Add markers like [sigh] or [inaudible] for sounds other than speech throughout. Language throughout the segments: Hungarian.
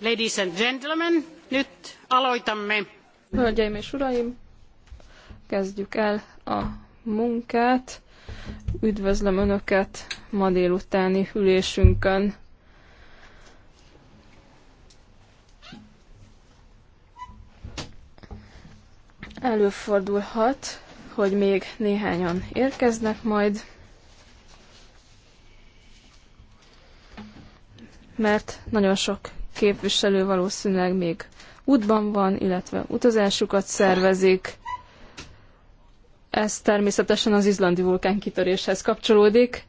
Ladies and gentlemen, nyt aloitamme. Hölgyeim és uraim, kezdjük el a munkát. Üdvözlöm Önöket ma délutáni ülésünkön. Előfordulhat, hogy még néhányan érkeznek majd, mert nagyon sok képviselő valószínűleg még útban van, illetve utazásukat szervezik. Ez természetesen az izlandi vulkán kitöréshez kapcsolódik,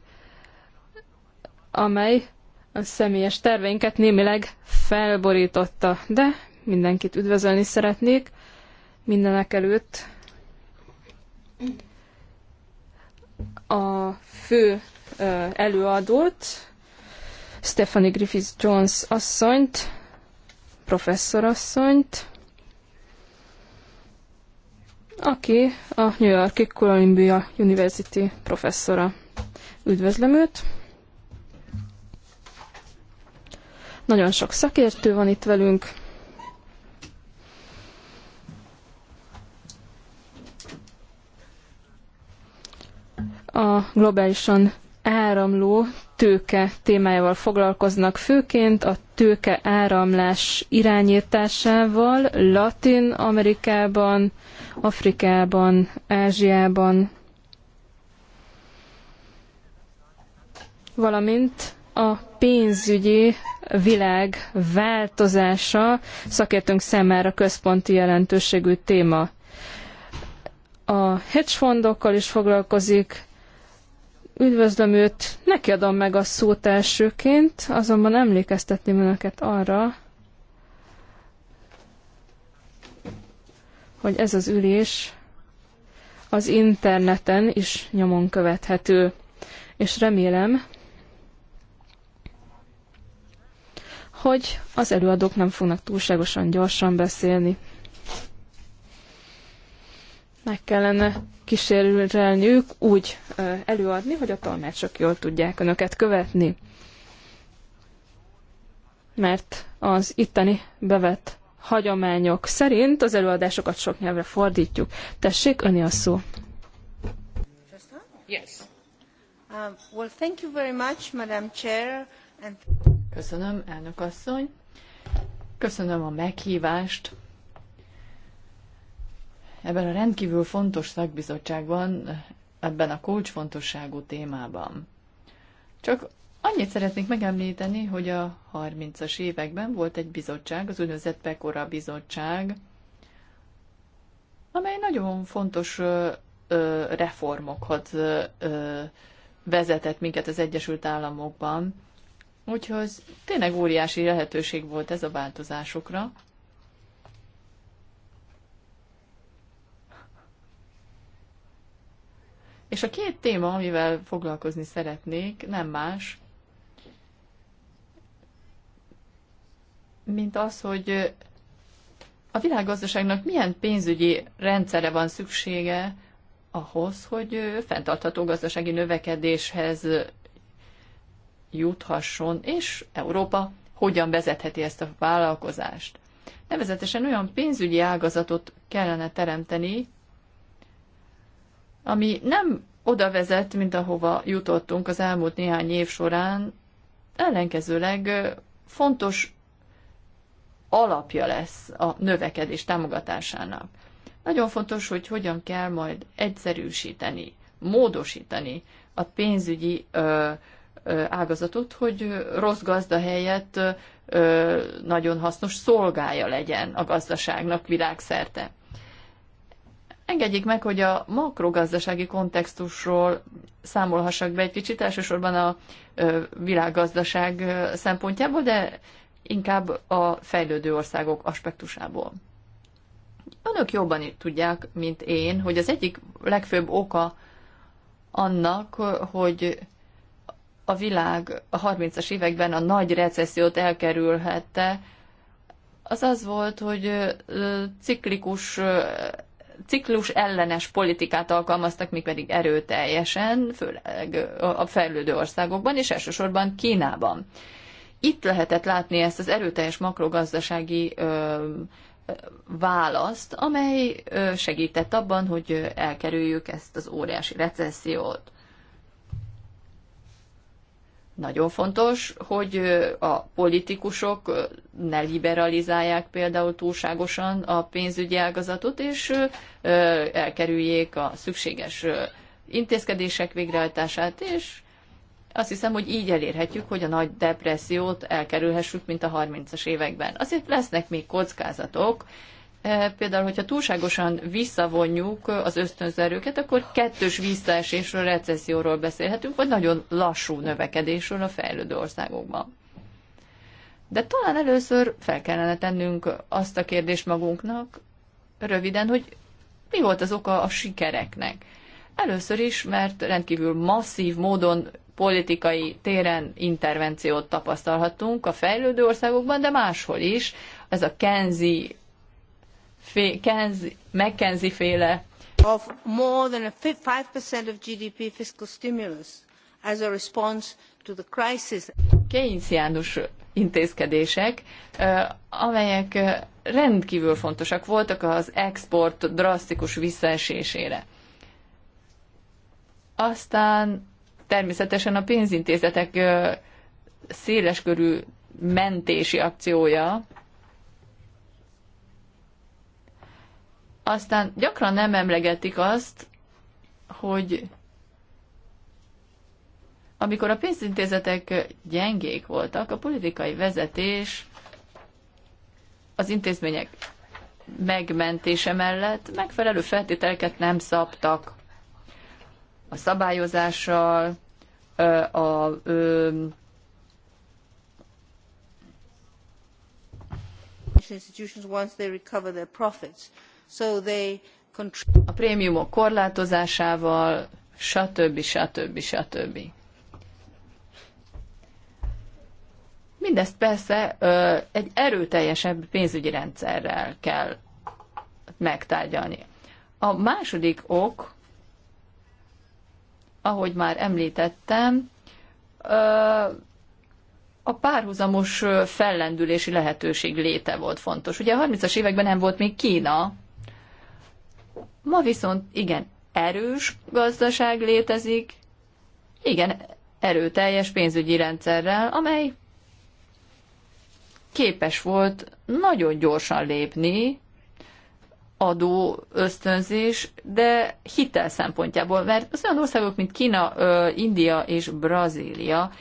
amely a személyes terveinket némileg felborította, de mindenkit üdvözölni szeretnék mindenek előtt. A fő előadót, Stephanie Griffith Jones asszonyt, asszonyt, aki a New York Columbia University professzora. Üdvözlöm őt! Nagyon sok szakértő van itt velünk. A globálisan áramló tőke témájával foglalkoznak, főként a tőke áramlás irányításával Latin Amerikában, Afrikában, Ázsiában, valamint a pénzügyi világ változása szakértőnk számára központi jelentőségű téma. A hedgefondokkal is foglalkozik, Üdvözlöm őt, neki adom meg a szót elsőként, azonban emlékeztetném önöket arra, hogy ez az ülés az interneten is nyomon követhető, és remélem, hogy az előadók nem fognak túlságosan gyorsan beszélni meg kellene kísérelniük úgy előadni, hogy a tanácsok jól tudják önöket követni. Mert az itteni bevett hagyományok szerint az előadásokat sok nyelvre fordítjuk. Tessék, öni a szó. Um, Köszönöm, elnök asszony. Köszönöm a meghívást ebben a rendkívül fontos szakbizottságban, ebben a kulcsfontosságú témában. Csak annyit szeretnék megemlíteni, hogy a 30-as években volt egy bizottság, az úgynevezett Pekora Bizottság, amely nagyon fontos reformokat vezetett minket az Egyesült Államokban. Úgyhogy tényleg óriási lehetőség volt ez a változásokra, És a két téma, amivel foglalkozni szeretnék, nem más, mint az, hogy a világgazdaságnak milyen pénzügyi rendszere van szüksége ahhoz, hogy fenntartható gazdasági növekedéshez juthasson, és Európa hogyan vezetheti ezt a vállalkozást. Nevezetesen olyan pénzügyi ágazatot kellene teremteni, ami nem oda vezet, mint ahova jutottunk az elmúlt néhány év során, ellenkezőleg fontos alapja lesz a növekedés támogatásának. Nagyon fontos, hogy hogyan kell majd egyszerűsíteni, módosítani a pénzügyi ö, ö, ágazatot, hogy rossz gazda helyett ö, nagyon hasznos szolgája legyen a gazdaságnak világszerte. Engedjék meg, hogy a makrogazdasági kontextusról számolhassak be egy kicsit, elsősorban a világgazdaság szempontjából, de inkább a fejlődő országok aspektusából. Önök jobban tudják, mint én, hogy az egyik legfőbb oka annak, hogy a világ a 30-as években a nagy recessziót elkerülhette, az az volt, hogy ciklikus ciklus ellenes politikát alkalmaztak, mi pedig erőteljesen, főleg a fejlődő országokban, és elsősorban Kínában. Itt lehetett látni ezt az erőteljes makrogazdasági választ, amely segített abban, hogy elkerüljük ezt az óriási recessziót. Nagyon fontos, hogy a politikusok ne liberalizálják például túlságosan a pénzügyi ágazatot, és elkerüljék a szükséges intézkedések végrehajtását, és azt hiszem, hogy így elérhetjük, hogy a nagy depressziót elkerülhessük, mint a 30-as években. Azért lesznek még kockázatok, Eh, például, hogyha túlságosan visszavonjuk az ösztönzerőket, akkor kettős visszaesésről, recesszióról beszélhetünk, vagy nagyon lassú növekedésről a fejlődő országokban. De talán először fel kellene tennünk azt a kérdést magunknak, röviden, hogy mi volt az oka a sikereknek. Először is, mert rendkívül masszív módon politikai téren intervenciót tapasztalhatunk a fejlődő országokban, de máshol is. Ez a Kenzi fé, McKenzie féle of more than a 5% of GDP fiscal stimulus as a response to the crisis. Keynesiánus intézkedések, amelyek rendkívül fontosak voltak az export drasztikus visszaesésére. Aztán természetesen a pénzintézetek széleskörű mentési akciója, Aztán gyakran nem emlegetik azt, hogy amikor a pénzintézetek gyengék voltak, a politikai vezetés az intézmények megmentése mellett megfelelő feltételeket nem szabtak a szabályozással, a, a, a institutions once they recover their profits a prémiumok korlátozásával, stb. stb. stb. Mindezt persze egy erőteljesebb pénzügyi rendszerrel kell megtárgyalni. A második ok, ahogy már említettem, a párhuzamos fellendülési lehetőség léte volt fontos. Ugye a 30-as években nem volt még Kína, Ma viszont igen, erős gazdaság létezik, igen, erőteljes pénzügyi rendszerrel, amely képes volt nagyon gyorsan lépni, adó ösztönzés, de hitel szempontjából, mert az olyan országok, mint Kína, India és Brazília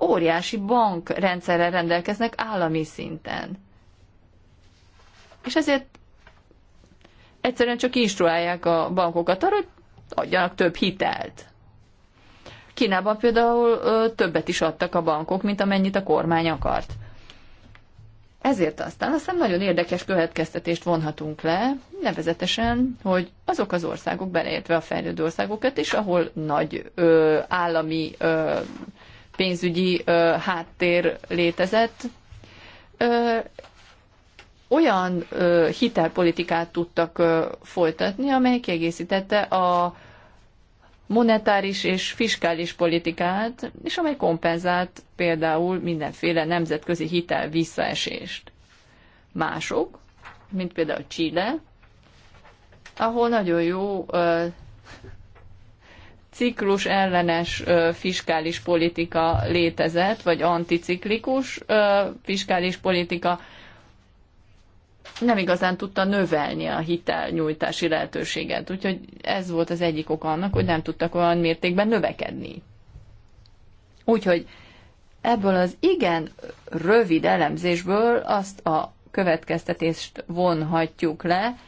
óriási bankrendszerrel rendelkeznek állami szinten. És ezért egyszerűen csak instruálják a bankokat arra, hogy adjanak több hitelt. Kínában például többet is adtak a bankok, mint amennyit a kormány akart. Ezért aztán aztán nagyon érdekes következtetést vonhatunk le, nevezetesen, hogy azok az országok, beleértve a fejlődő országokat is, ahol nagy ö, állami ö, pénzügyi ö, háttér létezett, ö, olyan ö, hitelpolitikát tudtak ö, folytatni, amely kiegészítette a monetáris és fiskális politikát, és amely kompenzált például mindenféle nemzetközi hitel visszaesést. Mások, mint például Chile, ahol nagyon jó ö, ciklus ellenes fiskális politika létezett, vagy anticiklikus fiskális politika, nem igazán tudta növelni a hitelnyújtási lehetőséget. Úgyhogy ez volt az egyik oka annak, hogy nem tudtak olyan mértékben növekedni. Úgyhogy ebből az igen rövid elemzésből azt a következtetést vonhatjuk le,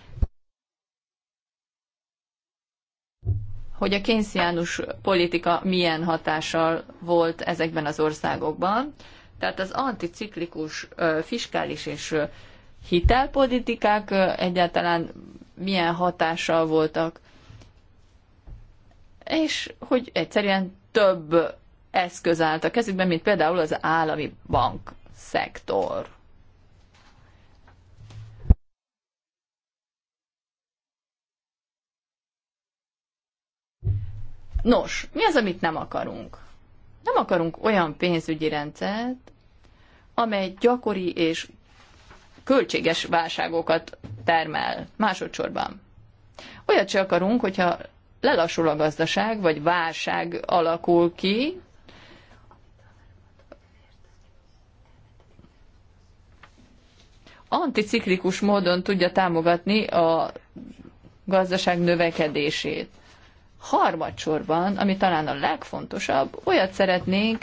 hogy a kénsziánus politika milyen hatással volt ezekben az országokban. Tehát az anticiklikus fiskális és hitelpolitikák egyáltalán milyen hatással voltak, és hogy egyszerűen több eszköz állt a kezükben, mint például az állami bank szektor. Nos, mi az, amit nem akarunk? Nem akarunk olyan pénzügyi rendszert, amely gyakori és költséges válságokat termel másodszorban. Olyat se akarunk, hogyha lelassul a gazdaság, vagy válság alakul ki, anticiklikus módon tudja támogatni a gazdaság növekedését. Harmadsorban, ami talán a legfontosabb, olyat szeretnénk,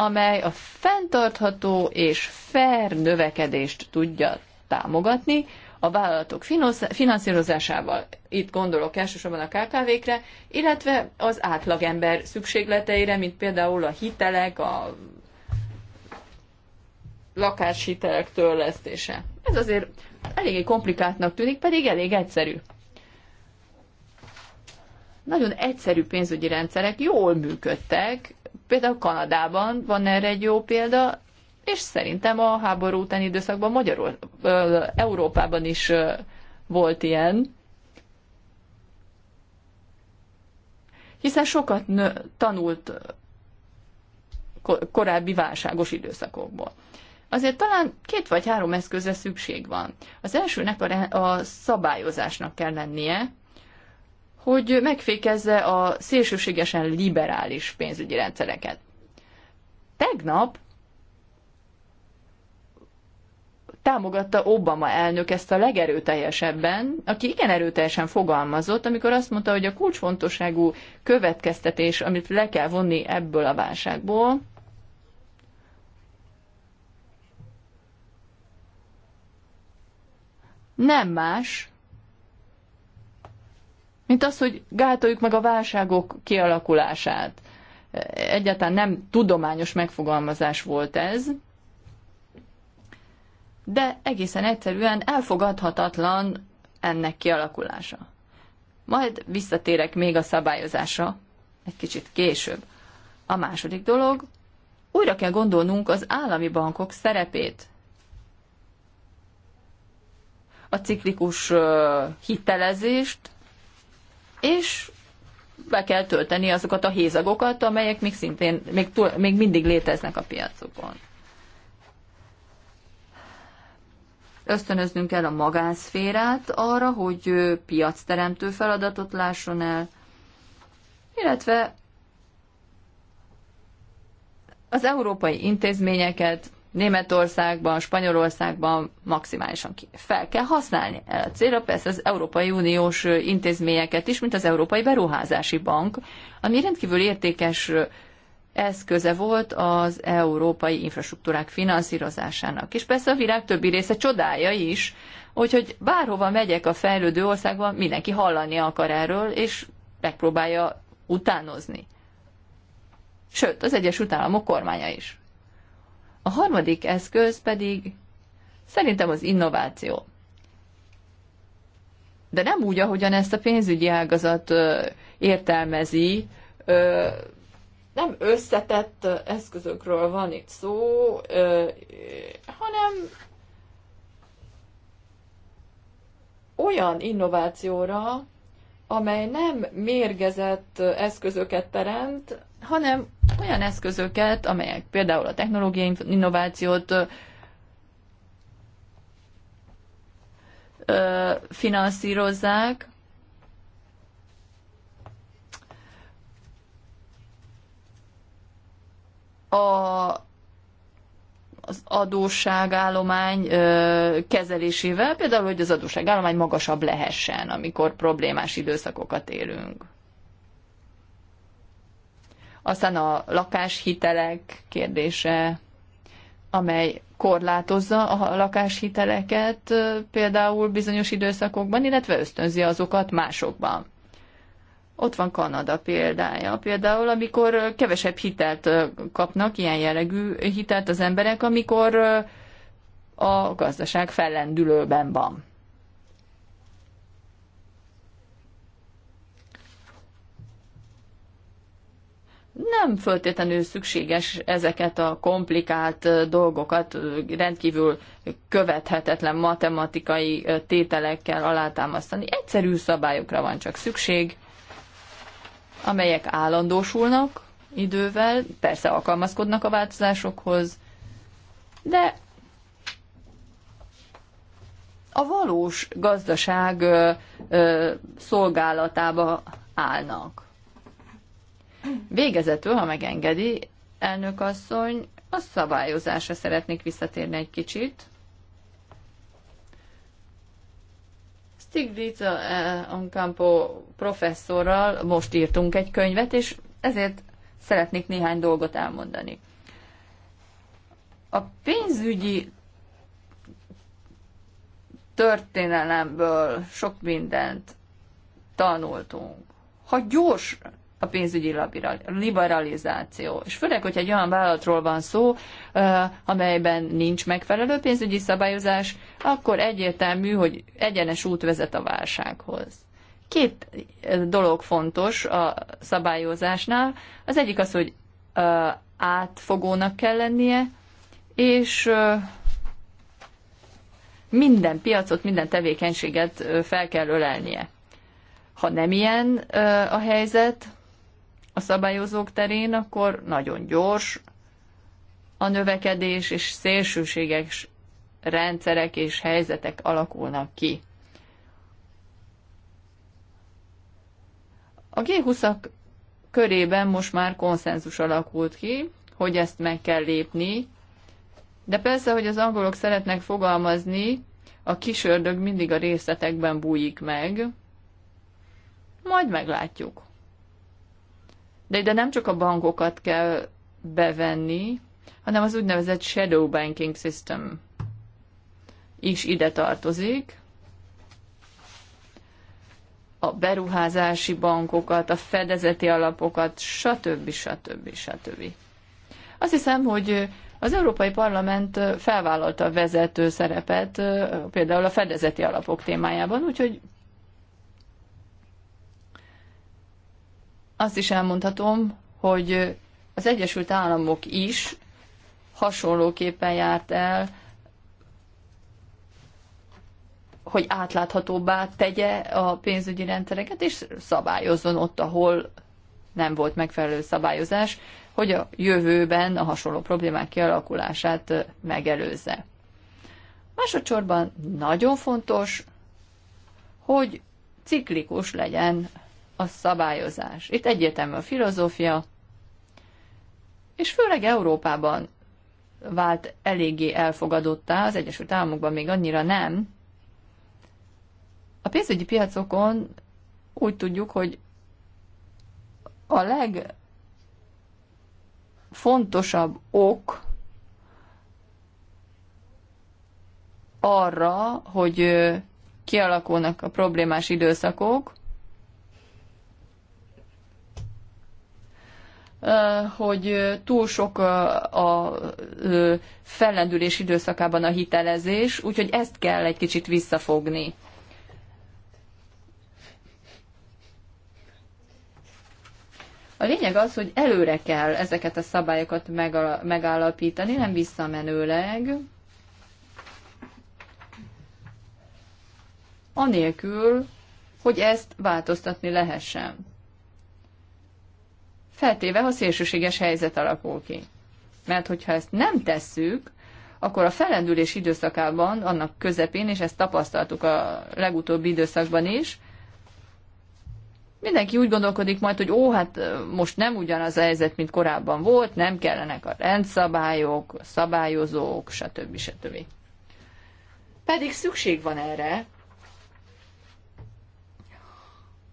amely a fenntartható és fair növekedést tudja támogatni a vállalatok finanszírozásával, itt gondolok elsősorban a KKV-kre, illetve az átlagember szükségleteire, mint például a hitelek, a lakáshitelek törlesztése. Ez azért eléggé komplikáltnak tűnik, pedig elég egyszerű. Nagyon egyszerű pénzügyi rendszerek jól működtek, Például Kanadában van erre egy jó példa, és szerintem a háború utáni időszakban Magyarul, Európában is volt ilyen. Hiszen sokat nő, tanult korábbi válságos időszakokból. Azért talán két vagy három eszközre szükség van. Az elsőnek a, a szabályozásnak kell lennie, hogy megfékezze a szélsőségesen liberális pénzügyi rendszereket. Tegnap támogatta Obama elnök ezt a legerőteljesebben, aki igen erőteljesen fogalmazott, amikor azt mondta, hogy a kulcsfontosságú következtetés, amit le kell vonni ebből a válságból, nem más, mint az, hogy gátoljuk meg a válságok kialakulását. Egyáltalán nem tudományos megfogalmazás volt ez, de egészen egyszerűen elfogadhatatlan ennek kialakulása. Majd visszatérek még a szabályozásra, egy kicsit később. A második dolog, újra kell gondolnunk az állami bankok szerepét. A ciklikus hitelezést és be kell tölteni azokat a hézagokat, amelyek még szintén, még, túl, még mindig léteznek a piacokon. Ösztönöznünk kell a magánszférát arra, hogy piacteremtő feladatot lásson el, illetve az európai intézményeket Németországban, Spanyolországban maximálisan fel kell használni. A célra persze az Európai Uniós intézményeket is, mint az Európai Beruházási Bank, ami rendkívül értékes eszköze volt az európai infrastruktúrák finanszírozásának. És persze a világ többi része csodája is, úgyhogy bárhova megyek a fejlődő országban, mindenki hallani akar erről, és megpróbálja utánozni. Sőt, az Egyesült Államok kormánya is. A harmadik eszköz pedig szerintem az innováció. De nem úgy, ahogyan ezt a pénzügyi ágazat értelmezi, nem összetett eszközökről van itt szó, hanem olyan innovációra, amely nem mérgezett eszközöket teremt, hanem olyan eszközöket, amelyek például a technológiai innovációt finanszírozzák, a, az adósságállomány ö, kezelésével, például, hogy az adósságállomány magasabb lehessen, amikor problémás időszakokat élünk. Aztán a lakáshitelek kérdése, amely korlátozza a lakáshiteleket például bizonyos időszakokban, illetve ösztönzi azokat másokban. Ott van Kanada példája. Például, amikor kevesebb hitelt kapnak, ilyen jellegű hitelt az emberek, amikor a gazdaság fellendülőben van. nem föltétlenül szükséges ezeket a komplikált dolgokat rendkívül követhetetlen matematikai tételekkel alátámasztani. Egyszerű szabályokra van csak szükség, amelyek állandósulnak idővel, persze alkalmazkodnak a változásokhoz, de a valós gazdaság szolgálatába állnak. Végezetül, ha megengedi, elnök asszony, a szabályozásra szeretnék visszatérni egy kicsit. Stiglitz Ancampo eh, professzorral most írtunk egy könyvet, és ezért szeretnék néhány dolgot elmondani. A pénzügyi történelemből sok mindent tanultunk. Ha gyors a pénzügyi liberalizáció. És főleg, hogyha egy olyan vállalatról van szó, amelyben nincs megfelelő pénzügyi szabályozás, akkor egyértelmű, hogy egyenes út vezet a válsághoz. Két dolog fontos a szabályozásnál. Az egyik az, hogy átfogónak kell lennie, és minden piacot, minden tevékenységet fel kell ölelnie. Ha nem ilyen a helyzet, a szabályozók terén, akkor nagyon gyors a növekedés, és szélsőséges rendszerek és helyzetek alakulnak ki. A G20-ak körében most már konszenzus alakult ki, hogy ezt meg kell lépni, de persze, hogy az angolok szeretnek fogalmazni, a kisördög mindig a részletekben bújik meg. Majd meglátjuk. De ide nem csak a bankokat kell bevenni, hanem az úgynevezett shadow banking system is ide tartozik. A beruházási bankokat, a fedezeti alapokat, stb. stb. stb. Azt hiszem, hogy az Európai Parlament felvállalta a vezető szerepet például a fedezeti alapok témájában, úgyhogy azt is elmondhatom, hogy az Egyesült Államok is hasonlóképpen járt el, hogy átláthatóbbá tegye a pénzügyi rendszereket, és szabályozzon ott, ahol nem volt megfelelő szabályozás, hogy a jövőben a hasonló problémák kialakulását megelőzze. Másodszorban nagyon fontos, hogy ciklikus legyen a szabályozás. Itt egyértelmű a filozófia, és főleg Európában vált eléggé elfogadottá, az Egyesült Államokban még annyira nem. A pénzügyi piacokon úgy tudjuk, hogy a legfontosabb ok arra, hogy kialakulnak a problémás időszakok, hogy túl sok a fellendülés időszakában a hitelezés, úgyhogy ezt kell egy kicsit visszafogni. A lényeg az, hogy előre kell ezeket a szabályokat megállapítani, nem visszamenőleg, anélkül, hogy ezt változtatni lehessen feltéve, ha szélsőséges helyzet alakul ki. Mert hogyha ezt nem tesszük, akkor a felendülés időszakában, annak közepén, és ezt tapasztaltuk a legutóbbi időszakban is, mindenki úgy gondolkodik majd, hogy ó, hát most nem ugyanaz a helyzet, mint korábban volt, nem kellenek a rendszabályok, a szabályozók, stb. stb. Pedig szükség van erre.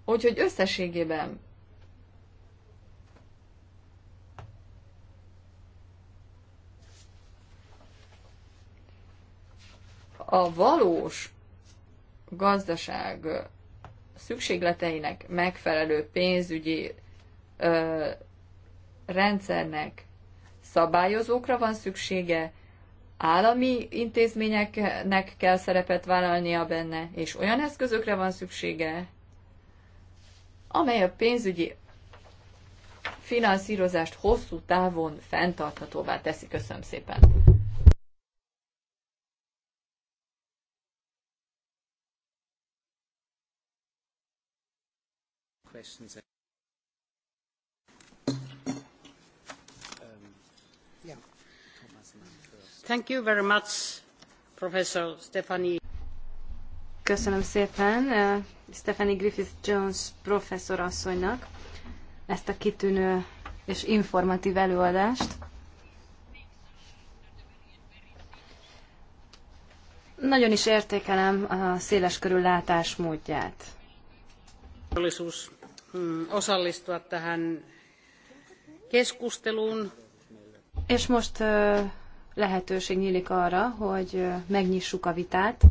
Úgyhogy összességében a valós gazdaság szükségleteinek megfelelő pénzügyi ö, rendszernek szabályozókra van szüksége, állami intézményeknek kell szerepet vállalnia benne, és olyan eszközökre van szüksége, amely a pénzügyi finanszírozást hosszú távon fenntarthatóvá teszi. Köszönöm szépen! questions. Um, Thank you very much, Professor Stephanie. Köszönöm szépen uh, Stephanie Griffith-Jones professzor asszonynak ezt a kitűnő és informatív előadást. Nagyon is értékelem a széles körül látásmódját. Mm, osallistua tähän keskusteluun. És most lehetőség nyílik arra, hogy megnyissuk a vitát.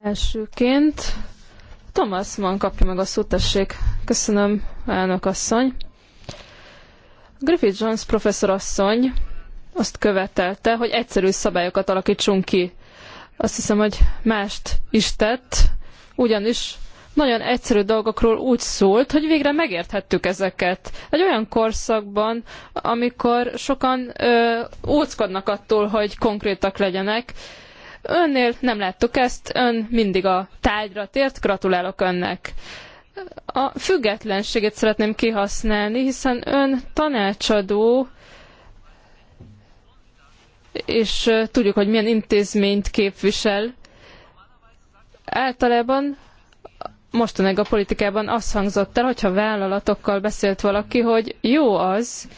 Elsőként Thomas Mann kapja meg a szót, tessék. Köszönöm, elnök asszony. Griffith Jones professzor asszony azt követelte, hogy egyszerű szabályokat alakítsunk ki. Azt hiszem, hogy mást is tett, ugyanis nagyon egyszerű dolgokról úgy szólt, hogy végre megérthettük ezeket. Egy olyan korszakban, amikor sokan ö, óckodnak attól, hogy konkrétak legyenek, önnél nem láttuk ezt, ön mindig a tárgyra tért, gratulálok önnek. A függetlenségét szeretném kihasználni, hiszen ön tanácsadó, és tudjuk, hogy milyen intézményt képvisel. Általában mostanáig a politikában az hangzott el, hogyha vállalatokkal beszélt valaki, hogy jó az,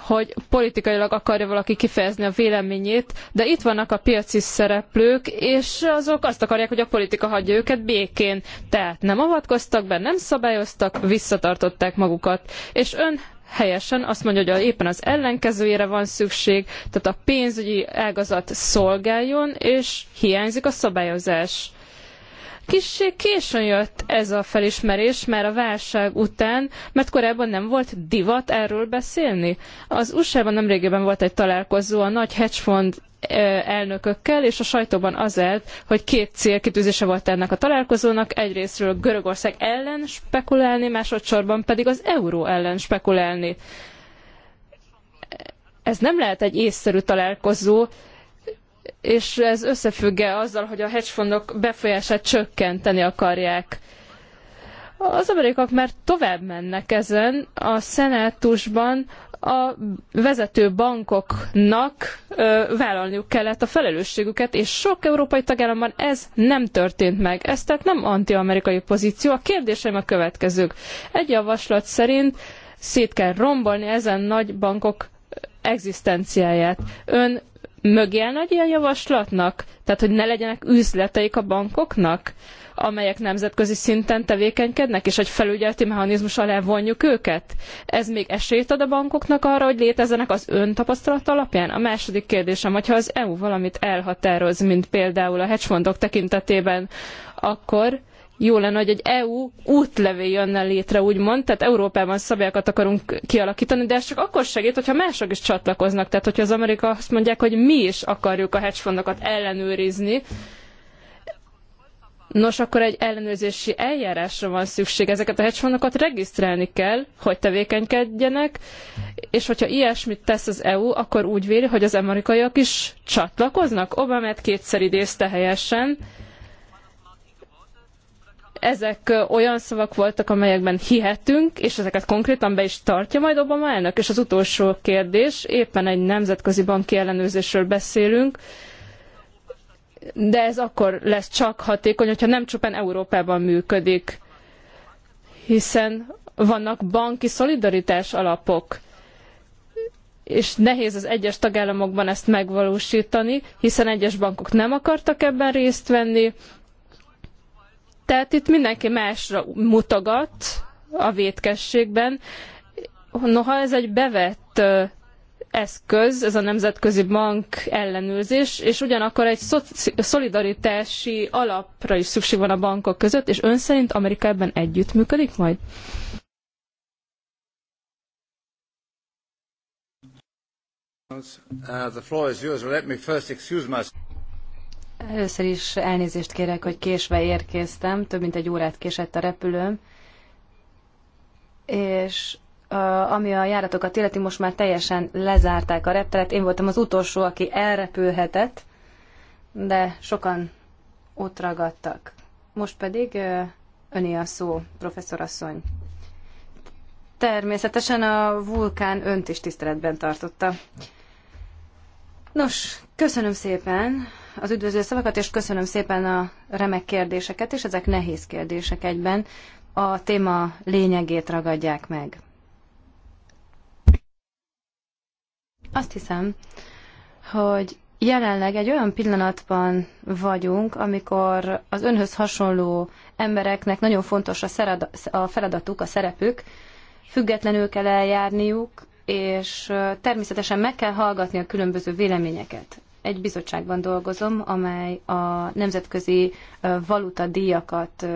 hogy politikailag akarja valaki kifejezni a véleményét, de itt vannak a piaci szereplők, és azok azt akarják, hogy a politika hagyja őket békén. Tehát nem avatkoztak be, nem szabályoztak, visszatartották magukat. És ön helyesen azt mondja, hogy éppen az ellenkezőjére van szükség, tehát a pénzügyi ágazat szolgáljon, és hiányzik a szabályozás. Kissé későn jött ez a felismerés, már a válság után, mert korábban nem volt divat erről beszélni. Az USA-ban nemrégében volt egy találkozó a nagy fund elnökökkel, és a sajtóban az állt, hogy két célkitűzése volt ennek a találkozónak, egyrésztről Görögország ellen spekulálni, másodszorban pedig az euró ellen spekulálni. Ez nem lehet egy észszerű találkozó, és ez összefügg azzal, hogy a hedgefondok befolyását csökkenteni akarják. Az amerikak már tovább mennek ezen. A szenátusban a vezető bankoknak ö, vállalniuk kellett a felelősségüket, és sok európai tagállamban ez nem történt meg. Ez tehát nem anti-amerikai pozíció. A kérdéseim a következők. Egy javaslat szerint szét kell rombolni ezen nagy bankok egzisztenciáját. Ön mögé állna egy ilyen javaslatnak? Tehát, hogy ne legyenek üzleteik a bankoknak, amelyek nemzetközi szinten tevékenykednek, és egy felügyeleti mechanizmus alá vonjuk őket? Ez még esélyt ad a bankoknak arra, hogy létezzenek az ön tapasztalat alapján? A második kérdésem, hogyha az EU valamit elhatároz, mint például a hedgefondok tekintetében, akkor jó lenne, hogy egy EU útlevél jönne létre, úgymond, tehát Európában szabályokat akarunk kialakítani, de ez csak akkor segít, hogyha mások is csatlakoznak. Tehát, hogyha az Amerika azt mondják, hogy mi is akarjuk a hedgefondokat ellenőrizni, Nos, akkor egy ellenőrzési eljárásra van szükség. Ezeket a hedgefondokat regisztrálni kell, hogy tevékenykedjenek, és hogyha ilyesmit tesz az EU, akkor úgy véli, hogy az amerikaiak is csatlakoznak. Obamát kétszer idézte helyesen, ezek olyan szavak voltak, amelyekben hihetünk, és ezeket konkrétan be is tartja majd Obama elnök. És az utolsó kérdés, éppen egy nemzetközi banki ellenőrzésről beszélünk, de ez akkor lesz csak hatékony, hogyha nem csupán Európában működik, hiszen vannak banki szolidaritás alapok és nehéz az egyes tagállamokban ezt megvalósítani, hiszen egyes bankok nem akartak ebben részt venni, tehát itt mindenki másra mutogat a vétkességben. Noha ez egy bevett eszköz, ez a nemzetközi bank ellenőrzés, és ugyanakkor egy szolidaritási alapra is szükség van a bankok között, és ön szerint Amerika ebben együttműködik majd? Uh, Először is elnézést kérek, hogy késve érkeztem, több mint egy órát késett a repülőm, és ami a járatokat illeti, most már teljesen lezárták a repteret. Én voltam az utolsó, aki elrepülhetett, de sokan ott ragadtak. Most pedig öné a szó, professzor asszony. Természetesen a vulkán önt is tiszteletben tartotta. Nos, köszönöm szépen az üdvözlő szavakat, és köszönöm szépen a remek kérdéseket, és ezek nehéz kérdések egyben. A téma lényegét ragadják meg. Azt hiszem, hogy jelenleg egy olyan pillanatban vagyunk, amikor az önhöz hasonló embereknek nagyon fontos a, a feladatuk, a szerepük, függetlenül kell eljárniuk, és természetesen meg kell hallgatni a különböző véleményeket egy bizottságban dolgozom, amely a nemzetközi valuta díjakat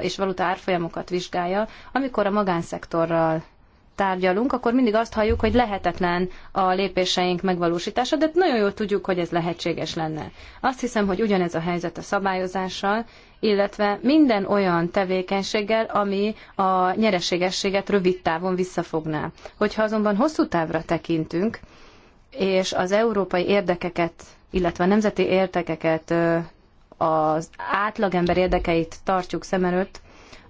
és valuta árfolyamokat vizsgálja. Amikor a magánszektorral tárgyalunk, akkor mindig azt halljuk, hogy lehetetlen a lépéseink megvalósítása, de nagyon jól tudjuk, hogy ez lehetséges lenne. Azt hiszem, hogy ugyanez a helyzet a szabályozással, illetve minden olyan tevékenységgel, ami a nyereségességet rövid távon visszafogná. Hogyha azonban hosszú távra tekintünk, és az európai érdekeket, illetve a nemzeti érdekeket, az átlagember érdekeit tartjuk szem előtt,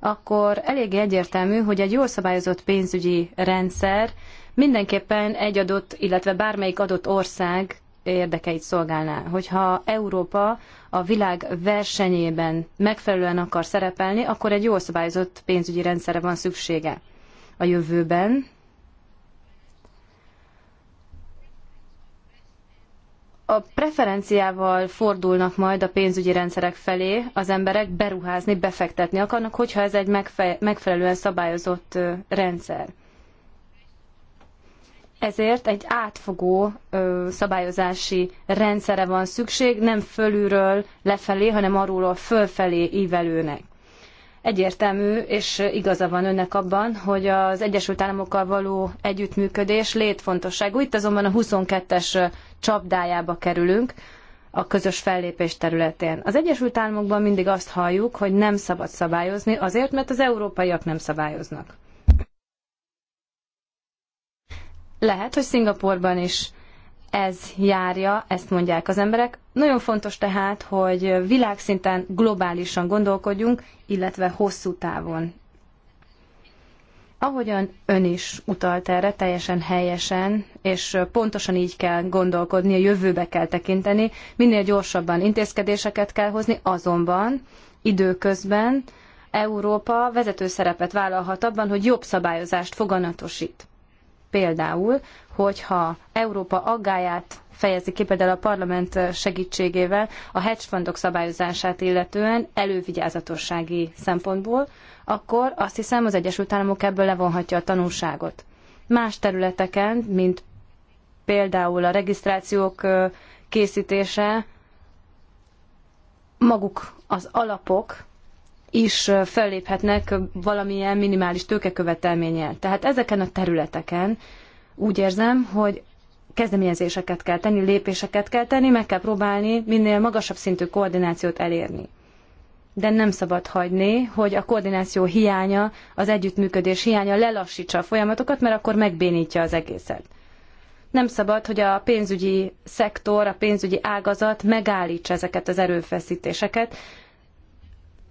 akkor eléggé egyértelmű, hogy egy jól szabályozott pénzügyi rendszer mindenképpen egy adott, illetve bármelyik adott ország érdekeit szolgálná. Hogyha Európa a világ versenyében megfelelően akar szerepelni, akkor egy jól szabályozott pénzügyi rendszerre van szüksége. A jövőben a preferenciával fordulnak majd a pénzügyi rendszerek felé az emberek beruházni, befektetni akarnak, hogyha ez egy megfelelően szabályozott rendszer. Ezért egy átfogó ö, szabályozási rendszere van szükség, nem fölülről lefelé, hanem arról fölfelé ívelőnek. Egyértelmű, és igaza van önnek abban, hogy az Egyesült Államokkal való együttműködés létfontosságú. Itt azonban a 22-es csapdájába kerülünk a közös fellépés területén. Az Egyesült Államokban mindig azt halljuk, hogy nem szabad szabályozni, azért, mert az európaiak nem szabályoznak. Lehet, hogy Szingapurban is ez járja, ezt mondják az emberek. Nagyon fontos tehát, hogy világszinten globálisan gondolkodjunk, illetve hosszú távon. Ahogyan ön is utalt erre, teljesen helyesen, és pontosan így kell gondolkodni, a jövőbe kell tekinteni, minél gyorsabban intézkedéseket kell hozni, azonban időközben Európa vezető szerepet vállalhat abban, hogy jobb szabályozást foganatosít. Például, hogyha Európa aggáját fejezi ki például a parlament segítségével a hedge fundok szabályozását illetően elővigyázatossági szempontból, akkor azt hiszem az Egyesült Államok ebből levonhatja a tanulságot. Más területeken, mint például a regisztrációk készítése, maguk az alapok is felléphetnek valamilyen minimális tőkekövetelménnyel. Tehát ezeken a területeken úgy érzem, hogy kezdeményezéseket kell tenni, lépéseket kell tenni, meg kell próbálni minél magasabb szintű koordinációt elérni. De nem szabad hagyni, hogy a koordináció hiánya, az együttműködés hiánya lelassítsa a folyamatokat, mert akkor megbénítja az egészet. Nem szabad, hogy a pénzügyi szektor, a pénzügyi ágazat megállítsa ezeket az erőfeszítéseket,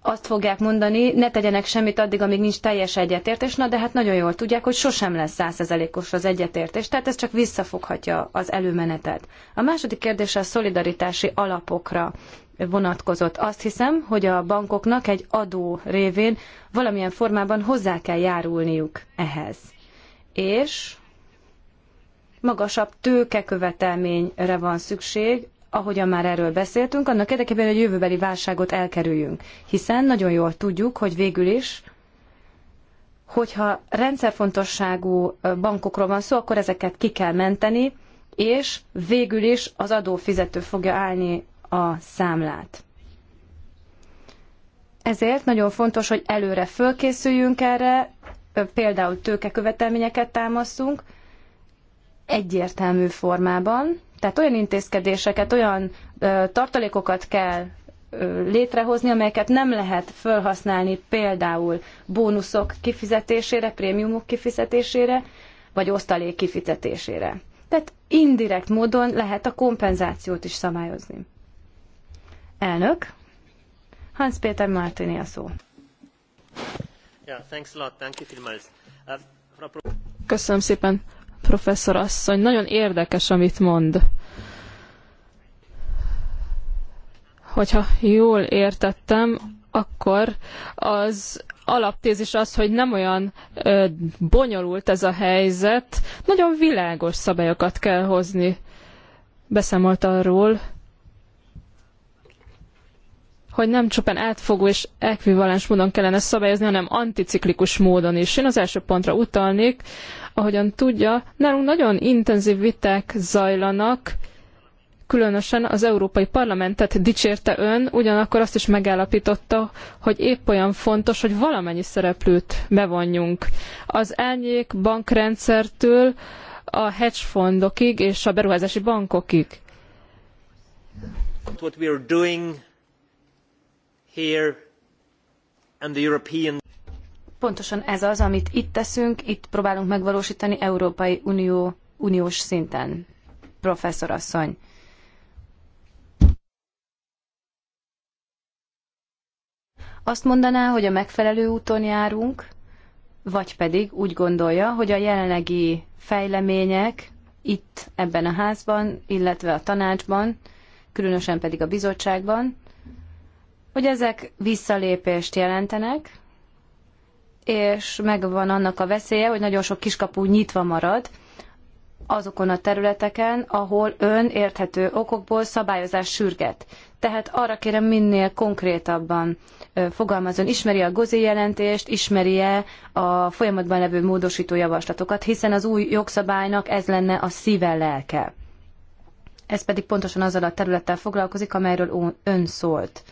azt fogják mondani, ne tegyenek semmit addig, amíg nincs teljes egyetértés, na de hát nagyon jól tudják, hogy sosem lesz százszerzelékos az egyetértés, tehát ez csak visszafoghatja az előmenetet. A második kérdés a szolidaritási alapokra vonatkozott. Azt hiszem, hogy a bankoknak egy adó révén valamilyen formában hozzá kell járulniuk ehhez. És magasabb tőkekövetelményre van szükség ahogyan már erről beszéltünk, annak érdekében, a jövőbeli válságot elkerüljünk. Hiszen nagyon jól tudjuk, hogy végül is, hogyha rendszerfontosságú bankokról van szó, akkor ezeket ki kell menteni, és végül is az adófizető fogja állni a számlát. Ezért nagyon fontos, hogy előre fölkészüljünk erre, például tőkekövetelményeket támasztunk, egyértelmű formában, tehát olyan intézkedéseket, olyan tartalékokat kell létrehozni, amelyeket nem lehet felhasználni például bónuszok kifizetésére, prémiumok kifizetésére, vagy osztalék kifizetésére. Tehát indirekt módon lehet a kompenzációt is szabályozni. Elnök, Hans Péter Martini a szó. Uh, Köszönöm szépen professzor asszony. Nagyon érdekes, amit mond. Hogyha jól értettem, akkor az alaptézis az, hogy nem olyan ö, bonyolult ez a helyzet, nagyon világos szabályokat kell hozni. Beszámolt arról, hogy nem csupán átfogó és ekvivalens módon kellene szabályozni, hanem anticiklikus módon is. Én az első pontra utalnék, ahogyan tudja, nálunk nagyon intenzív viták zajlanak, különösen az Európai Parlamentet dicsérte ön, ugyanakkor azt is megállapította, hogy épp olyan fontos, hogy valamennyi szereplőt bevonjunk. Az elnyék bankrendszertől a hedgefondokig és a beruházási bankokig. What we are doing Pontosan ez az, amit itt teszünk, itt próbálunk megvalósítani Európai Unió, uniós szinten, professzor asszony. Azt mondaná, hogy a megfelelő úton járunk, vagy pedig úgy gondolja, hogy a jelenlegi fejlemények itt ebben a házban, illetve a tanácsban, különösen pedig a bizottságban, hogy ezek visszalépést jelentenek, és megvan annak a veszélye, hogy nagyon sok kiskapu nyitva marad azokon a területeken, ahol ön érthető okokból szabályozás sürget. Tehát arra kérem minél konkrétabban fogalmazon, ismeri a gozi jelentést, ismeri-e a folyamatban levő módosító javaslatokat, hiszen az új jogszabálynak ez lenne a szíve lelke. Ez pedig pontosan azzal a területtel foglalkozik, amelyről ön szólt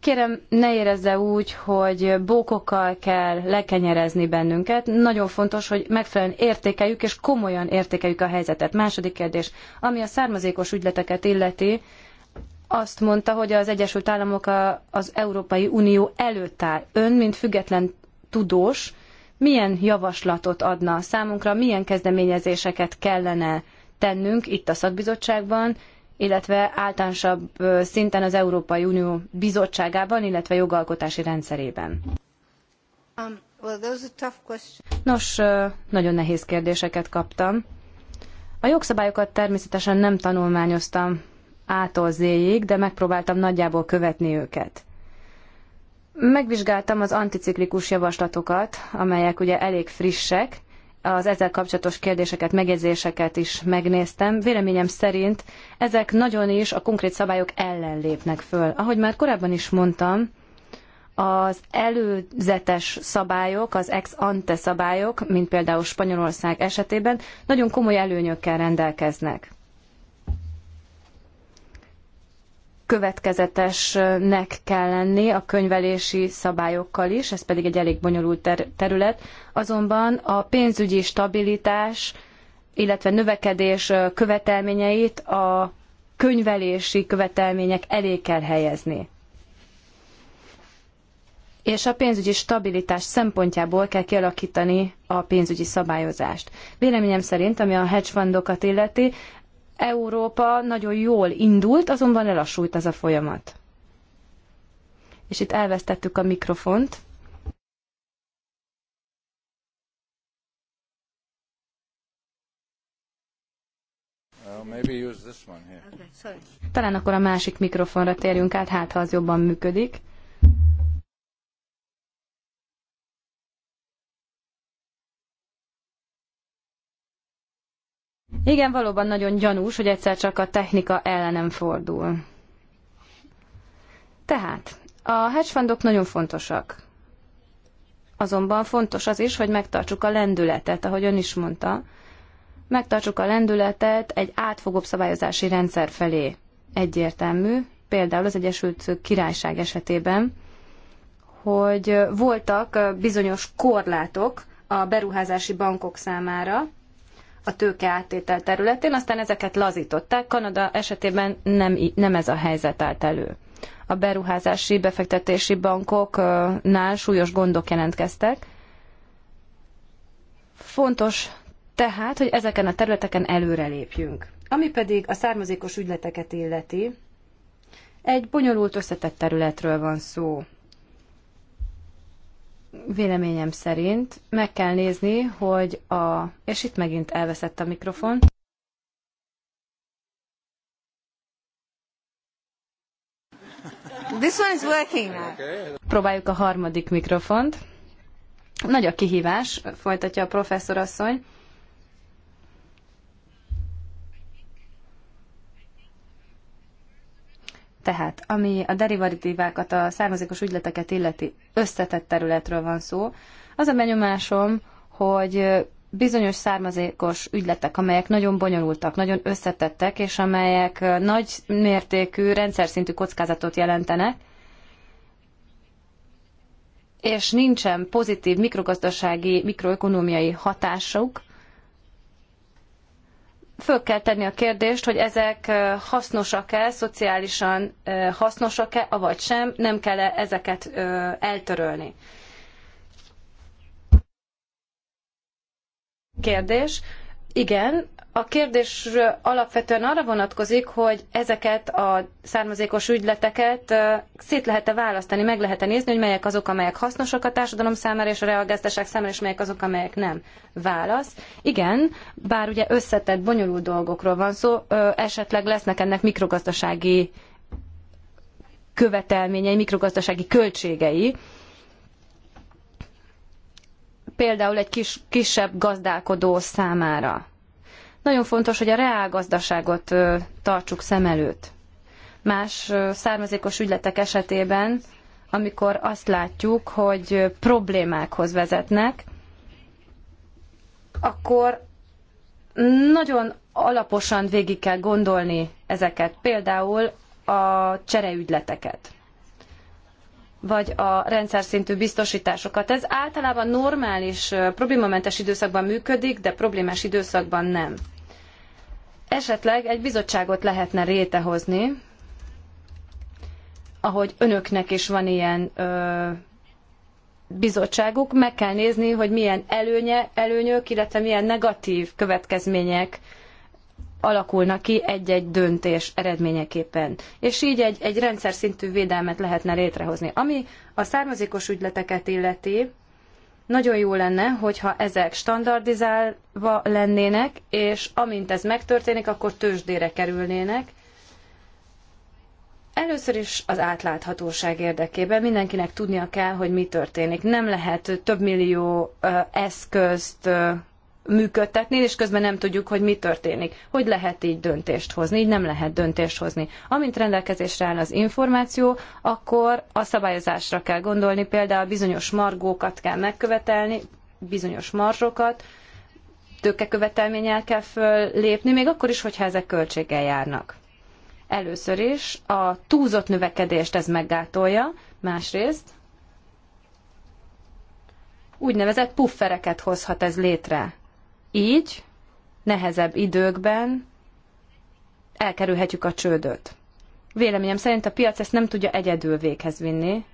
kérem, ne érezze úgy, hogy bókokkal kell lekenyerezni bennünket. Nagyon fontos, hogy megfelelően értékeljük, és komolyan értékeljük a helyzetet. Második kérdés, ami a származékos ügyleteket illeti, azt mondta, hogy az Egyesült Államok a, az Európai Unió előtt áll. Ön, mint független tudós, milyen javaslatot adna számunkra, milyen kezdeményezéseket kellene tennünk itt a szakbizottságban, illetve általánosabb szinten az Európai Unió bizottságában, illetve jogalkotási rendszerében? Um, well, Nos, nagyon nehéz kérdéseket kaptam. A jogszabályokat természetesen nem tanulmányoztam ától zéig, de megpróbáltam nagyjából követni őket. Megvizsgáltam az anticiklikus javaslatokat, amelyek ugye elég frissek, az ezzel kapcsolatos kérdéseket, megjegyzéseket is megnéztem. Véleményem szerint ezek nagyon is a konkrét szabályok ellen lépnek föl. Ahogy már korábban is mondtam, az előzetes szabályok, az ex ante szabályok, mint például Spanyolország esetében, nagyon komoly előnyökkel rendelkeznek. következetesnek kell lenni a könyvelési szabályokkal is, ez pedig egy elég bonyolult ter- terület. Azonban a pénzügyi stabilitás, illetve növekedés követelményeit a könyvelési követelmények elé kell helyezni. És a pénzügyi stabilitás szempontjából kell kialakítani a pénzügyi szabályozást. Véleményem szerint, ami a hedge fundokat illeti, Európa nagyon jól indult, azonban elassult ez a folyamat. És itt elvesztettük a mikrofont. Uh, Talán akkor a másik mikrofonra térjünk át, hát ha az jobban működik. Igen, valóban nagyon gyanús, hogy egyszer csak a technika ellenem fordul. Tehát, a fundok nagyon fontosak. Azonban fontos az is, hogy megtartsuk a lendületet, ahogy ön is mondta. Megtartsuk a lendületet egy átfogóbb szabályozási rendszer felé. Egyértelmű, például az Egyesült Királyság esetében, hogy voltak bizonyos korlátok a beruházási bankok számára, a tőke áttétel területén, aztán ezeket lazították. Kanada esetében nem, nem ez a helyzet állt elő. A beruházási, befektetési bankoknál súlyos gondok jelentkeztek. Fontos tehát, hogy ezeken a területeken előrelépjünk. Ami pedig a származékos ügyleteket illeti, egy bonyolult összetett területről van szó. Véleményem szerint meg kell nézni, hogy a... És itt megint elveszett a mikrofon. This one is working now. Próbáljuk a harmadik mikrofont. Nagy a kihívás, folytatja a professzor asszony Tehát, ami a derivatívákat, a származékos ügyleteket illeti összetett területről van szó, az a benyomásom, hogy bizonyos származékos ügyletek, amelyek nagyon bonyolultak, nagyon összetettek, és amelyek nagy mértékű, rendszer szintű kockázatot jelentenek, és nincsen pozitív mikrogazdasági, mikroökonómiai hatásuk, föl kell tenni a kérdést, hogy ezek hasznosak-e, szociálisan hasznosak-e, avagy sem, nem kell -e ezeket eltörölni. Kérdés. Igen, a kérdés alapvetően arra vonatkozik, hogy ezeket a származékos ügyleteket szét lehet-e választani, meg lehet-e nézni, hogy melyek azok, amelyek hasznosak a társadalom számára és a reálgazdaság számára, és melyek azok, amelyek nem. Válasz. Igen, bár ugye összetett, bonyolult dolgokról van szó, esetleg lesznek ennek mikrogazdasági követelményei, mikrogazdasági költségei, például egy kis, kisebb gazdálkodó számára. Nagyon fontos, hogy a reálgazdaságot tartsuk szem előtt. Más származékos ügyletek esetében, amikor azt látjuk, hogy problémákhoz vezetnek, akkor nagyon alaposan végig kell gondolni ezeket, például a csereügyleteket vagy a rendszer szintű biztosításokat. Ez általában normális, problémamentes időszakban működik, de problémás időszakban nem. Esetleg egy bizottságot lehetne rétehozni, ahogy önöknek is van ilyen ö, bizottságuk, meg kell nézni, hogy milyen előnye, előnyök, illetve milyen negatív következmények alakulnak ki egy-egy döntés eredményeképpen. És így egy, egy rendszer szintű védelmet lehetne létrehozni. Ami a származékos ügyleteket illeti, nagyon jó lenne, hogyha ezek standardizálva lennének, és amint ez megtörténik, akkor tőzsdére kerülnének. Először is az átláthatóság érdekében mindenkinek tudnia kell, hogy mi történik. Nem lehet több millió eszközt működtetni, és közben nem tudjuk, hogy mi történik. Hogy lehet így döntést hozni? Így nem lehet döntést hozni. Amint rendelkezésre áll az információ, akkor a szabályozásra kell gondolni, például bizonyos margókat kell megkövetelni, bizonyos marzsokat, tőkekövetelménnyel kell föllépni, még akkor is, hogyha ezek költséggel járnak. Először is a túlzott növekedést ez meggátolja, másrészt úgynevezett puffereket hozhat ez létre. Így nehezebb időkben elkerülhetjük a csődöt. Véleményem szerint a piac ezt nem tudja egyedül véghez vinni.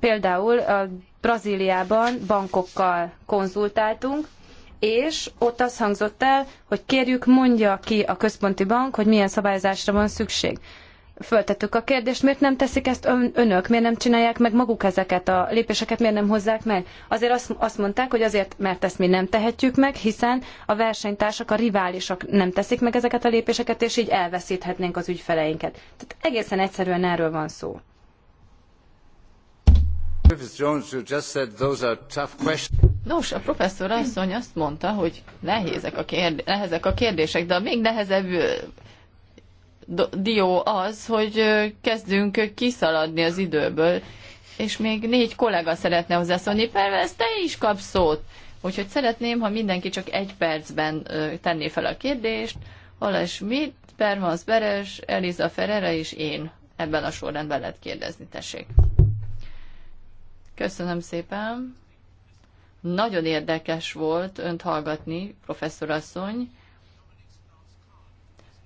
Például a Brazíliában bankokkal konzultáltunk, és ott az hangzott el, hogy kérjük, mondja ki a központi bank, hogy milyen szabályozásra van szükség. Föltettük a kérdést, miért nem teszik ezt önök, miért nem csinálják meg maguk ezeket a lépéseket, miért nem hozzák meg? Azért azt, azt mondták, hogy azért, mert ezt mi nem tehetjük meg, hiszen a versenytársak, a riválisok nem teszik meg ezeket a lépéseket, és így elveszíthetnénk az ügyfeleinket. Tehát egészen egyszerűen erről van szó. Nos, a professzor asszony azt mondta, hogy nehézek a kérdések, de a még nehezebb dió az, hogy kezdünk kiszaladni az időből, és még négy kollega szeretne hozzászólni, persze te is kapsz szót. Úgyhogy szeretném, ha mindenki csak egy percben tenné fel a kérdést, és Schmidt, Permaz Beres, Eliza Ferrera és én ebben a sorrendben lehet kérdezni, tessék. Köszönöm szépen. Nagyon érdekes volt önt hallgatni, professzorasszony.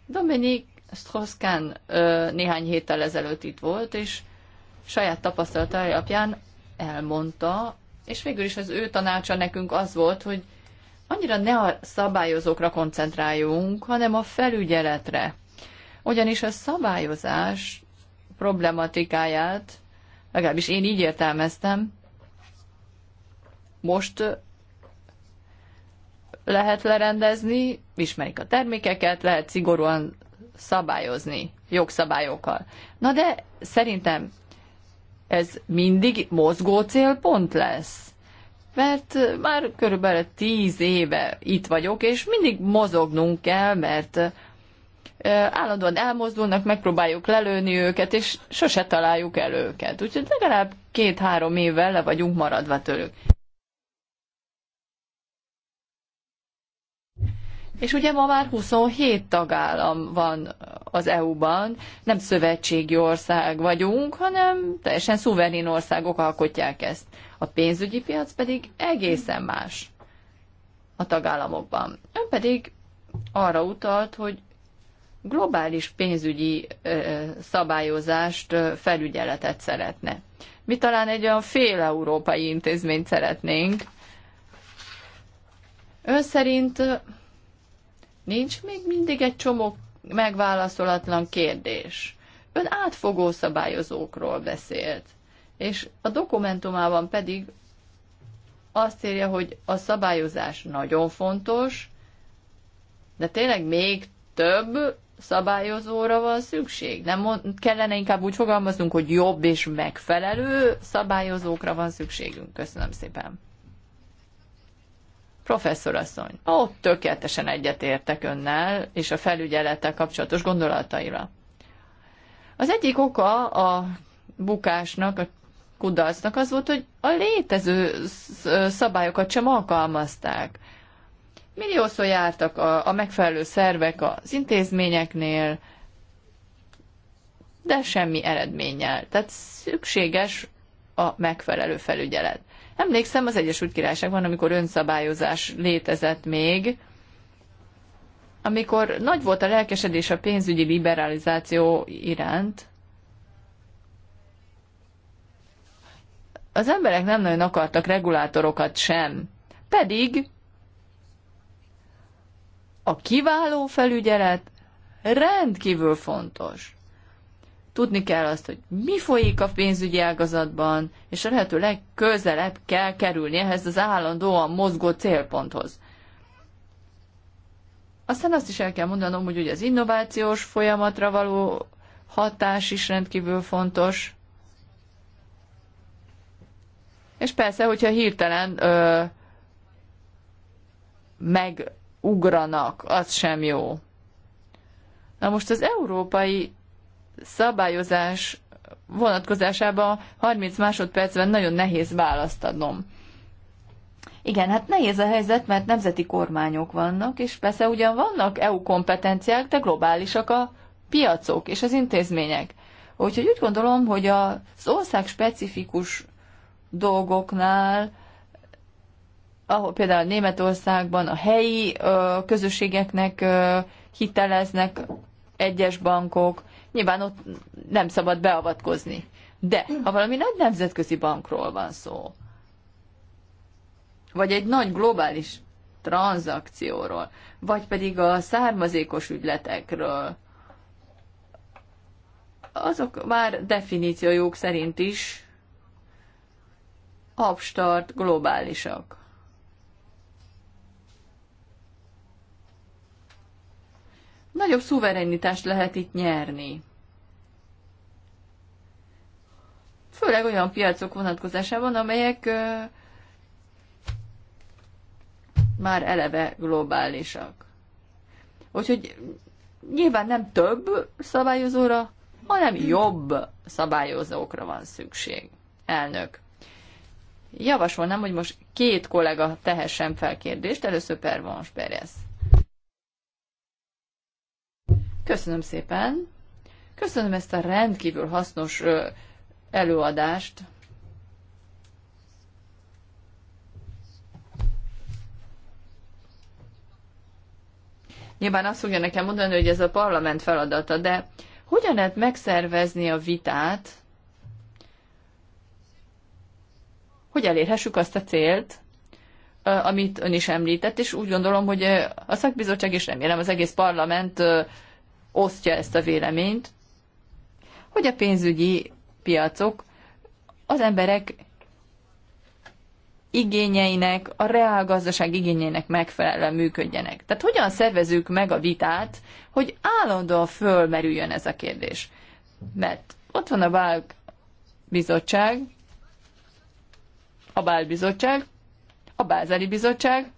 Dominik Stroszkán néhány héttel ezelőtt itt volt, és saját tapasztalata alapján elmondta, és végül is az ő tanácsa nekünk az volt, hogy annyira ne a szabályozókra koncentráljunk, hanem a felügyeletre. Ugyanis a szabályozás problematikáját, legalábbis én így értelmeztem, most lehet lerendezni, ismerik a termékeket, lehet szigorúan szabályozni jogszabályokkal. Na de szerintem ez mindig mozgó célpont lesz. Mert már körülbelül tíz éve itt vagyok, és mindig mozognunk kell, mert állandóan elmozdulnak, megpróbáljuk lelőni őket, és sose találjuk el őket. Úgyhogy legalább két-három évvel le vagyunk maradva tőlük. És ugye ma már 27 tagállam van az EU-ban, nem szövetségi ország vagyunk, hanem teljesen szuverén országok alkotják ezt. A pénzügyi piac pedig egészen más a tagállamokban. Ön pedig arra utalt, hogy globális pénzügyi szabályozást, felügyeletet szeretne. Mi talán egy olyan fél európai intézményt szeretnénk. Ön szerint Nincs még mindig egy csomó megválaszolatlan kérdés. Ön átfogó szabályozókról beszélt, és a dokumentumában pedig azt írja, hogy a szabályozás nagyon fontos, de tényleg még több szabályozóra van szükség. Nem mond, kellene inkább úgy fogalmaznunk, hogy jobb és megfelelő szabályozókra van szükségünk. Köszönöm szépen. Professzor asszony, ó, tökéletesen egyetértek önnel és a felügyelettel kapcsolatos gondolataira. Az egyik oka a bukásnak, a kudarcnak az volt, hogy a létező szabályokat sem alkalmazták. Milliószor jártak a, a megfelelő szervek az intézményeknél, de semmi eredménnyel. Tehát szükséges a megfelelő felügyelet. Emlékszem az Egyesült Királyságban, amikor önszabályozás létezett még, amikor nagy volt a lelkesedés a pénzügyi liberalizáció iránt, az emberek nem nagyon akartak regulátorokat sem. Pedig a kiváló felügyelet rendkívül fontos. Tudni kell azt, hogy mi folyik a pénzügyi ágazatban, és a lehető legközelebb kell kerülni ehhez az állandóan mozgó célponthoz. Aztán azt is el kell mondanom, hogy ugye az innovációs folyamatra való hatás is rendkívül fontos. És persze, hogyha hirtelen ö, megugranak, az sem jó. Na most az európai szabályozás vonatkozásában 30 másodpercben nagyon nehéz választ adnom. Igen, hát nehéz a helyzet, mert nemzeti kormányok vannak, és persze ugyan vannak EU kompetenciák, de globálisak a piacok és az intézmények. Úgyhogy úgy gondolom, hogy az ország specifikus dolgoknál, ahol például Németországban a helyi ö, közösségeknek ö, hiteleznek egyes bankok, nyilván ott nem szabad beavatkozni. De ha valami nagy nemzetközi bankról van szó, vagy egy nagy globális tranzakcióról, vagy pedig a származékos ügyletekről, azok már definíciójuk szerint is abstart globálisak. Nagyobb szuverenitást lehet itt nyerni. Főleg olyan piacok vonatkozásában, amelyek ö, már eleve globálisak. Úgyhogy nyilván nem több szabályozóra, hanem jobb szabályozókra van szükség. Elnök. Javasolnám, hogy most két kollega tehessen fel kérdést, először Pervons Perez. Köszönöm szépen. Köszönöm ezt a rendkívül hasznos előadást. Nyilván azt fogja nekem mondani, hogy ez a parlament feladata, de hogyan lehet megszervezni a vitát, hogy elérhessük azt a célt, amit ön is említett, és úgy gondolom, hogy a szakbizottság, és remélem az egész parlament osztja ezt a véleményt, hogy a pénzügyi piacok az emberek igényeinek, a reál gazdaság igényeinek megfelelően működjenek. Tehát hogyan szervezünk meg a vitát, hogy állandóan fölmerüljön ez a kérdés? Mert ott van a Bál bizottság, a Bál bizottság, a Bázeli bizottság,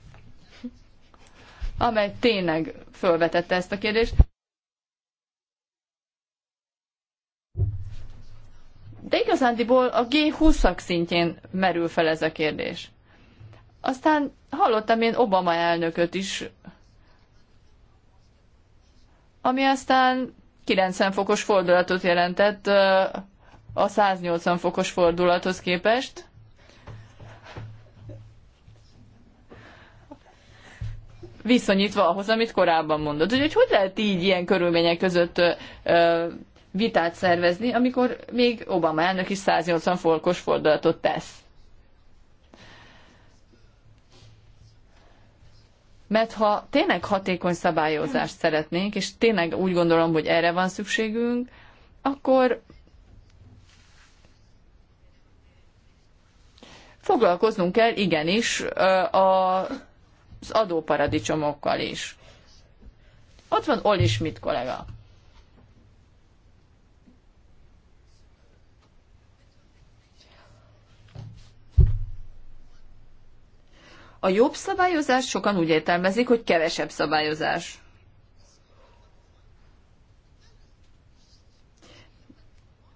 amely tényleg fölvetette ezt a kérdést. De igazándiból a G20-ak szintjén merül fel ez a kérdés. Aztán hallottam én Obama elnököt is, ami aztán 90 fokos fordulatot jelentett a 180 fokos fordulathoz képest. Viszonyítva ahhoz, amit korábban mondott. Úgyhogy hogy lehet így ilyen körülmények között vitát szervezni, amikor még Obama elnök is 180 folkos fordulatot tesz. Mert ha tényleg hatékony szabályozást szeretnénk, és tényleg úgy gondolom, hogy erre van szükségünk, akkor foglalkoznunk kell igenis az adóparadicsomokkal is. Ott van Oli Schmidt kollega. A jobb szabályozás sokan úgy értelmezik, hogy kevesebb szabályozás.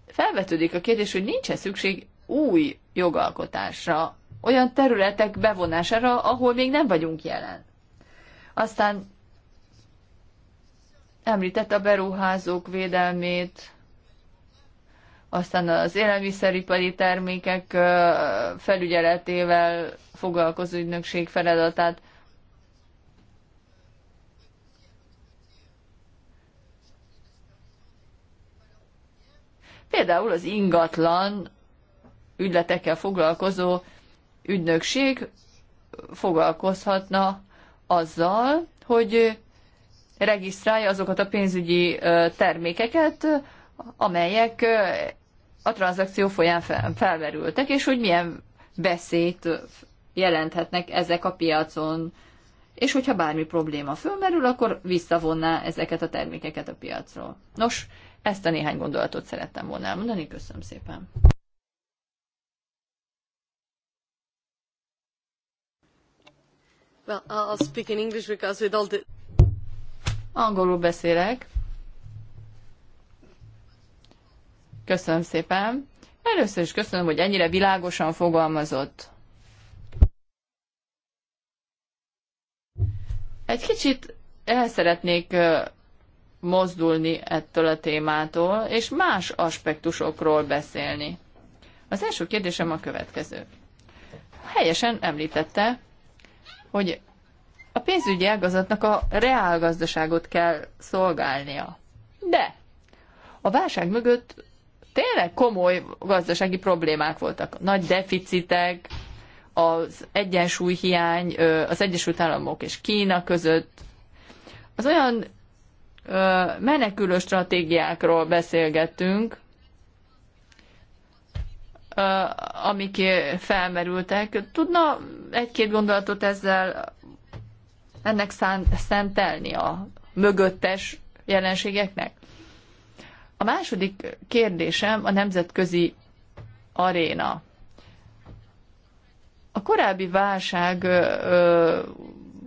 Felvetődik a kérdés, hogy nincs-e szükség új jogalkotásra, olyan területek bevonására, ahol még nem vagyunk jelen. Aztán említett a beruházók védelmét, aztán az élelmiszeripari termékek felügyeletével foglalkozó ügynökség feladatát. Például az ingatlan ügyletekkel foglalkozó ügynökség foglalkozhatna azzal, hogy regisztrálja azokat a pénzügyi termékeket, amelyek a tranzakció folyán felmerültek, és hogy milyen veszélyt jelenthetnek ezek a piacon, és hogyha bármi probléma fölmerül, akkor visszavonná ezeket a termékeket a piacról. Nos, ezt a néhány gondolatot szerettem volna elmondani, köszönöm szépen. Well, I'll speak in English because with all the... Angolul beszélek, Köszönöm szépen. Először is köszönöm, hogy ennyire világosan fogalmazott. Egy kicsit el szeretnék mozdulni ettől a témától, és más aspektusokról beszélni. Az első kérdésem a következő. Helyesen említette, hogy a pénzügyi ágazatnak a reálgazdaságot kell szolgálnia. De a válság mögött tényleg komoly gazdasági problémák voltak. Nagy deficitek, az egyensúlyhiány az Egyesült Államok és Kína között. Az olyan menekülő stratégiákról beszélgettünk, amik felmerültek. Tudna egy-két gondolatot ezzel ennek szentelni a mögöttes jelenségeknek? A második kérdésem a nemzetközi aréna. A korábbi válság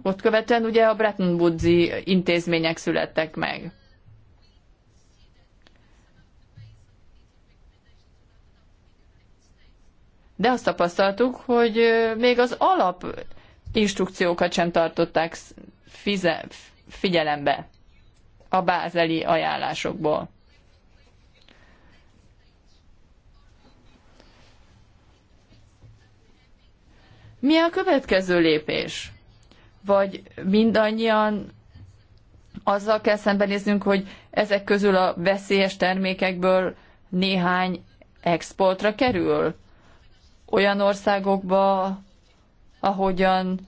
ott követően ugye a Bretton woods intézmények születtek meg. De azt tapasztaltuk, hogy még az alap instrukciókat sem tartották fize, figyelembe a bázeli ajánlásokból. Mi a következő lépés? Vagy mindannyian azzal kell szembenéznünk, hogy ezek közül a veszélyes termékekből néhány exportra kerül? Olyan országokba, ahogyan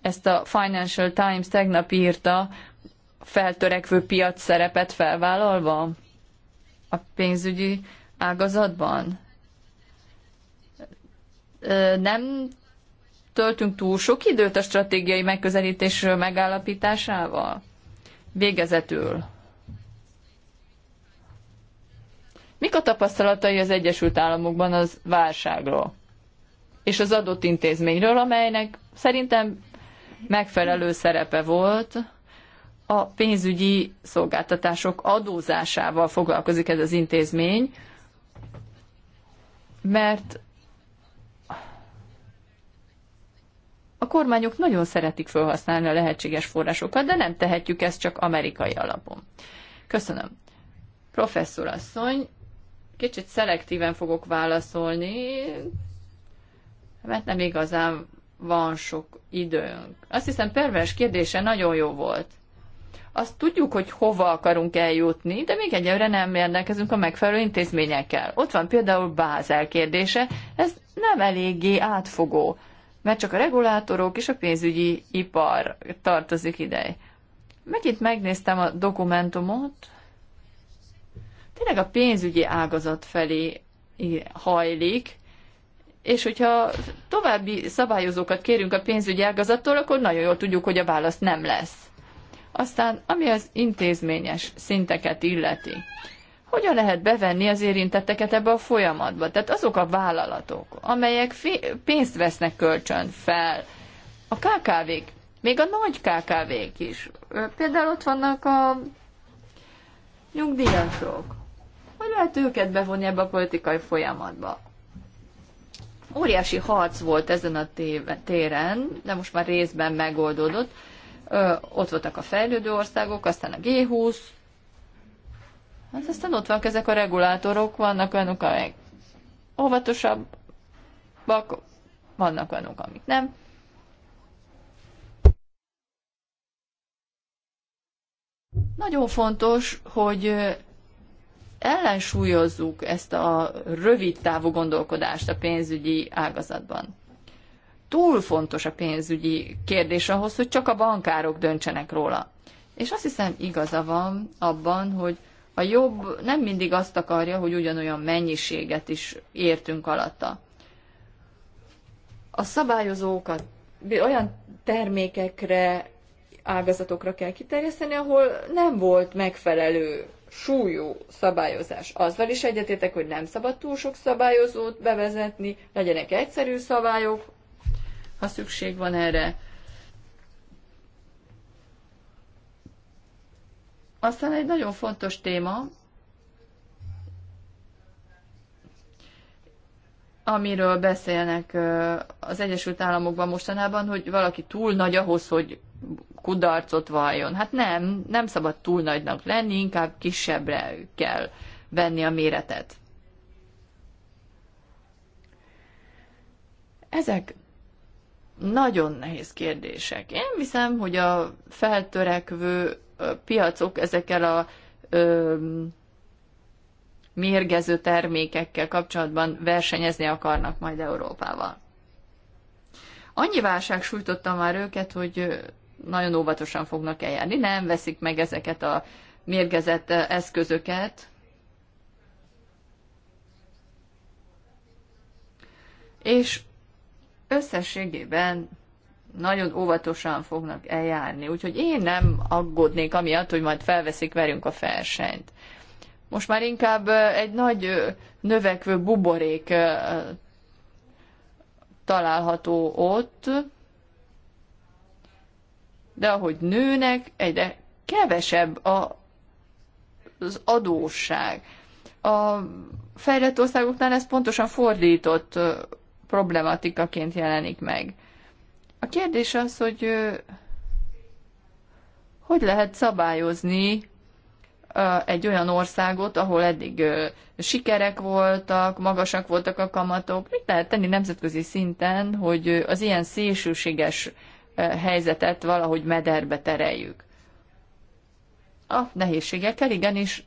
ezt a Financial Times tegnap írta, feltörekvő piac szerepet felvállalva a pénzügyi ágazatban? Nem töltünk túl sok időt a stratégiai megközelítés megállapításával? Végezetül. Mik a tapasztalatai az Egyesült Államokban az válságról? És az adott intézményről, amelynek szerintem megfelelő szerepe volt a pénzügyi szolgáltatások adózásával foglalkozik ez az intézmény, mert a kormányok nagyon szeretik felhasználni a lehetséges forrásokat, de nem tehetjük ezt csak amerikai alapon. Köszönöm. Professzor asszony, kicsit szelektíven fogok válaszolni, mert nem igazán van sok időnk. Azt hiszem, pervers kérdése nagyon jó volt. Azt tudjuk, hogy hova akarunk eljutni, de még egyelőre nem érdekezünk a megfelelő intézményekkel. Ott van például Bázel kérdése, ez nem eléggé átfogó mert csak a regulátorok és a pénzügyi ipar tartozik ide. Megint megnéztem a dokumentumot, tényleg a pénzügyi ágazat felé hajlik, és hogyha további szabályozókat kérünk a pénzügyi ágazattól, akkor nagyon jól tudjuk, hogy a válasz nem lesz. Aztán, ami az intézményes szinteket illeti hogyan lehet bevenni az érintetteket ebbe a folyamatba? Tehát azok a vállalatok, amelyek pénzt vesznek kölcsön fel, a KKV-k, még a nagy KKV-k is, például ott vannak a nyugdíjasok, hogy lehet őket bevonni ebbe a politikai folyamatba? Óriási harc volt ezen a téren, de most már részben megoldódott. Ö, ott voltak a fejlődő országok, aztán a G20, Hát aztán ott vannak ezek a regulátorok, vannak olyanok, amelyek óvatosabbak, vannak olyanok, amik nem. Nagyon fontos, hogy ellensúlyozzuk ezt a rövid távú gondolkodást a pénzügyi ágazatban. Túl fontos a pénzügyi kérdés ahhoz, hogy csak a bankárok döntsenek róla. És azt hiszem igaza van abban, hogy a jobb nem mindig azt akarja, hogy ugyanolyan mennyiséget is értünk alatta. A szabályozókat olyan termékekre, ágazatokra kell kiterjeszteni, ahol nem volt megfelelő súlyú szabályozás. Azzal is egyetétek, hogy nem szabad túl sok szabályozót bevezetni, legyenek egyszerű szabályok, ha szükség van erre Aztán egy nagyon fontos téma, amiről beszélnek az Egyesült Államokban mostanában, hogy valaki túl nagy ahhoz, hogy kudarcot valljon. Hát nem, nem szabad túl nagynak lenni, inkább kisebbre kell venni a méretet. Ezek nagyon nehéz kérdések. Én hiszem, hogy a feltörekvő piacok ezekkel a mérgező termékekkel kapcsolatban versenyezni akarnak majd Európával. Annyi válság sújtotta már őket, hogy nagyon óvatosan fognak eljárni, nem veszik meg ezeket a mérgezett eszközöket, és összességében nagyon óvatosan fognak eljárni. Úgyhogy én nem aggódnék amiatt, hogy majd felveszik velünk a versenyt. Most már inkább egy nagy növekvő buborék található ott, de ahogy nőnek, egyre kevesebb a, az adósság. A fejlett országoknál ez pontosan fordított problematikaként jelenik meg. A kérdés az, hogy hogy lehet szabályozni egy olyan országot, ahol eddig sikerek voltak, magasak voltak a kamatok. Mit lehet tenni nemzetközi szinten, hogy az ilyen szélsőséges helyzetet valahogy mederbe tereljük? A nehézségekkel igenis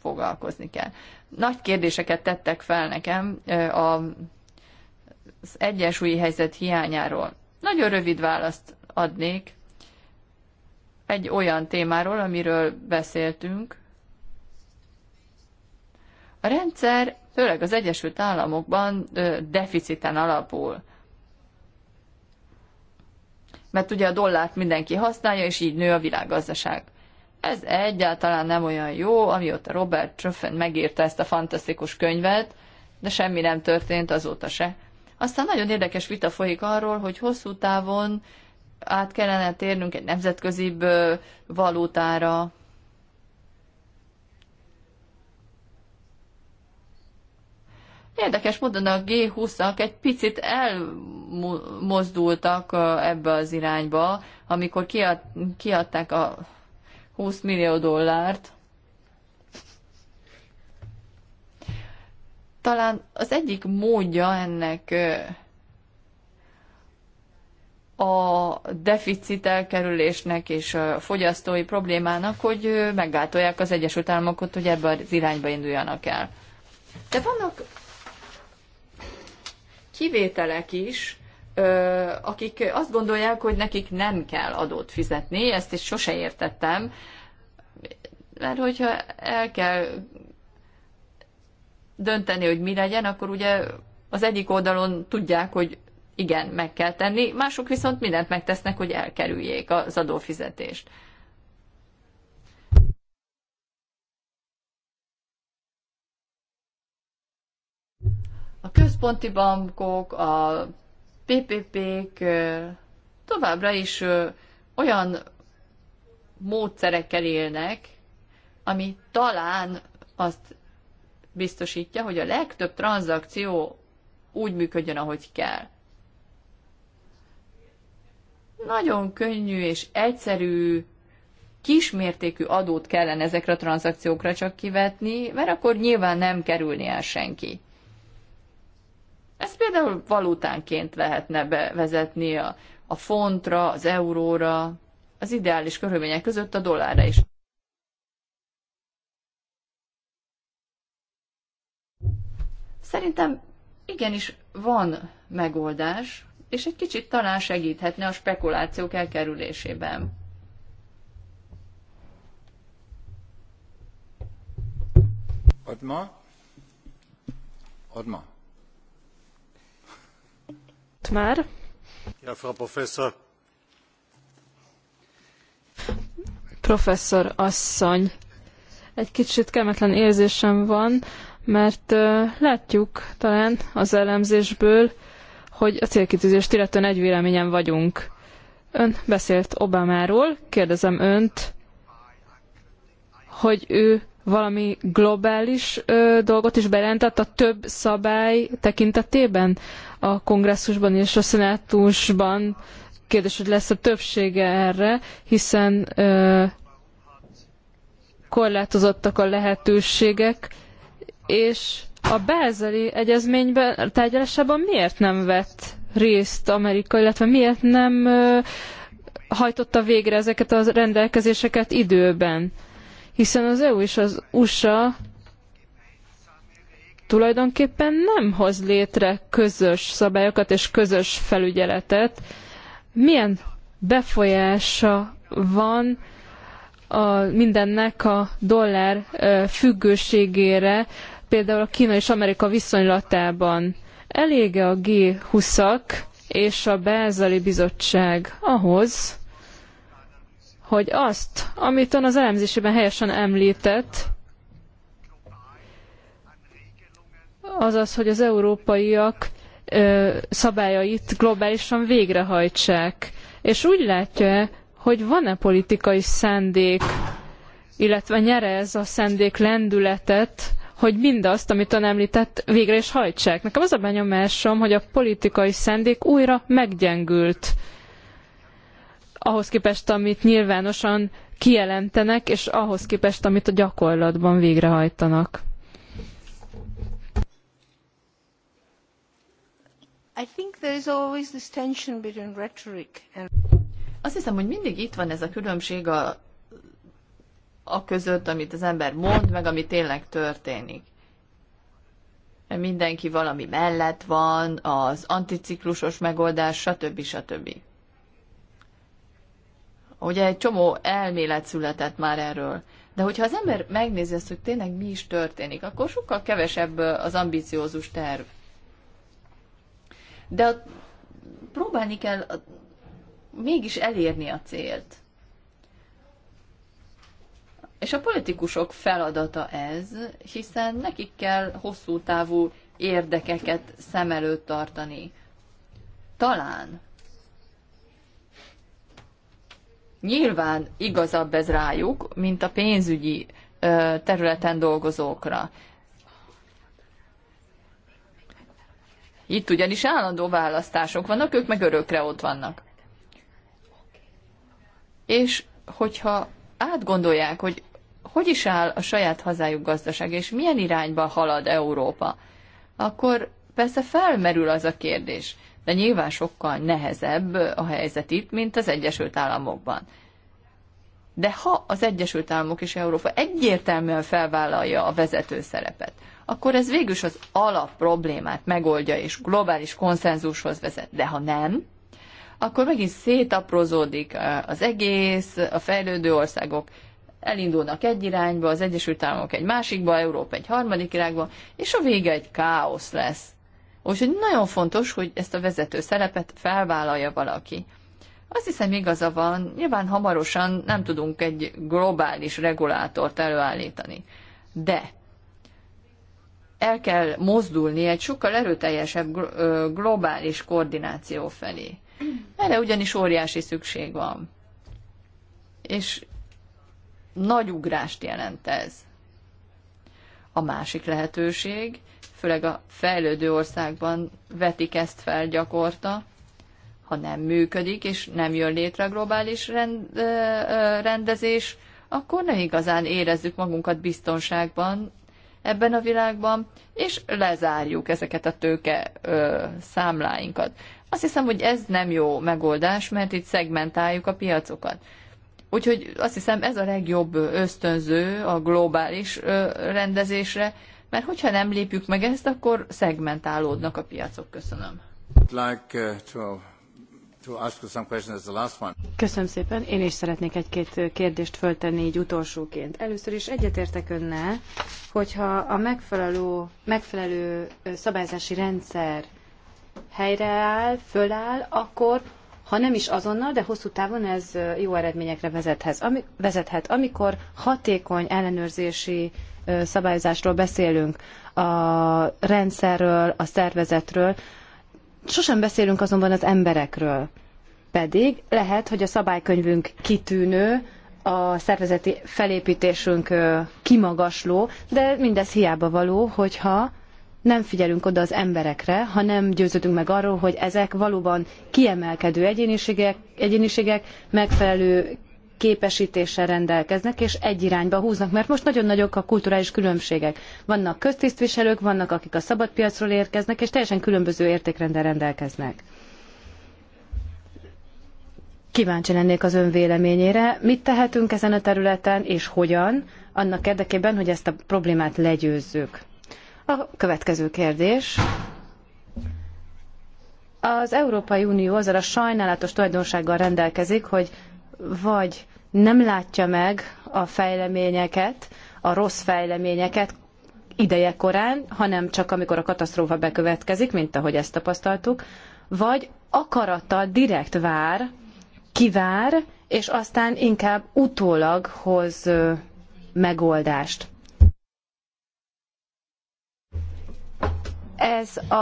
foglalkozni kell. Nagy kérdéseket tettek fel nekem az egyensúlyi helyzet hiányáról. Nagyon rövid választ adnék egy olyan témáról, amiről beszéltünk. A rendszer, főleg az Egyesült Államokban deficiten alapul. Mert ugye a dollárt mindenki használja, és így nő a világgazdaság. Ez egyáltalán nem olyan jó, amióta Robert Truffen megírta ezt a fantasztikus könyvet, de semmi nem történt azóta se. Aztán nagyon érdekes vita folyik arról, hogy hosszú távon át kellene térnünk egy nemzetközi valótára. Érdekes módon a G20-ak egy picit elmozdultak ebbe az irányba, amikor kiadták a 20 millió dollárt. talán az egyik módja ennek a deficit elkerülésnek és a fogyasztói problémának, hogy meggátolják az Egyesült Államokat, hogy ebbe az irányba induljanak el. De vannak kivételek is, akik azt gondolják, hogy nekik nem kell adót fizetni, ezt is sose értettem, mert hogyha el kell dönteni, hogy mi legyen, akkor ugye az egyik oldalon tudják, hogy igen, meg kell tenni, mások viszont mindent megtesznek, hogy elkerüljék az adófizetést. A központi bankok, a PPP-k továbbra is olyan módszerekkel élnek, ami talán azt biztosítja, hogy a legtöbb tranzakció úgy működjön, ahogy kell. Nagyon könnyű és egyszerű kismértékű adót kellene ezekre a tranzakciókra csak kivetni, mert akkor nyilván nem kerülni el senki. Ezt például valutánként lehetne bevezetni a, a fontra, az euróra, az ideális körülmények között a dollárra is. Szerintem igenis van megoldás, és egy kicsit talán segíthetne a spekulációk elkerülésében. Adma? Adma. Már? Ja, Frau Professor. Professzor asszony, egy kicsit kemetlen érzésem van, mert látjuk talán az elemzésből, hogy a célkitűzést illetően egy véleményen vagyunk. Ön beszélt Obamáról, kérdezem önt, hogy ő valami globális ö, dolgot is bejelentett a több szabály tekintetében a kongresszusban és a szenátusban. Kérdés, hogy lesz a többsége erre, hiszen ö, korlátozottak a lehetőségek, és a bázeli egyezményben tárgyalásában miért nem vett részt Amerika, illetve miért nem ö, hajtotta végre ezeket a rendelkezéseket időben? Hiszen az EU és az USA tulajdonképpen nem hoz létre közös szabályokat és közös felügyeletet. Milyen befolyása van a mindennek a dollár függőségére, például a Kína és Amerika viszonylatában elége a G20-ak és a Bázali Bizottság ahhoz, hogy azt, amit ön az elemzésében helyesen említett, azaz, hogy az európaiak ö, szabályait globálisan végrehajtsák. És úgy látja, -e, hogy van-e politikai szándék, illetve nyere ez a szándék lendületet hogy mindazt, amit ön említett, végre is hajtsák. Nekem az a benyomásom, hogy a politikai szendék újra meggyengült ahhoz képest, amit nyilvánosan kijelentenek, és ahhoz képest, amit a gyakorlatban végrehajtanak. Azt hiszem, hogy mindig itt van ez a különbség a a között, amit az ember mond, meg ami tényleg történik. Mindenki valami mellett van, az anticiklusos megoldás, stb. stb. Ugye egy csomó elmélet született már erről. De hogyha az ember megnézi azt, hogy tényleg mi is történik, akkor sokkal kevesebb az ambiciózus terv. De próbálni kell mégis elérni a célt. És a politikusok feladata ez, hiszen nekik kell hosszú távú érdekeket szem előtt tartani. Talán. Nyilván igazabb ez rájuk, mint a pénzügyi ö, területen dolgozókra. Itt ugyanis állandó választások vannak, ők meg örökre ott vannak. És hogyha átgondolják, hogy hogy is áll a saját hazájuk gazdaság, és milyen irányba halad Európa, akkor persze felmerül az a kérdés, de nyilván sokkal nehezebb a helyzet itt, mint az Egyesült Államokban. De ha az Egyesült Államok és Európa egyértelműen felvállalja a vezető szerepet, akkor ez végülis az alap problémát megoldja és globális konszenzushoz vezet. De ha nem, akkor megint szétaprozódik eh, az egész, a fejlődő országok elindulnak egy irányba, az Egyesült Államok egy másikba, Európa egy harmadik irányba, és a vége egy káosz lesz. Úgyhogy nagyon fontos, hogy ezt a vezető szerepet felvállalja valaki. Azt hiszem igaza van, nyilván hamarosan nem tudunk egy globális regulátort előállítani. De el kell mozdulni egy sokkal erőteljesebb globális koordináció felé. Erre ugyanis óriási szükség van. És nagy ugrást jelent ez. A másik lehetőség, főleg a fejlődő országban vetik ezt fel gyakorta, ha nem működik, és nem jön létre a globális rend, rendezés, akkor ne igazán érezzük magunkat biztonságban ebben a világban, és lezárjuk ezeket a tőke ö, számláinkat. Azt hiszem, hogy ez nem jó megoldás, mert itt szegmentáljuk a piacokat. Úgyhogy azt hiszem ez a legjobb ösztönző a globális rendezésre, mert hogyha nem lépjük meg ezt, akkor szegmentálódnak a piacok. Köszönöm. Uh, Köszönöm szépen. Én is szeretnék egy-két kérdést föltenni így utolsóként. Először is egyetértek önnel, hogyha a megfelelő, megfelelő szabályzási rendszer helyreáll, föláll, akkor ha nem is azonnal, de hosszú távon ez jó eredményekre vezethez, ami, vezethet. Amikor hatékony ellenőrzési szabályozásról beszélünk, a rendszerről, a szervezetről, sosem beszélünk azonban az emberekről. Pedig lehet, hogy a szabálykönyvünk kitűnő, a szervezeti felépítésünk kimagasló, de mindez hiába való, hogyha nem figyelünk oda az emberekre, hanem győződünk meg arról, hogy ezek valóban kiemelkedő egyéniségek, egyéniségek megfelelő képesítéssel rendelkeznek, és egy irányba húznak, mert most nagyon nagyok a kulturális különbségek. Vannak köztisztviselők, vannak akik a szabadpiacról érkeznek, és teljesen különböző értékrendel rendelkeznek. Kíváncsi lennék az ön véleményére, mit tehetünk ezen a területen, és hogyan, annak érdekében, hogy ezt a problémát legyőzzük. A következő kérdés. Az Európai Unió azzal a sajnálatos tulajdonsággal rendelkezik, hogy vagy nem látja meg a fejleményeket, a rossz fejleményeket ideje korán, hanem csak amikor a katasztrófa bekövetkezik, mint ahogy ezt tapasztaltuk, vagy akarata direkt vár, kivár, és aztán inkább utólag hoz megoldást. Ez a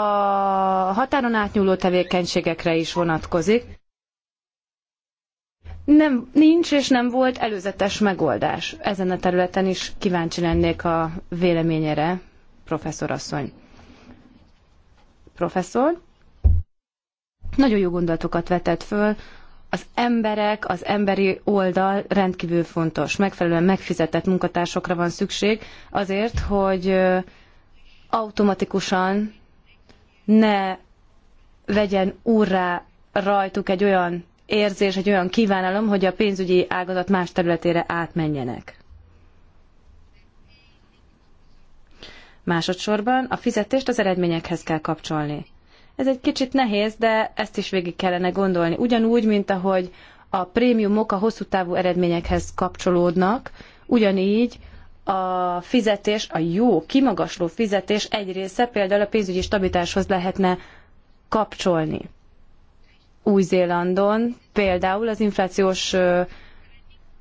határon átnyúló tevékenységekre is vonatkozik. Nem, nincs és nem volt előzetes megoldás. Ezen a területen is kíváncsi lennék a véleményére, professzor asszony. Professzor? Nagyon jó gondolatokat vetett föl, az emberek, az emberi oldal rendkívül fontos. Megfelelően megfizetett munkatársokra van szükség azért, hogy automatikusan ne vegyen úrrá rajtuk egy olyan érzés, egy olyan kívánalom, hogy a pénzügyi ágazat más területére átmenjenek. Másodszorban a fizetést az eredményekhez kell kapcsolni. Ez egy kicsit nehéz, de ezt is végig kellene gondolni. Ugyanúgy, mint ahogy a prémiumok a hosszú távú eredményekhez kapcsolódnak, ugyanígy a fizetés, a jó, kimagasló fizetés egy része például a pénzügyi stabilitáshoz lehetne kapcsolni. Új-Zélandon például az inflációs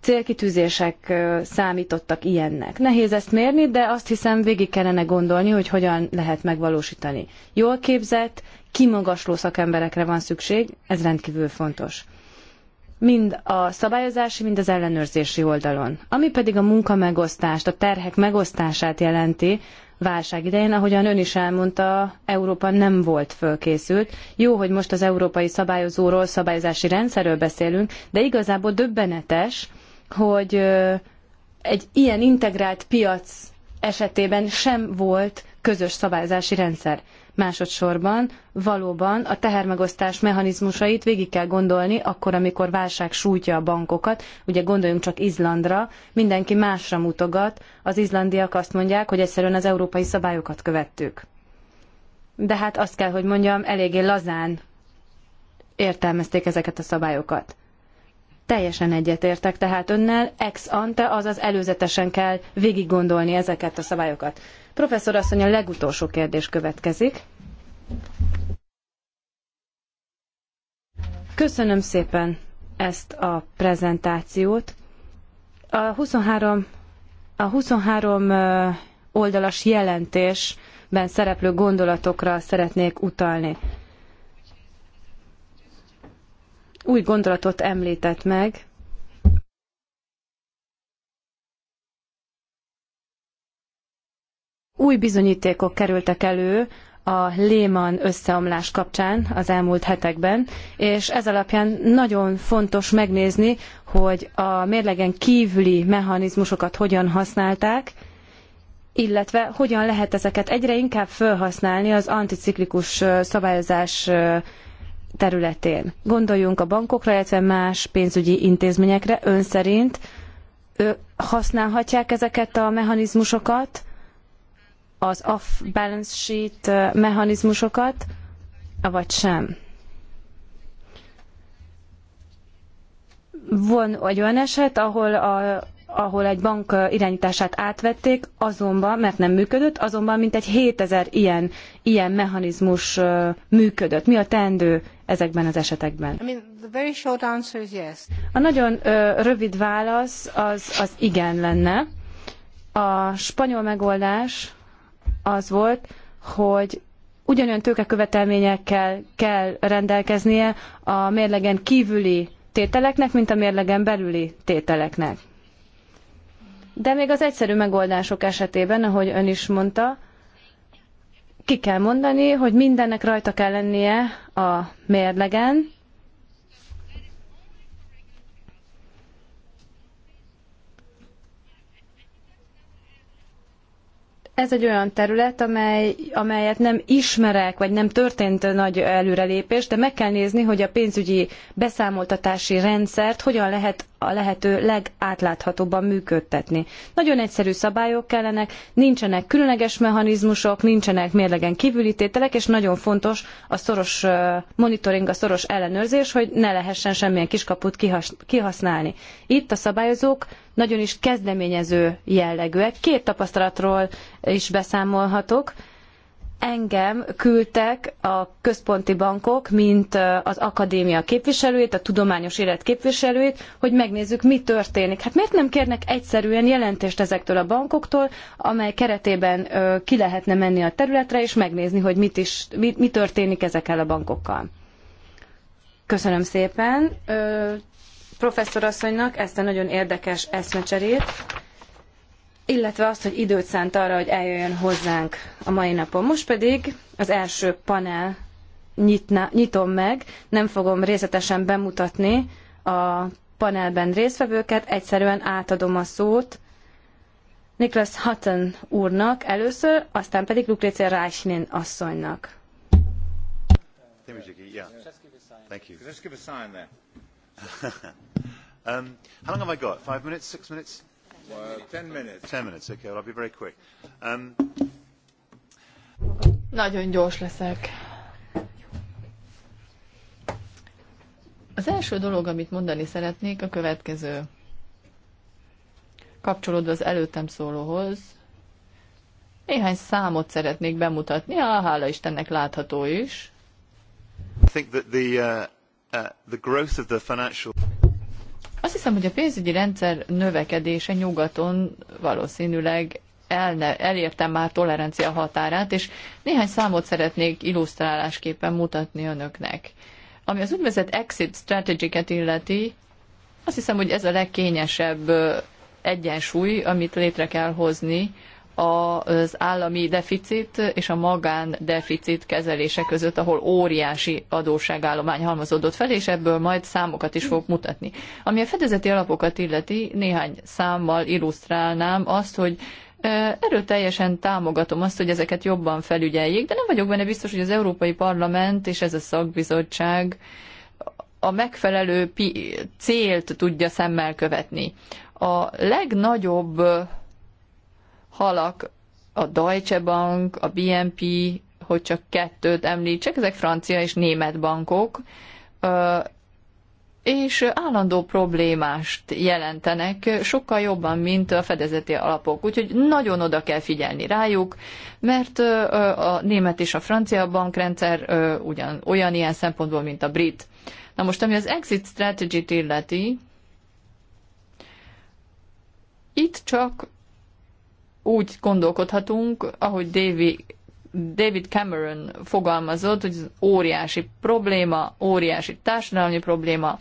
célkitűzések számítottak ilyennek. Nehéz ezt mérni, de azt hiszem végig kellene gondolni, hogy hogyan lehet megvalósítani. Jól képzett, kimagasló szakemberekre van szükség, ez rendkívül fontos mind a szabályozási, mind az ellenőrzési oldalon. Ami pedig a munkamegosztást, a terhek megosztását jelenti, válság idején, ahogyan ön is elmondta, Európa nem volt fölkészült. Jó, hogy most az európai szabályozóról, szabályozási rendszerről beszélünk, de igazából döbbenetes, hogy egy ilyen integrált piac esetében sem volt közös szabályozási rendszer. Másodszorban valóban a tehermegosztás mechanizmusait végig kell gondolni, akkor, amikor válság sújtja a bankokat. Ugye gondoljunk csak Izlandra, mindenki másra mutogat, az izlandiak azt mondják, hogy egyszerűen az európai szabályokat követtük. De hát azt kell, hogy mondjam, eléggé lazán értelmezték ezeket a szabályokat. Teljesen egyetértek tehát önnel, ex ante, azaz előzetesen kell végiggondolni ezeket a szabályokat. Professzor asszony, a legutolsó kérdés következik. Köszönöm szépen ezt a prezentációt. A 23, a 23 oldalas jelentésben szereplő gondolatokra szeretnék utalni. Új gondolatot említett meg, új bizonyítékok kerültek elő a Lehman összeomlás kapcsán az elmúlt hetekben, és ez alapján nagyon fontos megnézni, hogy a mérlegen kívüli mechanizmusokat hogyan használták, illetve hogyan lehet ezeket egyre inkább felhasználni az anticiklikus szabályozás területén. Gondoljunk a bankokra, illetve más pénzügyi intézményekre ön szerint. Ő használhatják ezeket a mechanizmusokat, az off-balance sheet mechanizmusokat, vagy sem? Van egy olyan eset, ahol, a, ahol egy bank irányítását átvették, azonban, mert nem működött, azonban mintegy 7000 ilyen, ilyen mechanizmus működött. Mi a teendő ezekben az esetekben? I mean, yes. A nagyon ö, rövid válasz az, az igen lenne. A spanyol megoldás az volt, hogy ugyanolyan tőkekövetelményekkel kell rendelkeznie a mérlegen kívüli tételeknek, mint a mérlegen belüli tételeknek. De még az egyszerű megoldások esetében, ahogy ön is mondta, ki kell mondani, hogy mindennek rajta kell lennie a mérlegen, ez egy olyan terület, amely, amelyet nem ismerek, vagy nem történt nagy előrelépés, de meg kell nézni, hogy a pénzügyi beszámoltatási rendszert hogyan lehet a lehető legátláthatóbban működtetni. Nagyon egyszerű szabályok kellenek, nincsenek különleges mechanizmusok, nincsenek mérlegen tételek, és nagyon fontos a szoros monitoring, a szoros ellenőrzés, hogy ne lehessen semmilyen kiskaput kihasználni. Itt a szabályozók nagyon is kezdeményező jellegűek. Két tapasztalatról is beszámolhatok. Engem küldtek a központi bankok, mint az akadémia képviselőjét, a tudományos élet képviselőjét, hogy megnézzük, mi történik. Hát miért nem kérnek egyszerűen jelentést ezektől a bankoktól, amely keretében ki lehetne menni a területre, és megnézni, hogy mit is, mi, mi történik ezekkel a bankokkal. Köszönöm szépen professzorasszonynak ezt a nagyon érdekes eszmecserét, illetve azt, hogy időt szánt arra, hogy eljöjjön hozzánk a mai napon. Most pedig az első panel nyitna, nyitom meg, nem fogom részletesen bemutatni a panelben résztvevőket, egyszerűen átadom a szót Niklas Hutton úrnak először, aztán pedig Lukrécia Reichlin asszonynak. Thank you. [laughs] Um, how long have I got? Five minutes? Six minutes? ten minutes. Ten minutes, okay. Well, I'll be very quick. Um... Nagyon gyors leszek. Az első dolog, amit mondani szeretnék, a következő. Kapcsolódva az előttem szólóhoz, néhány számot szeretnék bemutatni, a hála Istennek látható is. I think that the, uh... Uh, the growth of the financial azt hiszem, hogy a pénzügyi rendszer növekedése nyugaton valószínűleg elne, elértem már tolerancia határát, és néhány számot szeretnék illusztrálásképpen mutatni önöknek. Ami az úgynevezett exit strategy illeti, azt hiszem, hogy ez a legkényesebb egyensúly, amit létre kell hozni az állami deficit és a magán deficit kezelése között, ahol óriási adósságállomány halmozódott fel, és ebből majd számokat is fogok mutatni. Ami a fedezeti alapokat illeti, néhány számmal illusztrálnám azt, hogy erőteljesen támogatom azt, hogy ezeket jobban felügyeljék, de nem vagyok benne biztos, hogy az Európai Parlament és ez a szakbizottság a megfelelő célt tudja szemmel követni. A legnagyobb halak, a Deutsche Bank, a BNP, hogy csak kettőt említsek, ezek francia és német bankok, és állandó problémást jelentenek, sokkal jobban, mint a fedezeti alapok. Úgyhogy nagyon oda kell figyelni rájuk, mert a német és a francia bankrendszer ugyan olyan ilyen szempontból, mint a brit. Na most, ami az exit strategy illeti, itt csak úgy gondolkodhatunk, ahogy David Cameron fogalmazott, hogy ez óriási probléma, óriási társadalmi probléma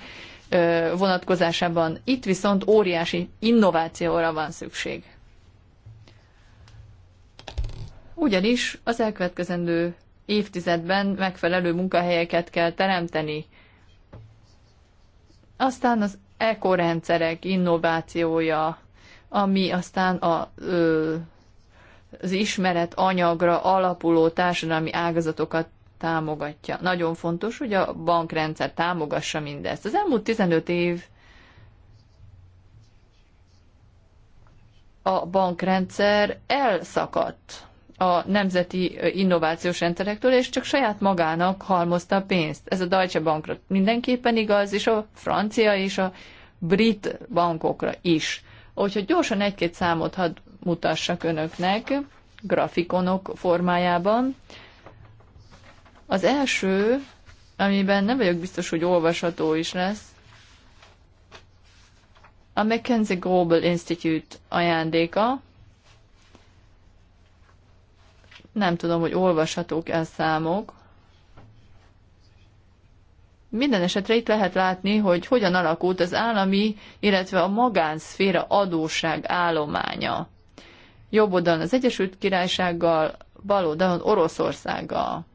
vonatkozásában. Itt viszont óriási innovációra van szükség. Ugyanis az elkövetkezendő évtizedben megfelelő munkahelyeket kell teremteni. Aztán az ekorendszerek innovációja ami aztán a, ö, az ismeret anyagra alapuló társadalmi ágazatokat támogatja. Nagyon fontos, hogy a bankrendszer támogassa mindezt. Az elmúlt 15 év a bankrendszer elszakadt a nemzeti innovációs rendszerektől, és csak saját magának halmozta a pénzt. Ez a Deutsche Bankra mindenképpen igaz, és a francia és a brit bankokra is. Úgyhogy gyorsan egy-két számot hadd mutassak önöknek grafikonok formájában. Az első, amiben nem vagyok biztos, hogy olvasható is lesz, a McKenzie Global Institute ajándéka. Nem tudom, hogy olvashatók el számok. Minden esetre itt lehet látni, hogy hogyan alakult az állami, illetve a magánszféra adóság állománya. Jobb oldalon az Egyesült Királysággal, bal oldalon Oroszországgal.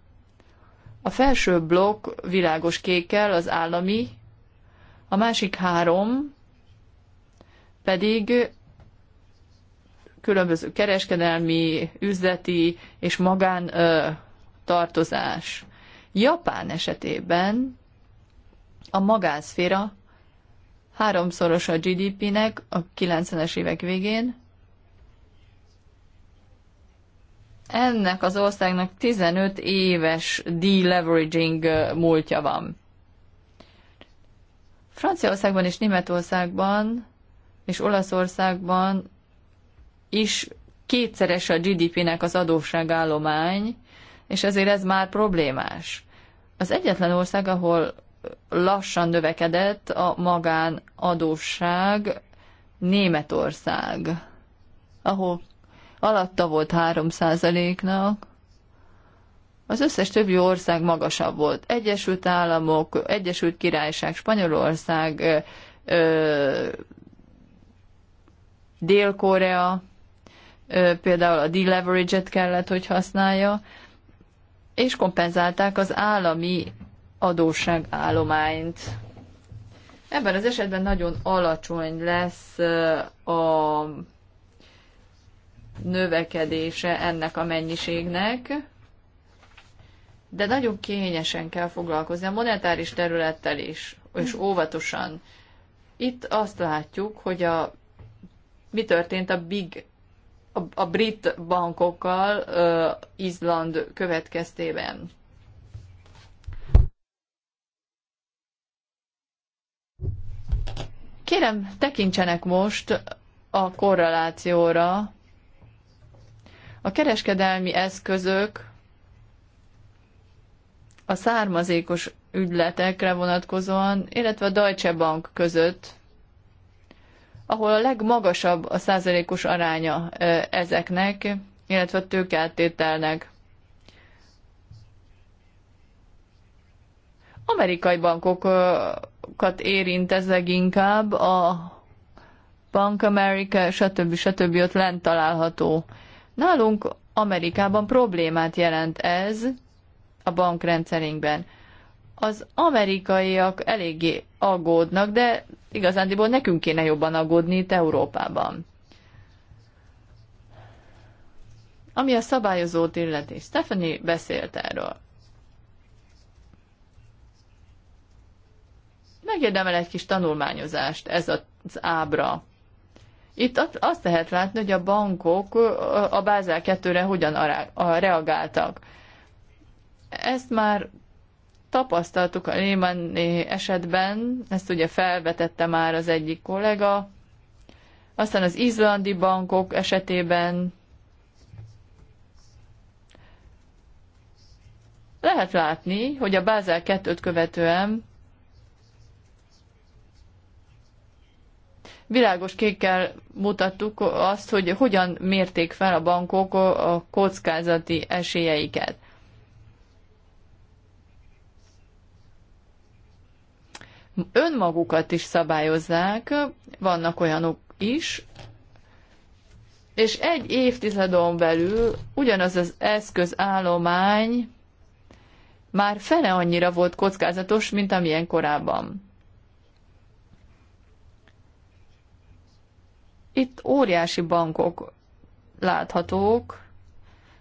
A felső blokk világos kékkel az állami, a másik három pedig különböző kereskedelmi, üzleti és magán ö, tartozás. Japán esetében a magánszféra háromszoros a GDP-nek a 90-es évek végén. Ennek az országnak 15 éves deleveraging múltja van. Franciaországban és Németországban és Olaszországban is kétszeres a GDP-nek az adósságállomány, és ezért ez már problémás. Az egyetlen ország, ahol lassan növekedett a magánadósság Németország, ahol alatta volt 3%-nak, az összes többi ország magasabb volt. Egyesült Államok, Egyesült Királyság, Spanyolország, Dél-Korea, például a deleverage-et kellett, hogy használja, és kompenzálták az állami adósságállományt. Ebben az esetben nagyon alacsony lesz a növekedése ennek a mennyiségnek, de nagyon kényesen kell foglalkozni a monetáris területtel is, és óvatosan. Itt azt látjuk, hogy a, mi történt a big a, a brit bankokkal uh, Izland következtében. Kérem, tekintsenek most a korrelációra. A kereskedelmi eszközök a származékos ügyletekre vonatkozóan, illetve a Deutsche Bank között, ahol a legmagasabb a százalékos aránya ezeknek, illetve a tőkeltételnek. Amerikai bankok bankokat érint ez leginkább, a Bank America, stb. stb. ott lent található. Nálunk Amerikában problémát jelent ez a bankrendszerünkben. Az amerikaiak eléggé aggódnak, de igazándiból nekünk kéne jobban aggódni itt Európában. Ami a szabályozót illeti, Stephanie beszélt erről. megérdemel egy kis tanulmányozást ez az ábra. Itt azt lehet látni, hogy a bankok a Bázel 2-re hogyan reagáltak. Ezt már tapasztaltuk a Lehman esetben, ezt ugye felvetette már az egyik kollega, aztán az izlandi bankok esetében lehet látni, hogy a Bázel 2-t követően Világos kékkel mutattuk azt, hogy hogyan mérték fel a bankok a kockázati esélyeiket. Önmagukat is szabályozzák, vannak olyanok is, és egy évtizedon belül ugyanaz az eszközállomány már fele annyira volt kockázatos, mint amilyen korábban. Itt óriási bankok láthatók,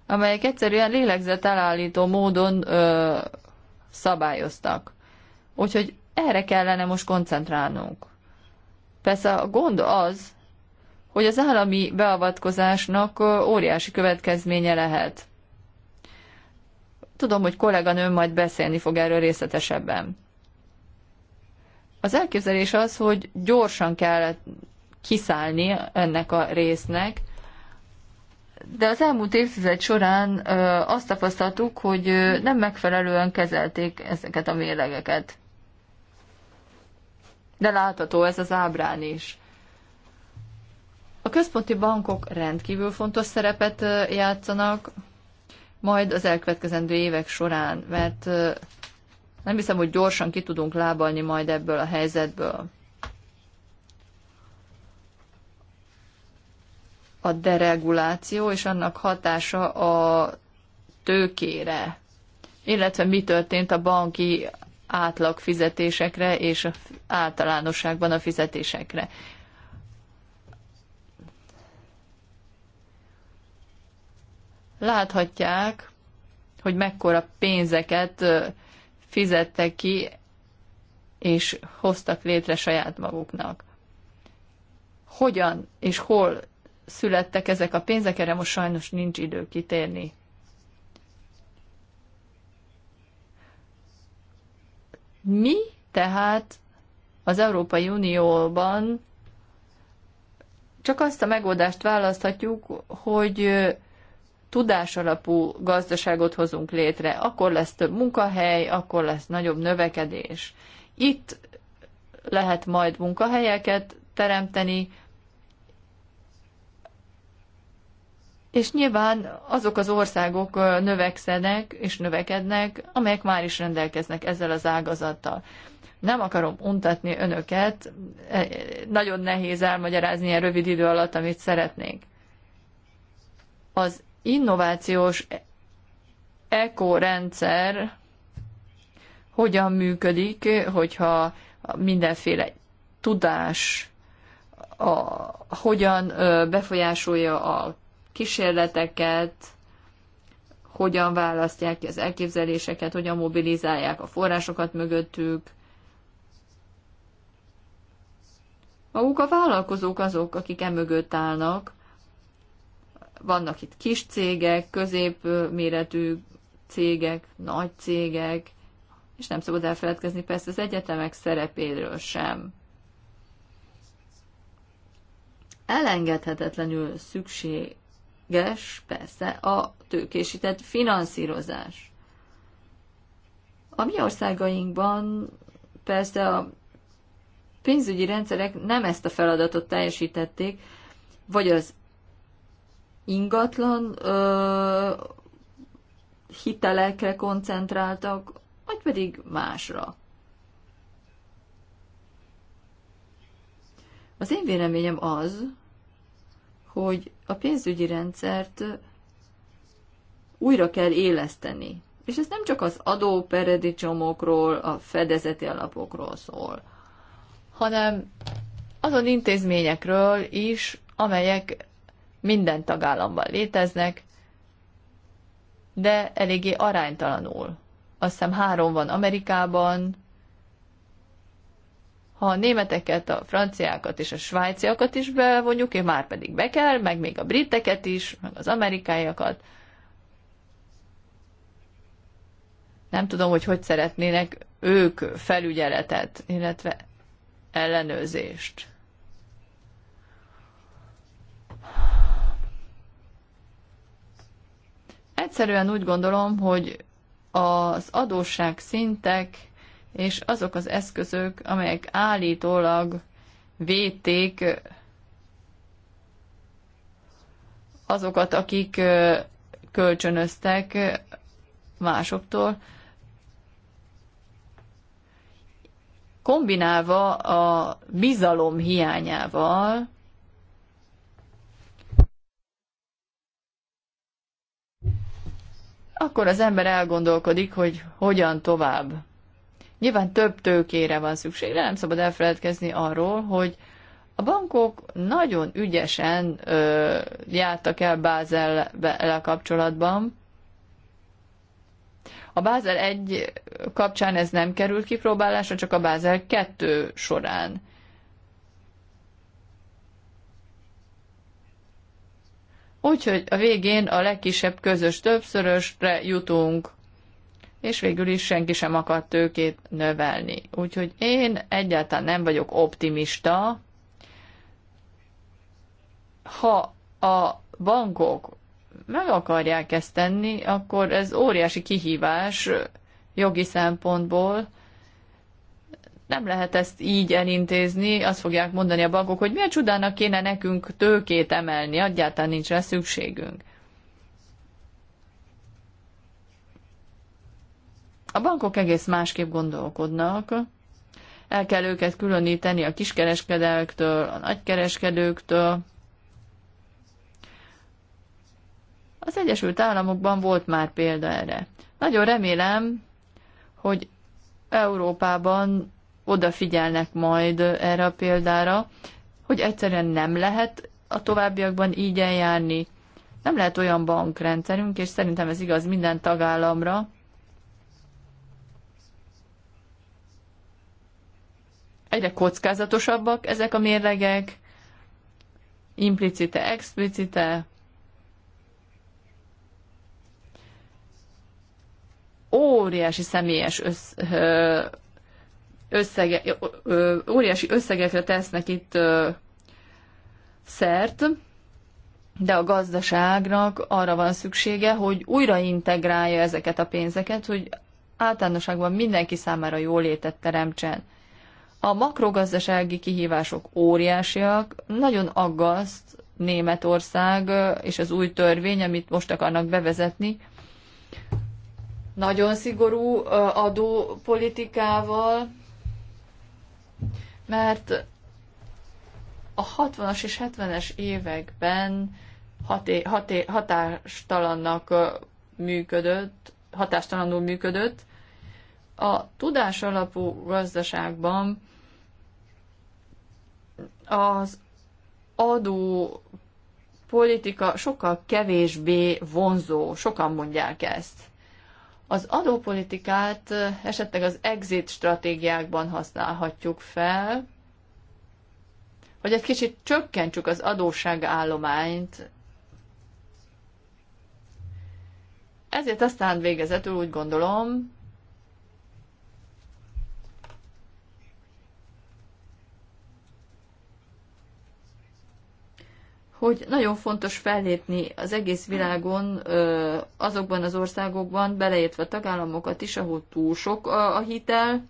amelyek egyszerűen elállító módon ö, szabályoztak. Úgyhogy erre kellene most koncentrálnunk. Persze a gond az, hogy az állami beavatkozásnak óriási következménye lehet. Tudom, hogy kolléganőm majd beszélni fog erről részletesebben. Az elképzelés az, hogy gyorsan kell kiszállni ennek a résznek, de az elmúlt évtized során azt tapasztaltuk, hogy nem megfelelően kezelték ezeket a mérlegeket. De látható ez az ábrán is. A központi bankok rendkívül fontos szerepet játszanak, majd az elkövetkezendő évek során, mert nem hiszem, hogy gyorsan ki tudunk lábalni majd ebből a helyzetből. a dereguláció és annak hatása a tőkére, illetve mi történt a banki átlag fizetésekre és általánosságban a fizetésekre. Láthatják, hogy mekkora pénzeket fizettek ki, és hoztak létre saját maguknak. Hogyan és hol születtek ezek a pénzek, erre most sajnos nincs idő kitérni. Mi tehát az Európai Unióban csak azt a megoldást választhatjuk, hogy tudásalapú gazdaságot hozunk létre, akkor lesz több munkahely, akkor lesz nagyobb növekedés. Itt lehet majd munkahelyeket teremteni, És nyilván azok az országok növekszenek és növekednek, amelyek már is rendelkeznek ezzel az ágazattal. Nem akarom untatni önöket, e, nagyon nehéz elmagyarázni ilyen rövid idő alatt, amit szeretnék. Az innovációs ekorendszer hogyan működik, hogyha mindenféle tudás a, hogyan befolyásolja a kísérleteket, hogyan választják ki az elképzeléseket, hogyan mobilizálják a forrásokat mögöttük. Maguk a vállalkozók azok, akik emögött állnak. Vannak itt kis cégek, középméretű cégek, nagy cégek, és nem szabad elfeledkezni persze az egyetemek szerepéről sem. Elengedhetetlenül szükség, lényeges persze a tőkésített finanszírozás. A mi országainkban persze a pénzügyi rendszerek nem ezt a feladatot teljesítették, vagy az ingatlan ö, hitelekre koncentráltak, vagy pedig másra. Az én véleményem az, hogy a pénzügyi rendszert újra kell éleszteni. És ez nem csak az csomókról, a fedezeti alapokról szól, hanem azon intézményekről is, amelyek minden tagállamban léteznek, de eléggé aránytalanul. Azt hiszem három van Amerikában, ha a németeket, a franciákat és a svájciakat is bevonjuk, én már pedig be kell, meg még a briteket is, meg az amerikaiakat. Nem tudom, hogy hogy szeretnének ők felügyeletet, illetve ellenőrzést. Egyszerűen úgy gondolom, hogy az adósság szintek és azok az eszközök, amelyek állítólag védték azokat, akik kölcsönöztek másoktól, kombinálva a bizalom hiányával, akkor az ember elgondolkodik, hogy hogyan tovább. Nyilván több tőkére van szükség, de nem szabad elfeledkezni arról, hogy a bankok nagyon ügyesen ö, jártak el bázel be kapcsolatban. A Bázel 1 kapcsán ez nem került kipróbálásra, csak a Bázel 2 során. Úgyhogy a végén a legkisebb közös többszörösre jutunk és végül is senki sem akar tőkét növelni. Úgyhogy én egyáltalán nem vagyok optimista. Ha a bankok meg akarják ezt tenni, akkor ez óriási kihívás jogi szempontból. Nem lehet ezt így elintézni, azt fogják mondani a bankok, hogy milyen csodának kéne nekünk tőkét emelni, egyáltalán nincs rá szükségünk. A bankok egész másképp gondolkodnak, el kell őket különíteni a kiskereskedőktől, a nagykereskedőktől. Az Egyesült Államokban volt már példa erre. Nagyon remélem, hogy Európában odafigyelnek majd erre a példára, hogy egyszerűen nem lehet a továbbiakban így eljárni. Nem lehet olyan bankrendszerünk, és szerintem ez igaz minden tagállamra, egyre kockázatosabbak ezek a mérlegek, implicite, explicite, óriási személyes összege, óriási összegekre tesznek itt szert, de a gazdaságnak arra van szüksége, hogy újra integrálja ezeket a pénzeket, hogy általánosságban mindenki számára jólétet teremtsen. A makrogazdasági kihívások óriásiak, nagyon aggaszt Németország és az új törvény, amit most akarnak bevezetni, nagyon szigorú adópolitikával, mert a 60-as és 70-es években haté, haté, hatástalannak működött, hatástalanul működött, a tudás alapú gazdaságban az adó politika sokkal kevésbé vonzó, sokan mondják ezt. Az adópolitikát esetleg az exit stratégiákban használhatjuk fel, hogy egy kicsit csökkentsük az állományt. Ezért aztán végezetül úgy gondolom, hogy nagyon fontos fellépni az egész világon, azokban az országokban, beleértve a tagállamokat is, ahol túl sok a hitel,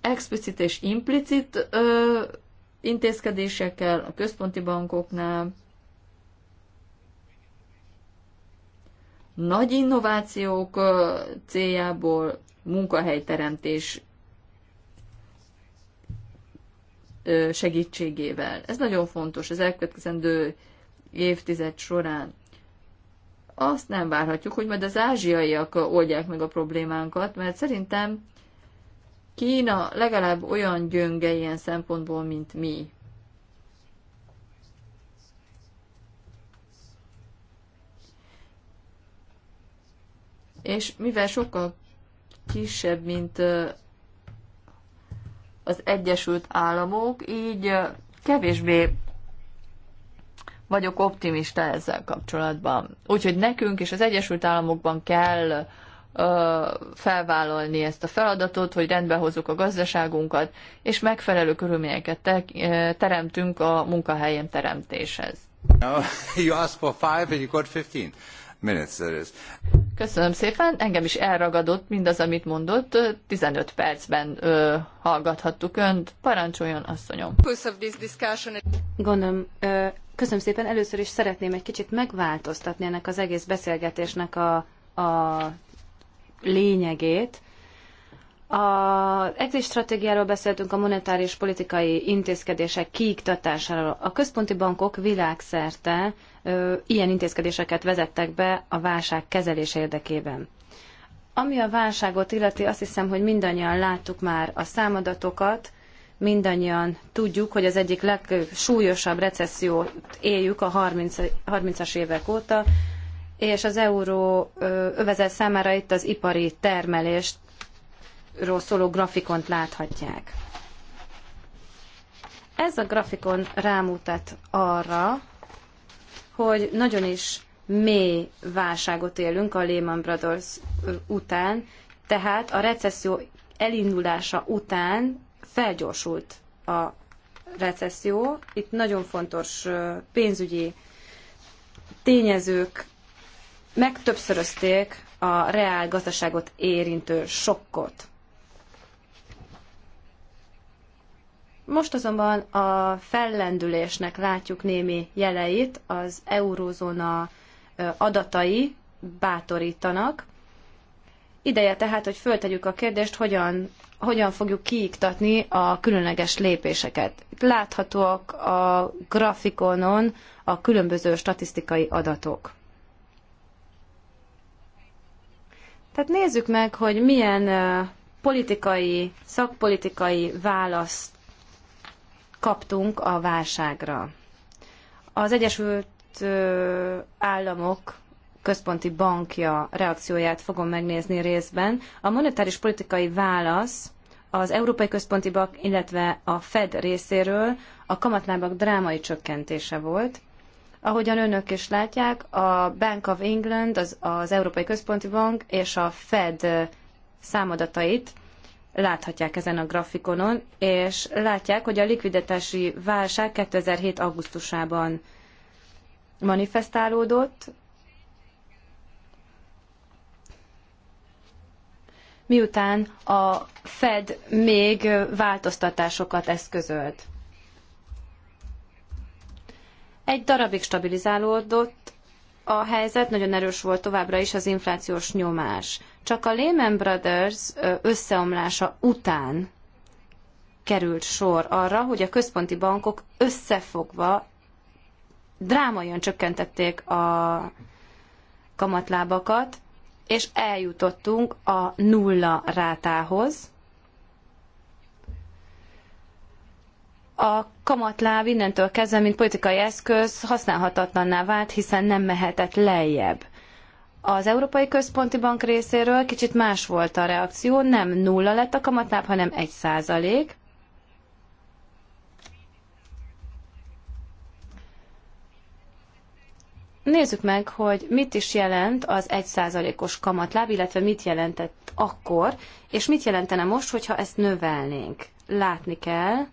explicit és implicit intézkedésekkel a központi bankoknál, nagy innovációk céljából munkahelyteremtés segítségével. Ez nagyon fontos az elkövetkezendő évtized során. Azt nem várhatjuk, hogy majd az ázsiaiak oldják meg a problémánkat, mert szerintem Kína legalább olyan gyönge ilyen szempontból, mint mi. És mivel sokkal kisebb, mint az Egyesült Államok, így kevésbé vagyok optimista ezzel kapcsolatban. Úgyhogy nekünk és az Egyesült Államokban kell ö, felvállalni ezt a feladatot, hogy rendbe hozzuk a gazdaságunkat, és megfelelő körülményeket te, ö, teremtünk a munkahelyem teremtéshez. [laughs] You asked for five and you got 15 minutes Köszönöm szépen, engem is elragadott mindaz, amit mondott. 15 percben ö, hallgathattuk önt. Parancsoljon, asszonyom. Gondolom, ö, köszönöm szépen. Először is szeretném egy kicsit megváltoztatni ennek az egész beszélgetésnek a, a lényegét. Az exit stratégiáról beszéltünk, a monetáris politikai intézkedések kiiktatásáról. A központi bankok világszerte ö, ilyen intézkedéseket vezettek be a válság kezelése érdekében. Ami a válságot illeti, azt hiszem, hogy mindannyian láttuk már a számadatokat, mindannyian tudjuk, hogy az egyik legsúlyosabb recessziót éljük a 30, 30-as évek óta, és az euró övezet számára itt az ipari termelést ról szóló grafikont láthatják. Ez a grafikon rámutat arra, hogy nagyon is mély válságot élünk a Lehman Brothers után, tehát a recesszió elindulása után felgyorsult a recesszió. Itt nagyon fontos pénzügyi tényezők megtöbbszörözték a reál gazdaságot érintő sokkot. Most azonban a fellendülésnek látjuk némi jeleit, az eurózóna adatai bátorítanak. Ideje tehát, hogy föltegyük a kérdést, hogyan, hogyan fogjuk kiiktatni a különleges lépéseket. Láthatóak a grafikonon a különböző statisztikai adatok. Tehát nézzük meg, hogy milyen politikai, szakpolitikai választ kaptunk a válságra. Az Egyesült Államok központi bankja reakcióját fogom megnézni részben. A monetáris politikai válasz az Európai Központi Bank, illetve a Fed részéről a kamatlábak drámai csökkentése volt. Ahogyan önök is látják, a Bank of England, az, az Európai Központi Bank és a Fed számadatait láthatják ezen a grafikonon, és látják, hogy a likviditási válság 2007. augusztusában manifestálódott. Miután a Fed még változtatásokat eszközölt. Egy darabig stabilizálódott a helyzet, nagyon erős volt továbbra is az inflációs nyomás. Csak a Lehman Brothers összeomlása után került sor arra, hogy a központi bankok összefogva drámaian csökkentették a kamatlábakat, és eljutottunk a nulla rátához. A kamatláb innentől kezdve, mint politikai eszköz használhatatlanná vált, hiszen nem mehetett lejjebb. Az Európai Központi Bank részéről kicsit más volt a reakció, nem nulla lett a kamatláb, hanem egy százalék. Nézzük meg, hogy mit is jelent az egy százalékos kamatláb, illetve mit jelentett akkor, és mit jelentene most, hogyha ezt növelnénk. Látni kell,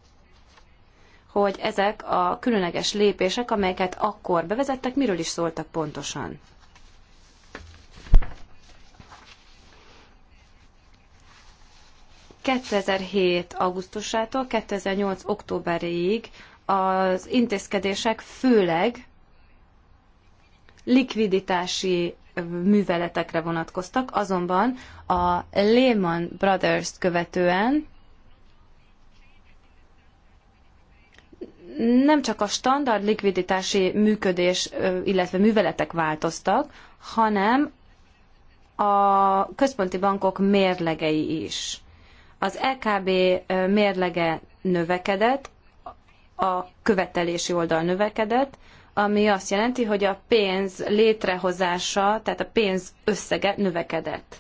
hogy ezek a különleges lépések, amelyeket akkor bevezettek, miről is szóltak pontosan. 2007. augusztusától 2008. októberéig az intézkedések főleg likviditási műveletekre vonatkoztak, azonban a Lehman brothers követően nem csak a standard likviditási működés, illetve műveletek változtak, hanem a központi bankok mérlegei is. Az LKB mérlege növekedett, a követelési oldal növekedett, ami azt jelenti, hogy a pénz létrehozása, tehát a pénz összege növekedett.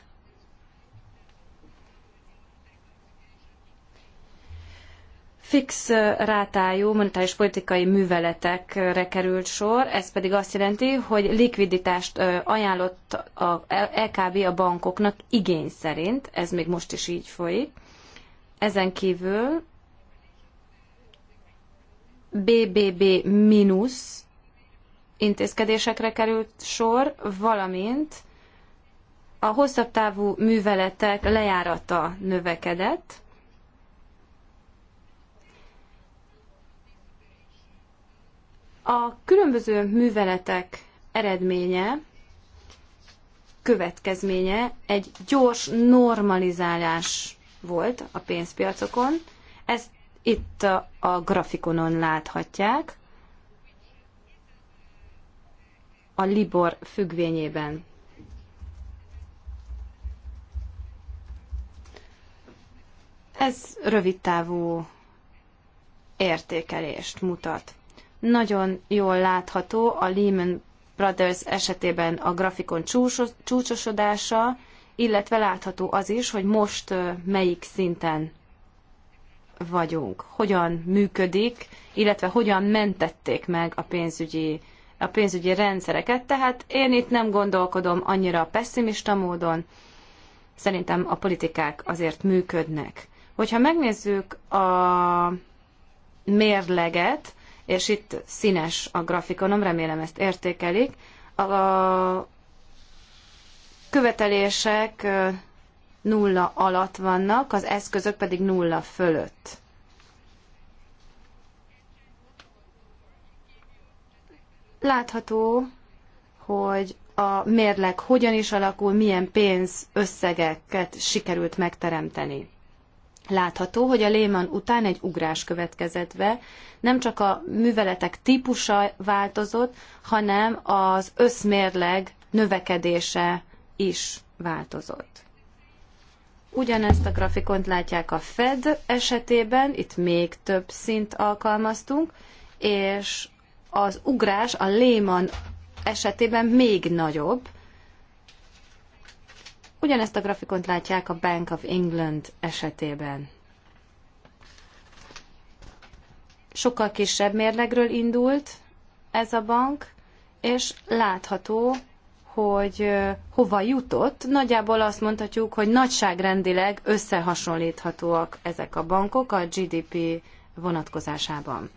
fix rátájú monetáris politikai műveletekre került sor, ez pedig azt jelenti, hogy likviditást ajánlott a LKB a bankoknak igény szerint, ez még most is így folyik. Ezen kívül BBB mínusz intézkedésekre került sor, valamint a hosszabb távú műveletek lejárata növekedett. A különböző műveletek eredménye, következménye egy gyors normalizálás volt a pénzpiacokon. Ezt itt a, a grafikonon láthatják. A Libor függvényében. Ez rövidtávú értékelést mutat. Nagyon jól látható a Lehman Brothers esetében a grafikon csúcsosodása, illetve látható az is, hogy most melyik szinten vagyunk, hogyan működik, illetve hogyan mentették meg a pénzügyi, a pénzügyi rendszereket. Tehát én itt nem gondolkodom annyira pessimista módon, szerintem a politikák azért működnek. Hogyha megnézzük a mérleget, és itt színes a grafikonom, remélem ezt értékelik, a követelések nulla alatt vannak, az eszközök pedig nulla fölött. Látható, hogy a mérleg hogyan is alakul, milyen pénz összegeket sikerült megteremteni. Látható, hogy a léman után egy ugrás következett be, nem csak a műveletek típusa változott, hanem az összmérleg növekedése is változott. Ugyanezt a grafikont látják a Fed esetében, itt még több szint alkalmaztunk, és az ugrás a Lehman esetében még nagyobb. Ugyanezt a grafikont látják a Bank of England esetében. Sokkal kisebb mérlegről indult ez a bank, és látható, hogy hova jutott. Nagyjából azt mondhatjuk, hogy nagyságrendileg összehasonlíthatóak ezek a bankok a GDP vonatkozásában.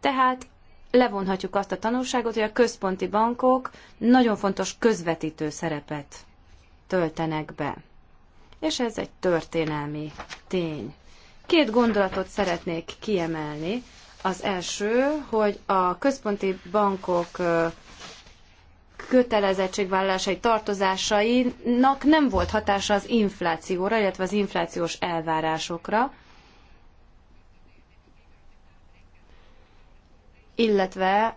Tehát levonhatjuk azt a tanulságot, hogy a központi bankok nagyon fontos közvetítő szerepet töltenek be. És ez egy történelmi tény. Két gondolatot szeretnék kiemelni. Az első, hogy a központi bankok kötelezettségvállalásai, tartozásainak nem volt hatása az inflációra, illetve az inflációs elvárásokra, illetve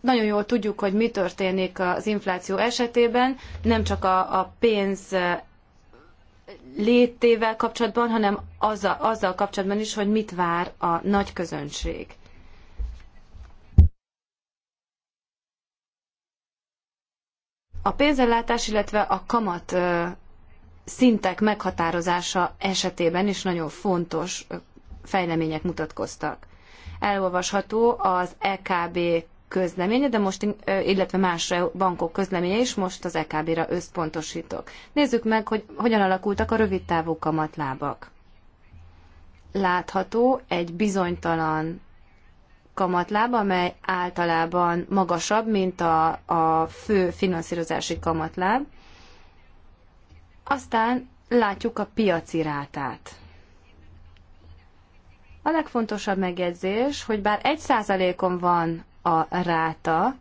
nagyon jól tudjuk, hogy mi történik az infláció esetében, nem csak a, a pénz léttével kapcsolatban, hanem azzal, azzal kapcsolatban is, hogy mit vár a nagy közönség. A pénzellátás, illetve a kamat szintek meghatározása esetében is nagyon fontos fejlemények mutatkoztak. Elolvasható az EKB közleménye, de most, illetve más bankok közleménye is, most az EKB-ra összpontosítok. Nézzük meg, hogy hogyan alakultak a rövidtávú kamatlábak. Látható egy bizonytalan kamatláb, amely általában magasabb, mint a, a fő finanszírozási kamatláb. Aztán látjuk a piaci rátát. A legfontosabb megjegyzés, hogy bár 1%-on van a ráta,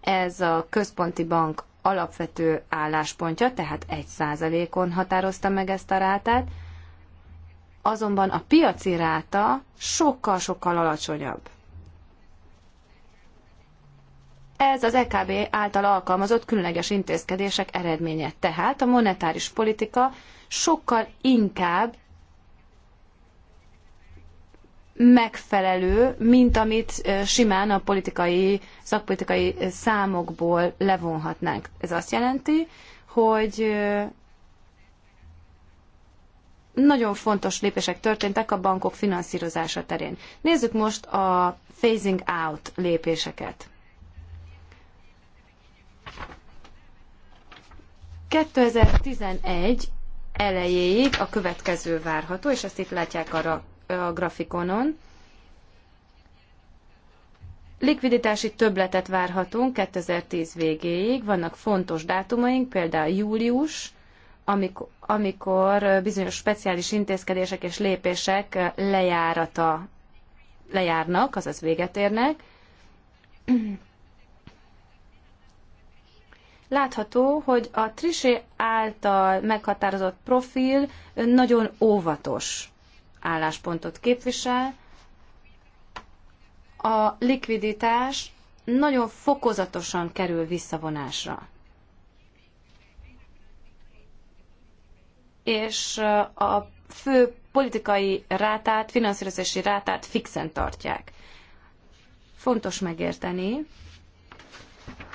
ez a központi bank alapvető álláspontja, tehát 1%-on határozta meg ezt a rátát, azonban a piaci ráta sokkal-sokkal alacsonyabb. Ez az EKB által alkalmazott különleges intézkedések eredménye. Tehát a monetáris politika sokkal inkább megfelelő, mint amit simán a politikai, szakpolitikai számokból levonhatnánk. Ez azt jelenti, hogy nagyon fontos lépések történtek a bankok finanszírozása terén. Nézzük most a phasing out lépéseket. 2011 elejéig a következő várható, és ezt itt látják arra a grafikonon. Likviditási töbletet várhatunk 2010 végéig, vannak fontos dátumaink, például július, amikor, amikor bizonyos speciális intézkedések és lépések lejárata lejárnak, azaz véget érnek látható, hogy a Trisé által meghatározott profil nagyon óvatos álláspontot képvisel. A likviditás nagyon fokozatosan kerül visszavonásra. És a fő politikai rátát, finanszírozási rátát fixen tartják. Fontos megérteni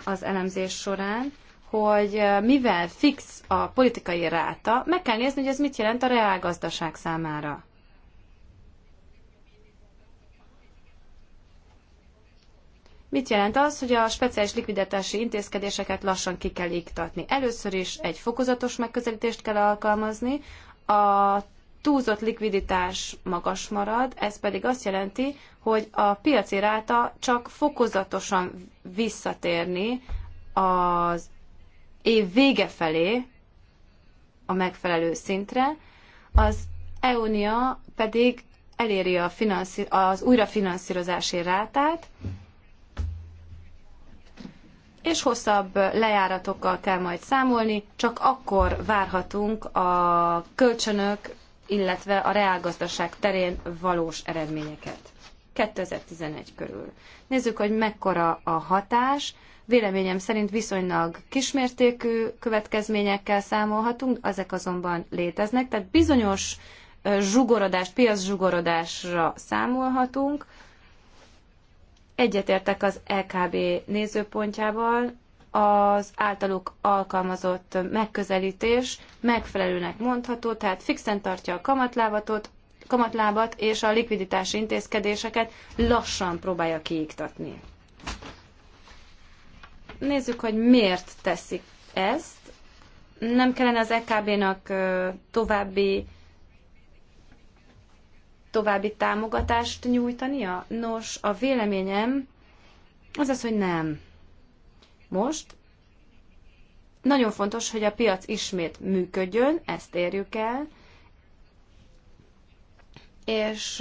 az elemzés során, hogy eh, mivel fix a politikai ráta, meg kell nézni, hogy ez mit jelent a reálgazdaság számára. Mit jelent az, hogy a speciális likviditási intézkedéseket lassan ki kell iktatni? Először is egy fokozatos megközelítést kell alkalmazni, a túlzott likviditás magas marad, ez pedig azt jelenti, hogy a piaci ráta csak fokozatosan visszatérni az év vége felé a megfelelő szintre, az EUNIA pedig eléri a finanszí- az újrafinanszírozási rátát, és hosszabb lejáratokkal kell majd számolni, csak akkor várhatunk a kölcsönök, illetve a reálgazdaság terén valós eredményeket. 2011 körül. Nézzük, hogy mekkora a hatás. Véleményem szerint viszonylag kismértékű következményekkel számolhatunk, ezek azonban léteznek, tehát bizonyos zsugorodást, piaczsugorodásra számolhatunk. Egyetértek az LKB e nézőpontjával, az általuk alkalmazott megközelítés megfelelőnek mondható, tehát fixen tartja a kamatlábatot, kamatlábat és a likviditási intézkedéseket lassan próbálja kiiktatni nézzük, hogy miért teszik ezt. Nem kellene az EKB-nak további további támogatást nyújtania? Nos, a véleményem az az, hogy nem. Most nagyon fontos, hogy a piac ismét működjön, ezt érjük el, és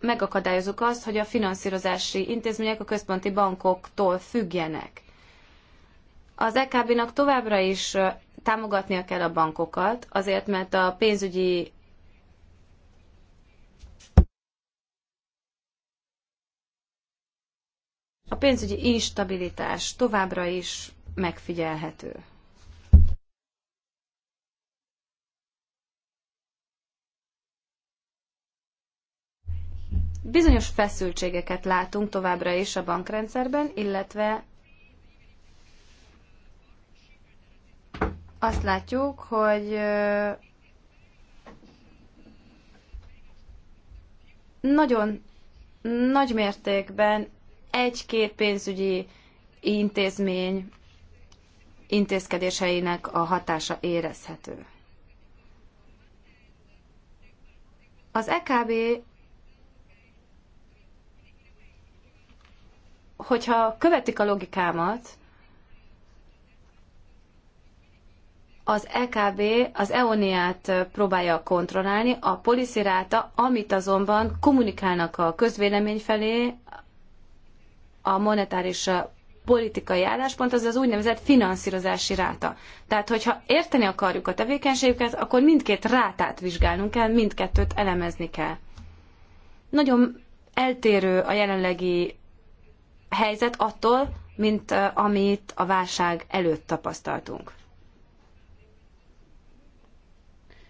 megakadályozunk azt, hogy a finanszírozási intézmények a központi bankoktól függjenek. Az EKB-nak továbbra is támogatnia kell a bankokat, azért mert a pénzügyi a pénzügyi instabilitás továbbra is megfigyelhető. Bizonyos feszültségeket látunk továbbra is a bankrendszerben, illetve azt látjuk, hogy nagyon nagy mértékben egy-két pénzügyi intézmény intézkedéseinek a hatása érezhető. Az EKB hogyha követik a logikámat, az EKB az EONIát próbálja kontrollálni, a polisziráta, amit azonban kommunikálnak a közvélemény felé, a monetáris politikai álláspont, az az úgynevezett finanszírozási ráta. Tehát, hogyha érteni akarjuk a tevékenységüket, akkor mindkét rátát vizsgálnunk kell, mindkettőt elemezni kell. Nagyon eltérő a jelenlegi helyzet attól, mint amit a válság előtt tapasztaltunk.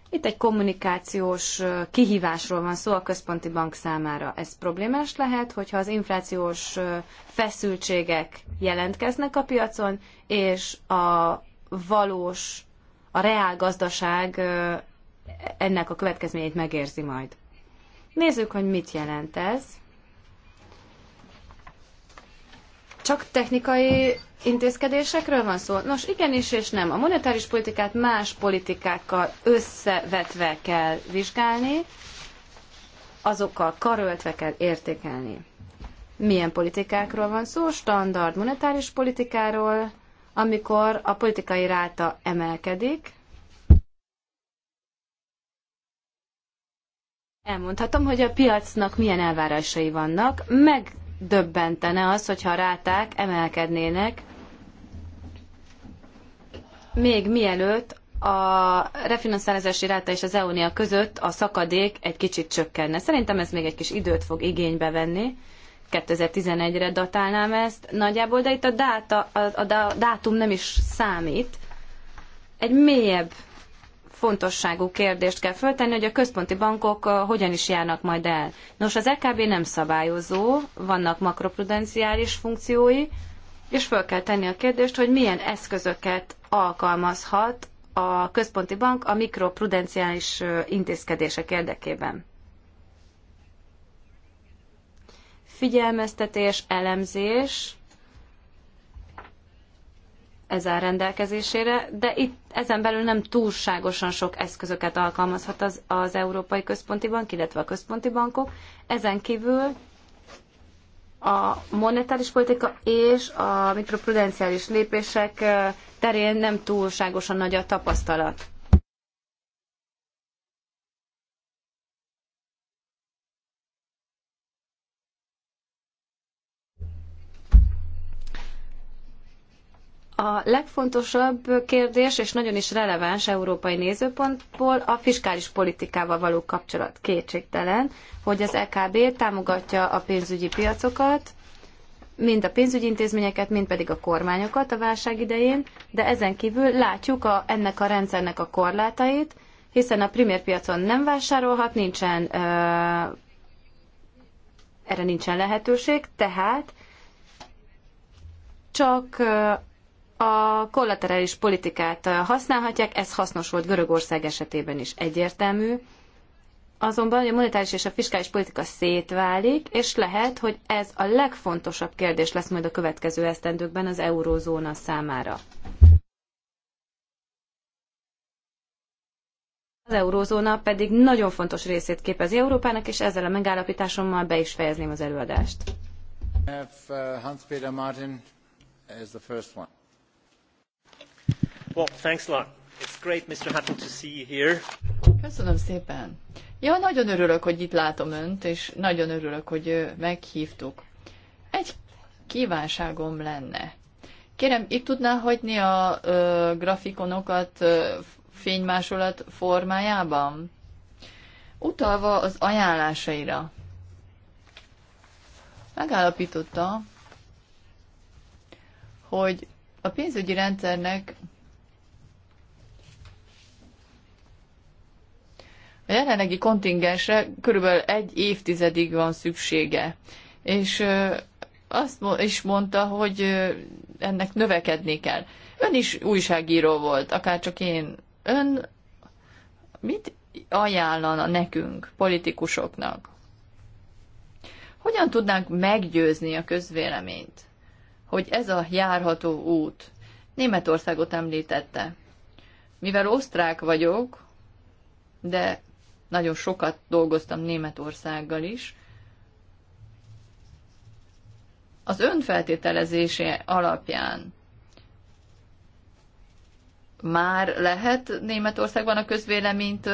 Itt egy kommunikációs kihívásról van szó a központi bank számára. Ez problémás lehet, hogyha az inflációs feszültségek jelentkeznek a piacon, és a valós, a reál gazdaság ennek a következményét megérzi majd. Nézzük, hogy mit jelent ez. csak technikai intézkedésekről van szó? Nos, igenis és nem. A monetáris politikát más politikákkal összevetve kell vizsgálni, azokkal karöltve kell értékelni. Milyen politikákról van szó? Standard monetáris politikáról, amikor a politikai ráta emelkedik, Elmondhatom, hogy a piacnak milyen elvárásai vannak, meg döbbentene az, hogyha a ráták emelkednének, még mielőtt a refinanszírozási ráta és az EUNIA között a szakadék egy kicsit csökkenne. Szerintem ez még egy kis időt fog igénybe venni. 2011-re datálnám ezt nagyjából, de itt a, dáta, a, a dátum nem is számít. Egy mélyebb fontosságú kérdést kell föltenni, hogy a központi bankok eh, hogyan is járnak majd el. Nos, az EKB nem szabályozó, vannak makroprudenciális funkciói, és föl kell tenni a kérdést, hogy milyen eszközöket alkalmazhat a központi bank a mikroprudenciális eh, intézkedések érdekében. Figyelmeztetés, elemzés, ez áll rendelkezésére, de itt ezen belül nem túlságosan sok eszközöket alkalmazhat az, az Európai Központi Bank, illetve a központi bankok. Ezen kívül a monetáris politika és a mikroprudenciális lépések eh, terén nem túlságosan nagy a tapasztalat. A legfontosabb kérdés, és nagyon is releváns európai nézőpontból, a fiskális politikával való kapcsolat kétségtelen, hogy az EKB támogatja a pénzügyi piacokat, mind a pénzügyi intézményeket, mind pedig a kormányokat a válság idején, de ezen kívül látjuk a, ennek a rendszernek a korlátait, hiszen a piacon nem vásárolhat, nincsen, ö, erre nincsen lehetőség, tehát csak a kollaterális politikát használhatják, ez hasznos volt Görögország esetében is egyértelmű. Azonban hogy a monetáris és a fiskális politika szétválik, és lehet, hogy ez a legfontosabb kérdés lesz majd a következő esztendőkben az eurózóna számára. Az eurózóna pedig nagyon fontos részét képezi Európának, és ezzel a megállapításommal be is fejezném az előadást. Uh, Hans-Peter Martin is the first one. Köszönöm szépen. Ja, nagyon örülök, hogy itt látom Önt, és nagyon örülök, hogy meghívtuk. Egy kívánságom lenne. Kérem, itt tudná hagyni a ö, grafikonokat ö, fénymásolat formájában? Utalva az ajánlásaira. Megállapította, hogy a pénzügyi rendszernek A jelenlegi kontingensre körülbelül egy évtizedig van szüksége. És azt is mondta, hogy ennek növekedni kell. Ön is újságíró volt, akár csak én. Ön mit ajánlana nekünk, politikusoknak? Hogyan tudnánk meggyőzni a közvéleményt, hogy ez a járható út? Németországot említette. Mivel osztrák vagyok, de nagyon sokat dolgoztam Németországgal is. Az önfeltételezése alapján már lehet Németországban a közvéleményt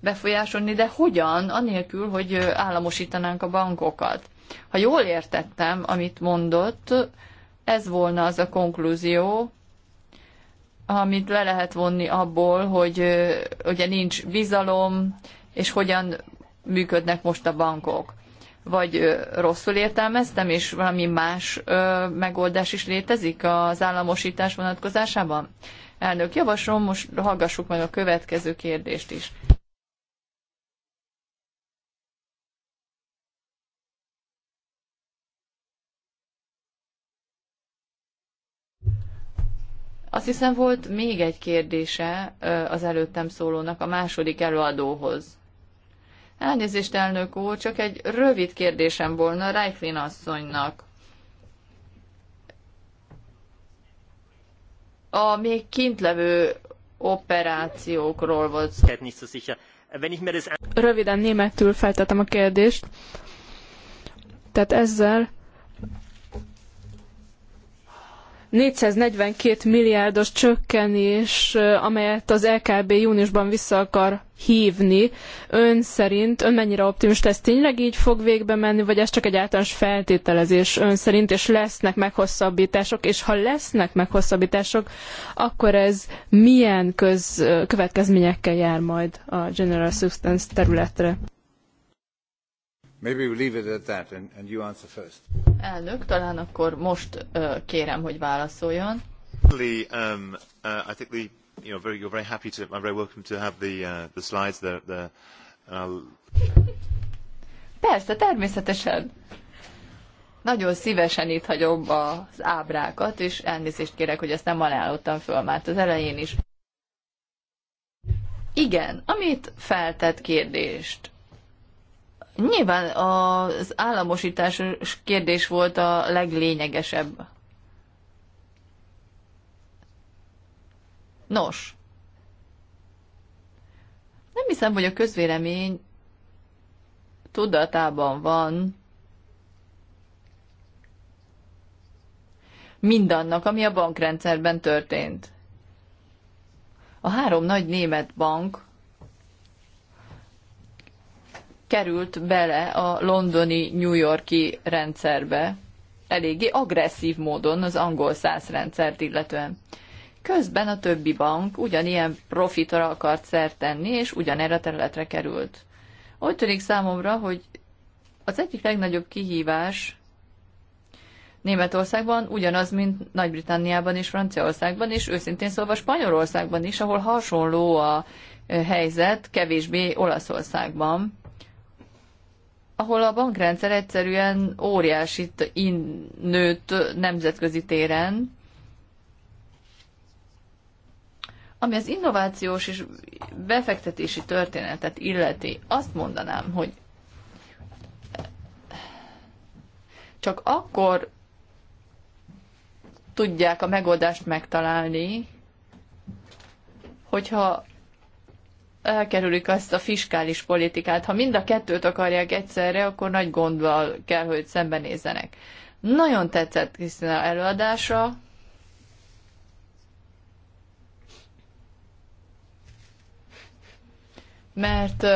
befolyásolni, de hogyan, anélkül, hogy államosítanánk a bankokat. Ha jól értettem, amit mondott, ez volna az a konklúzió, amit le lehet vonni abból, hogy ugye nincs bizalom, és hogyan működnek most a bankok. Vagy rosszul értelmeztem, és valami más megoldás is létezik az államosítás vonatkozásában? Elnök, javaslom, most hallgassuk meg a következő kérdést is. Azt hiszem volt még egy kérdése az előttem szólónak a második előadóhoz. Elnézést, elnök úr, csak egy rövid kérdésem volna Reiklin asszonynak. A még kint levő operációkról volt szó. Röviden németül feltettem a kérdést. Tehát ezzel 442 milliárdos csökkenés, amelyet az LKB júniusban vissza akar hívni. Ön szerint, ön mennyire optimista, ez tényleg így fog végbe menni, vagy ez csak egy általános feltételezés ön szerint, és lesznek meghosszabbítások, és ha lesznek meghosszabbítások, akkor ez milyen köz, következményekkel jár majd a General Substance területre? Maybe we leave it at that and, and you answer first. Elnök, talán akkor most uh, kérem, hogy válaszoljon. Um, uh, I think the, you know, very, you're very happy to, I'm very welcome to have the, uh, the slides there. there Persze, természetesen. Nagyon szívesen itt hagyom az ábrákat, és elnézést kérek, hogy ezt nem ajánlottam föl már az elején is. Igen, amit feltett kérdést Nyilván az államosításos kérdés volt a leglényegesebb. Nos, nem hiszem, hogy a közvélemény tudatában van mindannak, ami a bankrendszerben történt. A három nagy német bank került bele a londoni, New Yorki rendszerbe, eléggé agresszív módon az angol száz rendszert illetően. Közben a többi bank ugyanilyen profitra akart szert tenni, és ugyanerre a területre került. Úgy tűnik számomra, hogy az egyik legnagyobb kihívás Németországban ugyanaz, mint Nagy-Britanniában és Franciaországban, és őszintén szólva Spanyolországban is, ahol hasonló a helyzet, kevésbé Olaszországban ahol a bankrendszer egyszerűen óriásit in, nőtt nemzetközi téren, ami az innovációs és befektetési történetet illeti, azt mondanám, hogy csak akkor tudják a megoldást megtalálni, hogyha elkerülik azt a fiskális politikát. Ha mind a kettőt akarják egyszerre, akkor nagy gondval kell, hogy szembenézzenek. Nagyon tetszett Krisztina előadása. Mert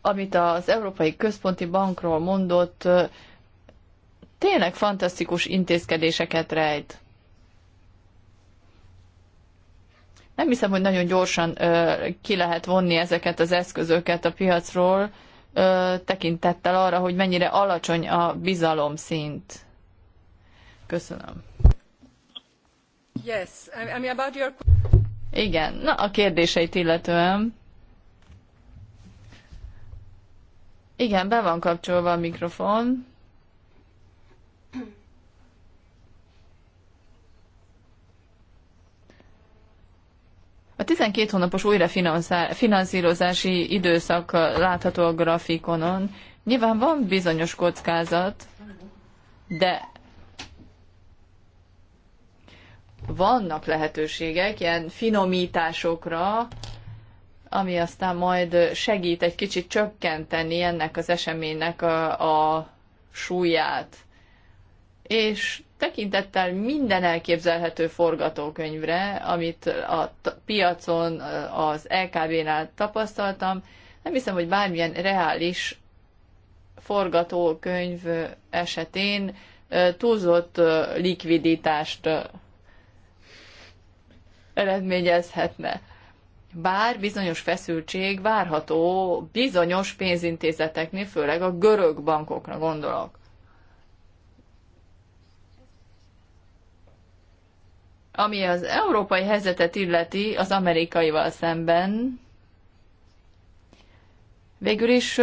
amit az Európai Központi Bankról mondott, tényleg fantasztikus intézkedéseket rejt. Nem hiszem, hogy nagyon gyorsan ki lehet vonni ezeket az eszközöket a piacról, tekintettel arra, hogy mennyire alacsony a bizalom szint. Köszönöm. Yes, I mean about your... Igen, na a kérdéseit illetően. Igen, be van kapcsolva a mikrofon. A 12 hónapos finanszírozási időszak látható a grafikonon. Nyilván van bizonyos kockázat, de vannak lehetőségek ilyen finomításokra, ami aztán majd segít egy kicsit csökkenteni ennek az eseménynek a, a súlyát és tekintettel minden elképzelhető forgatókönyvre, amit a piacon, az LKB-nál tapasztaltam, nem hiszem, hogy bármilyen reális forgatókönyv esetén túlzott likviditást eredményezhetne. Bár bizonyos feszültség várható bizonyos pénzintézeteknél, főleg a görög bankokra gondolok. Ami az európai helyzetet illeti az amerikaival szemben, végül is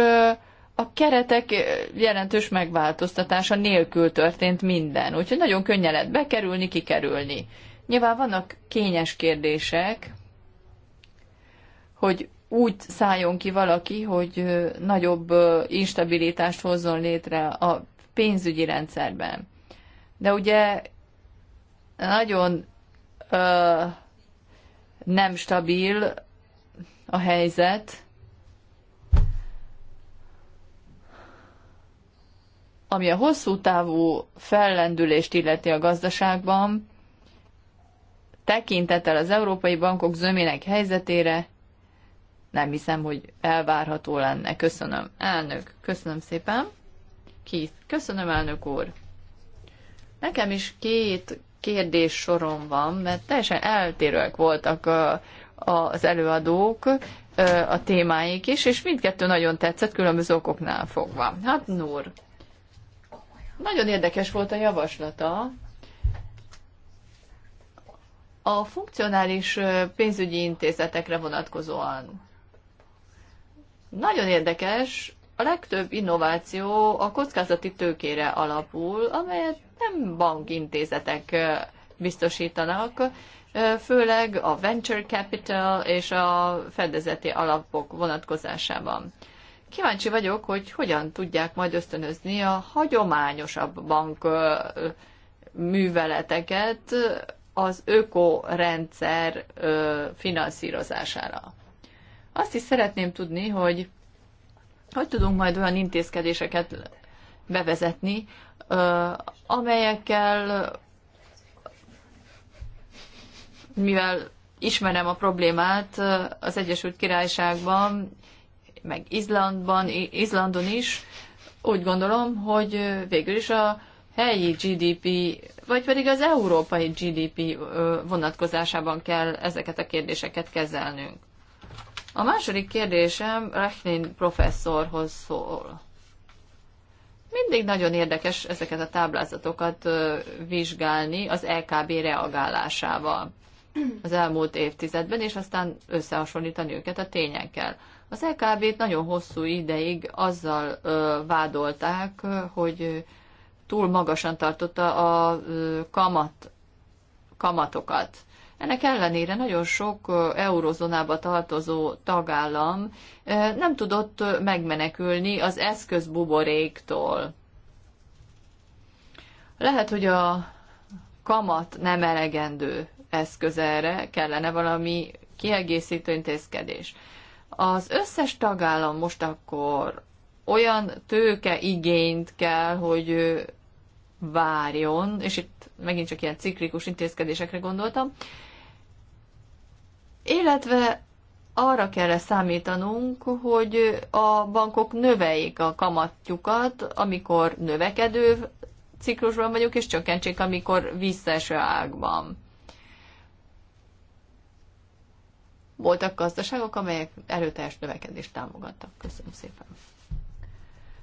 a keretek jelentős megváltoztatása nélkül történt minden, úgyhogy nagyon könnyen lett bekerülni, kikerülni. Nyilván vannak kényes kérdések, hogy úgy szálljon ki valaki, hogy nagyobb instabilitást hozzon létre a pénzügyi rendszerben. De ugye nagyon nem stabil a helyzet, ami a hosszú távú fellendülést illeti a gazdaságban, tekintettel az európai bankok zömének helyzetére, nem hiszem, hogy elvárható lenne. Köszönöm, elnök. Köszönöm szépen. Keith, köszönöm, elnök úr. Nekem is két kérdés sorom van, mert teljesen eltérőek voltak az előadók, a témáik is, és mindkettő nagyon tetszett, különböző okoknál fogva. Hát Nur, nagyon érdekes volt a javaslata. A funkcionális pénzügyi intézetekre vonatkozóan. Nagyon érdekes, a legtöbb innováció a kockázati tőkére alapul, amelyet nem bankintézetek biztosítanak, főleg a venture capital és a fedezeti alapok vonatkozásában. Kíváncsi vagyok, hogy hogyan tudják majd ösztönözni a hagyományosabb bank műveleteket az ökorendszer finanszírozására. Azt is szeretném tudni, hogy hogy tudunk majd olyan intézkedéseket bevezetni, amelyekkel, mivel ismerem a problémát az Egyesült Királyságban, meg Izlandban, Izlandon is, úgy gondolom, hogy végül is a helyi GDP, vagy pedig az európai GDP vonatkozásában kell ezeket a kérdéseket kezelnünk. A második kérdésem Rechlin professzorhoz szól. Mindig nagyon érdekes ezeket a táblázatokat vizsgálni az LKB reagálásával az elmúlt évtizedben, és aztán összehasonlítani őket a tényekkel. Az LKB-t nagyon hosszú ideig azzal vádolták, hogy túl magasan tartotta a kamat, kamatokat. Ennek ellenére nagyon sok eurozónába tartozó tagállam nem tudott megmenekülni az eszközbuboréktól. Lehet, hogy a kamat nem elegendő eszköz erre, kellene valami kiegészítő intézkedés. Az összes tagállam most akkor olyan tőke igényt kell, hogy várjon, és itt megint csak ilyen ciklikus intézkedésekre gondoltam, illetve arra kell -e számítanunk, hogy a bankok növeljék a kamatjukat, amikor növekedő ciklusban vagyunk, és csökkentsék, amikor visszaeső ágban. Voltak gazdaságok, amelyek erőteljes növekedést támogattak. Köszönöm szépen.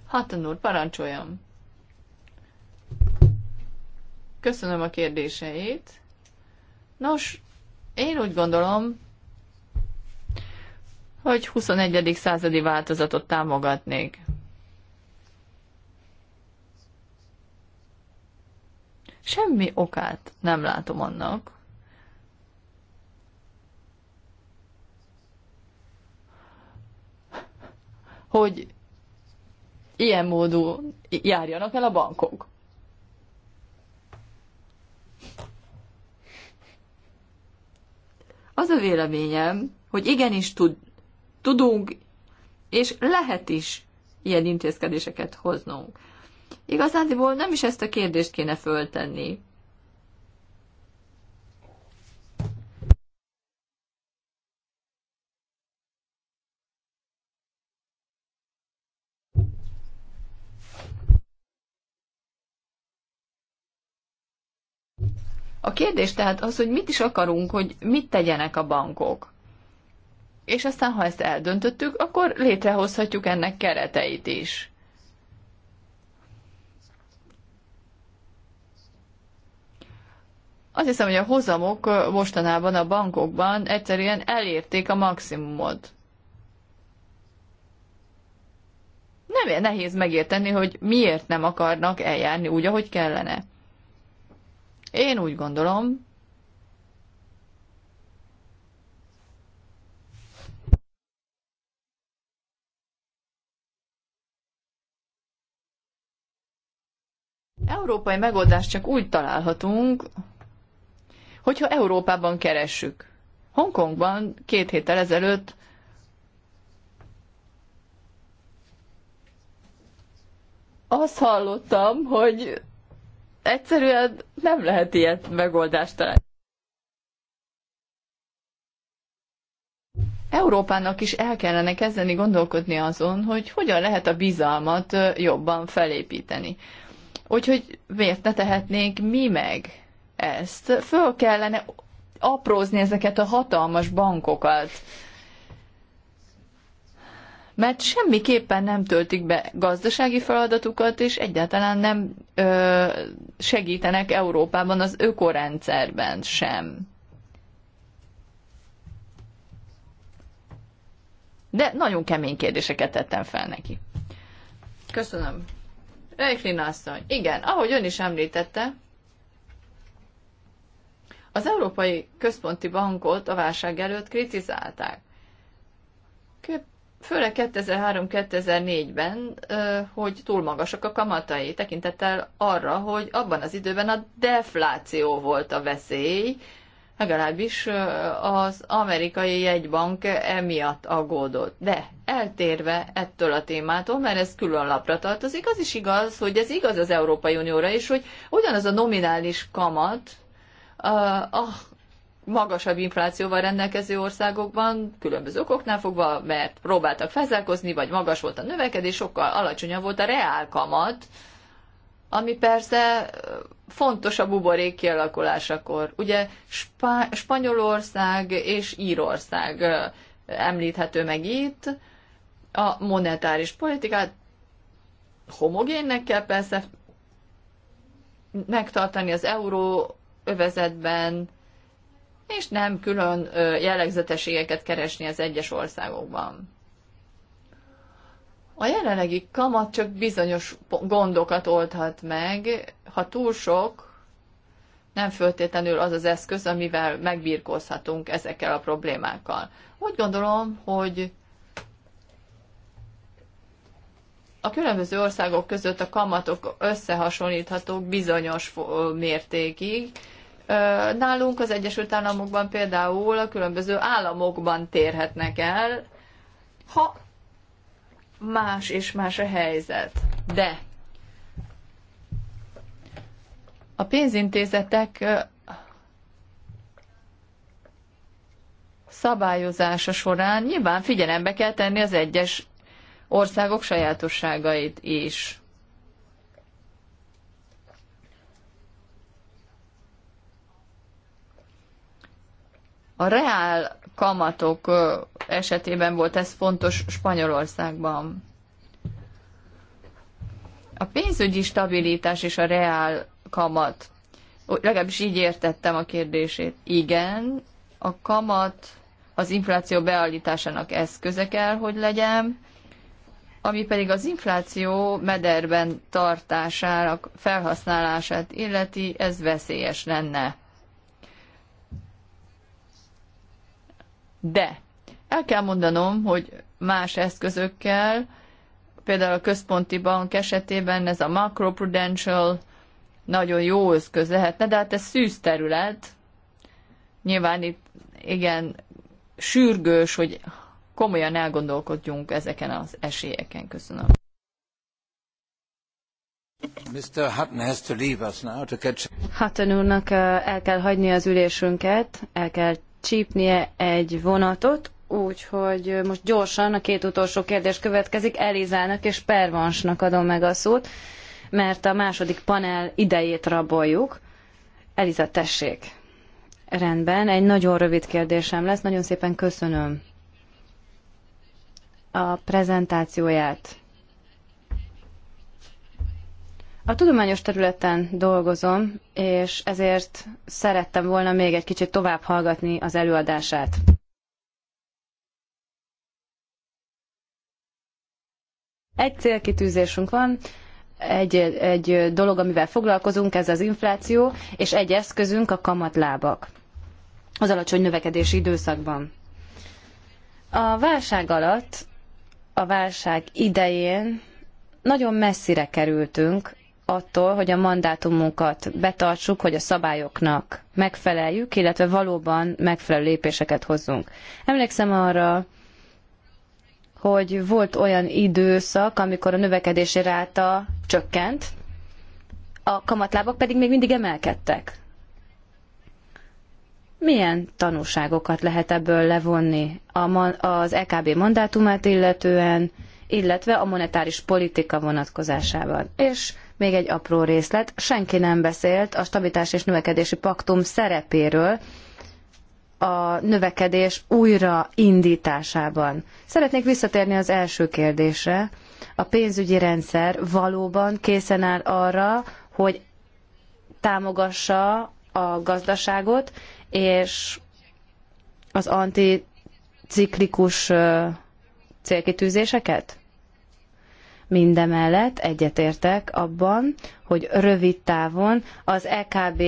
Hatan úr, parancsoljam. Köszönöm a kérdéseit. Nos, én úgy gondolom, hogy 21. századi változatot támogatnék. Semmi okát nem látom annak, hogy ilyen módú járjanak el a bankok. Az a véleményem, hogy igenis tud, tudunk, és lehet is ilyen intézkedéseket hoznunk. Igazándiból nem is ezt a kérdést kéne föltenni. A kérdés tehát az, hogy mit is akarunk, hogy mit tegyenek a bankok és aztán, ha ezt eldöntöttük, akkor létrehozhatjuk ennek kereteit is. Azt hiszem, hogy a hozamok mostanában a bankokban egyszerűen elérték a maximumot. Nem nehéz megérteni, hogy miért nem akarnak eljárni úgy, ahogy kellene. Én úgy gondolom, Európai megoldást csak úgy találhatunk, hogyha Európában keressük. Hongkongban két héttel ezelőtt azt hallottam, hogy egyszerűen nem lehet ilyet megoldást találni. Európának is el kellene kezdeni gondolkodni azon, hogy hogyan lehet a bizalmat jobban felépíteni. Úgyhogy miért ne tehetnénk mi meg ezt? Föl kellene aprózni ezeket a hatalmas bankokat. Mert semmiképpen nem töltik be gazdasági feladatukat, és egyáltalán nem ö, segítenek Európában az ökorendszerben sem. De nagyon kemény kérdéseket tettem fel neki. Köszönöm. Reiklin asszony, igen, ahogy ön is említette, az Európai Központi Bankot a válság előtt kritizálták. Főleg 2003-2004-ben, hogy túl magasak a kamatai, tekintettel arra, hogy abban az időben a defláció volt a veszély, legalábbis az amerikai jegybank emiatt aggódott. De eltérve ettől a témától, mert ez külön lapra tartozik, az is igaz, hogy ez igaz az Európai Unióra is, hogy ugyanaz a nominális kamat a, a magasabb inflációval rendelkező országokban, különböző okoknál fogva, mert próbáltak felzárkozni, vagy magas volt a növekedés, sokkal alacsonyabb volt a reál kamat, ami persze fontos a buborék kialakulásakor. Ugye Spá- Spanyolország és Írország említhető meg itt, a monetáris politikát homogénnek kell persze megtartani az euró övezetben, és nem külön jellegzetességeket keresni az egyes országokban. A jelenlegi kamat csak bizonyos gondokat oldhat meg, ha túl sok, nem föltétlenül az az eszköz, amivel megbírkozhatunk ezekkel a problémákkal. Úgy gondolom, hogy a különböző országok között a kamatok összehasonlíthatók bizonyos mértékig. Nálunk az Egyesült Államokban például a különböző államokban térhetnek el, ha más és más a helyzet. De a pénzintézetek szabályozása során nyilván figyelembe kell tenni az egyes országok sajátosságait is. A reál kamatok esetében volt ez fontos Spanyolországban. A pénzügyi stabilitás és a reál kamat. Legalábbis így értettem a kérdését. Igen, a kamat az infláció beállításának eszköze kell, hogy legyen, ami pedig az infláció mederben tartásának felhasználását illeti, ez veszélyes lenne. De el kell mondanom, hogy más eszközökkel, például a központi bank esetében ez a macroprudential nagyon jó eszköz lehetne, de hát ez szűz terület. Nyilván itt igen sürgős, hogy komolyan elgondolkodjunk ezeken az esélyeken. Köszönöm. Mr. Hutton has to leave us now to catch... Hutton úrnak el kell hagyni az ülésünket, el kell csípnie egy vonatot, úgyhogy most gyorsan a két utolsó kérdés következik. Elizának és Pervansnak adom meg a szót, mert a második panel idejét raboljuk. Eliza, tessék! Rendben, egy nagyon rövid kérdésem lesz. Nagyon szépen köszönöm a prezentációját. A tudományos területen dolgozom, és ezért szerettem volna még egy kicsit tovább hallgatni az előadását. Egy célkitűzésünk van, egy, egy dolog, amivel foglalkozunk, ez az infláció, és egy eszközünk a kamatlábak az alacsony növekedési időszakban. A válság alatt, a válság idején nagyon messzire kerültünk attól, hogy a mandátumunkat betartsuk, hogy a szabályoknak megfeleljük, illetve valóban megfelelő lépéseket hozzunk. Emlékszem arra, hogy volt olyan időszak, amikor a növekedési ráta csökkent, a kamatlábak pedig még mindig emelkedtek. Milyen tanúságokat lehet ebből levonni az EKB mandátumát illetően, illetve a monetáris politika vonatkozásában? És még egy apró részlet, senki nem beszélt a stabilitás és növekedési paktum szerepéről a növekedés újraindításában. Szeretnék visszatérni az első kérdésre. A pénzügyi rendszer valóban készen áll arra, hogy támogassa a gazdaságot, és az anticiklikus célkitűzéseket? Mindemellett egyetértek abban, hogy rövid távon az EKB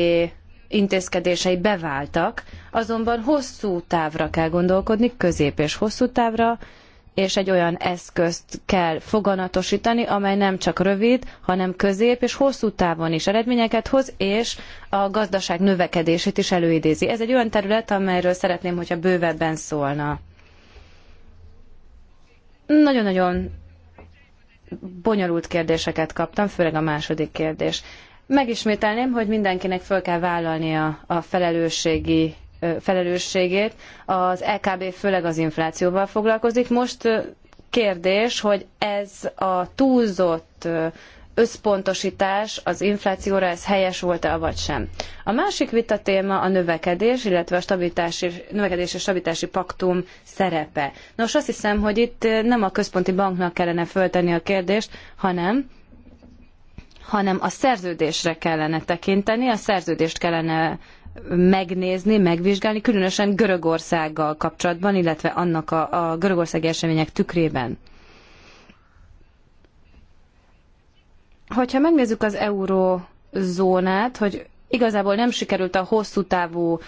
intézkedései beváltak, azonban hosszú távra kell gondolkodni, közép és hosszú távra, és egy olyan eszközt kell foganatosítani, amely nem csak rövid, hanem közép és hosszú távon is eredményeket hoz, és a gazdaság növekedését is előidézi. Ez egy olyan terület, amelyről szeretném, hogyha bővebben szólna. Nagyon-nagyon bonyolult kérdéseket kaptam, főleg a második kérdés. Megismételném, hogy mindenkinek föl kell vállalnia a felelősségi felelősségét. Az LKB főleg az inflációval foglalkozik. Most kérdés, hogy ez a túlzott összpontosítás az inflációra, ez helyes volt-e, vagy sem. A másik téma a növekedés, illetve a stabilitási, növekedés és stabilitási paktum szerepe. Nos, azt hiszem, hogy itt eh, nem a központi banknak kellene föltenni a kérdést, hanem hanem a szerződésre kellene tekinteni, a szerződést kellene megnézni, megvizsgálni, különösen Görögországgal kapcsolatban, illetve annak a, a görögországi események tükrében. Hogyha megnézzük az eurózónát, hogy igazából nem sikerült a hosszú távú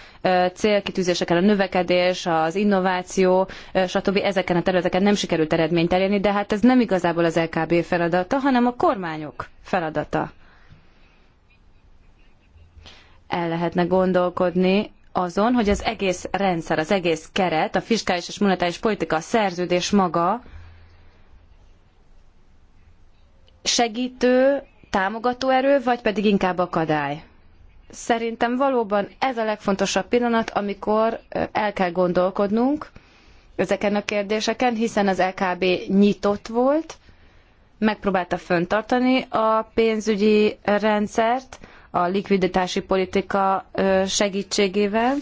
célkitűzéseken, a növekedés, az innováció, stb. ezeken a területeken nem sikerült eredményt elérni, de hát ez nem igazából az LKB feladata, hanem a kormányok feladata. El lehetne gondolkodni azon, hogy az egész rendszer, az egész keret, a fiskális és monetáris politika, a szerződés maga segítő, támogató erő, vagy pedig inkább akadály? Szerintem valóban ez a legfontosabb pillanat, amikor el kell gondolkodnunk ezeken a kérdéseken, hiszen az LKB nyitott volt, megpróbálta föntartani a pénzügyi rendszert a likviditási politika segítségével,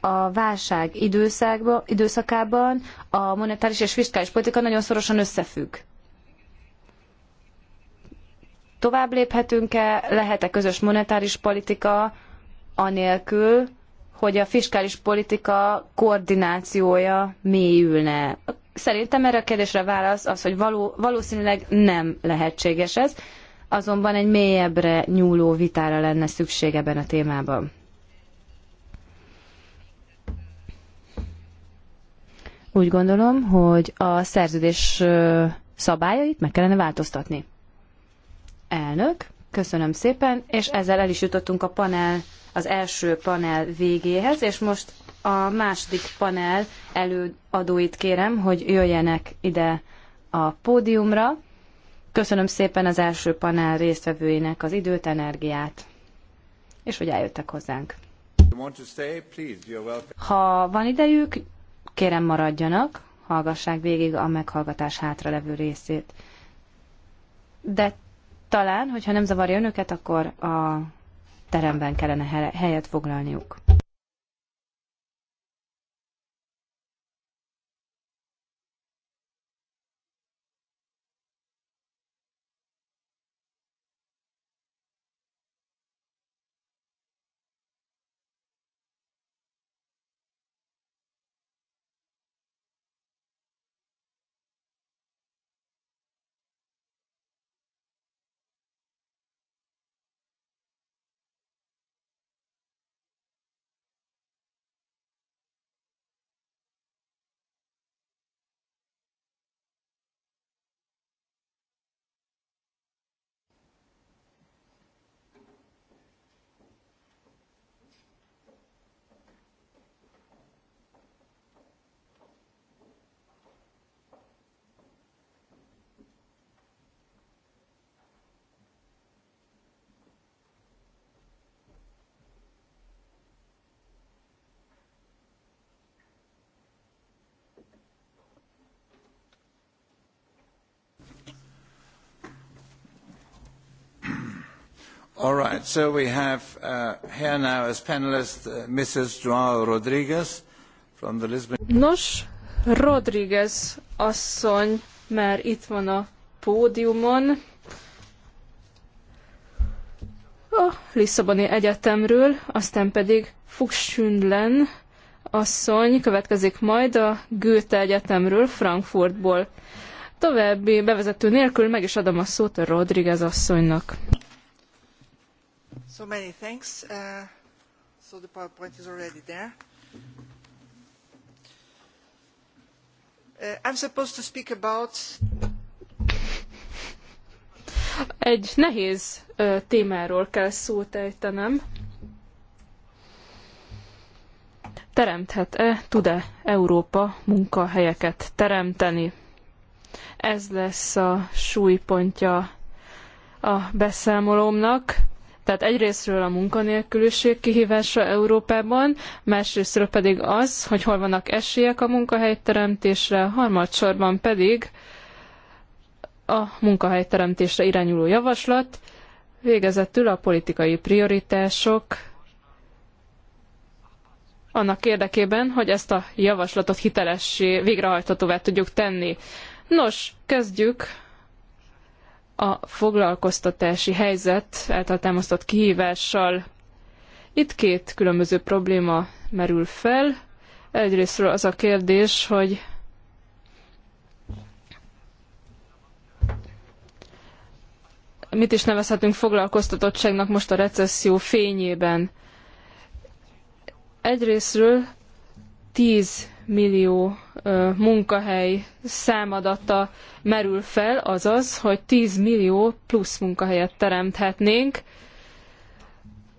a válság időszakában a monetáris és fiskális politika nagyon szorosan összefügg. Tovább léphetünk-e, lehet-e közös monetáris politika anélkül, hogy a fiskális politika koordinációja mélyülne? Szerintem erre a kérdésre válasz az, hogy való, valószínűleg nem lehetséges ez, azonban egy mélyebbre nyúló vitára lenne szükség ebben a témában. Úgy gondolom, hogy a szerződés szabályait meg kellene változtatni. Elnök, köszönöm szépen, és ezzel el is jutottunk a panel, az első panel végéhez, és most a második panel előadóit kérem, hogy jöjjenek ide a pódiumra. Köszönöm szépen az első panel résztvevőinek az időt, energiát, és hogy eljöttek hozzánk. Ha van idejük, Kérem maradjanak, hallgassák végig a meghallgatás hátralevő részét. De talán, hogyha nem zavarja önöket, akkor a teremben kellene helyet foglalniuk. All right, so we have uh, here now as panelist uh, Mrs. Joao Rodriguez from the Lisbon. Nos, Rodriguez asszony már itt van a pódiumon. A Lisszaboni Egyetemről, aztán pedig Fuchsünlen asszony következik majd a Goethe Egyetemről, Frankfurtból. További bevezető nélkül meg is adom a szót a Rodriguez asszonynak. So many thanks. Uh, so the PowerPoint is already there. Uh, I'm supposed to speak about egy nehéz témáról kell szót ejtenem. Teremthet-e, tud-e Európa munkahelyeket teremteni? Ez lesz a súlypontja a beszámolómnak. Tehát egyrésztről a munkanélküliség kihívása Európában, másrésztről pedig az, hogy hol vannak esélyek a munkahelyteremtésre, harmadsorban pedig a munkahelyteremtésre irányuló javaslat, végezetül a politikai prioritások annak érdekében, hogy ezt a javaslatot hitelessé, végrehajtatóvá tudjuk tenni. Nos, kezdjük a foglalkoztatási helyzet által támasztott kihívással. Itt két különböző probléma merül fel. Egyrésztről az a kérdés, hogy mit is nevezhetünk foglalkoztatottságnak most a recesszió fényében. Egyrésztről 10 millió munkahely számadata merül fel, azaz, hogy 10 millió plusz munkahelyet teremthetnénk,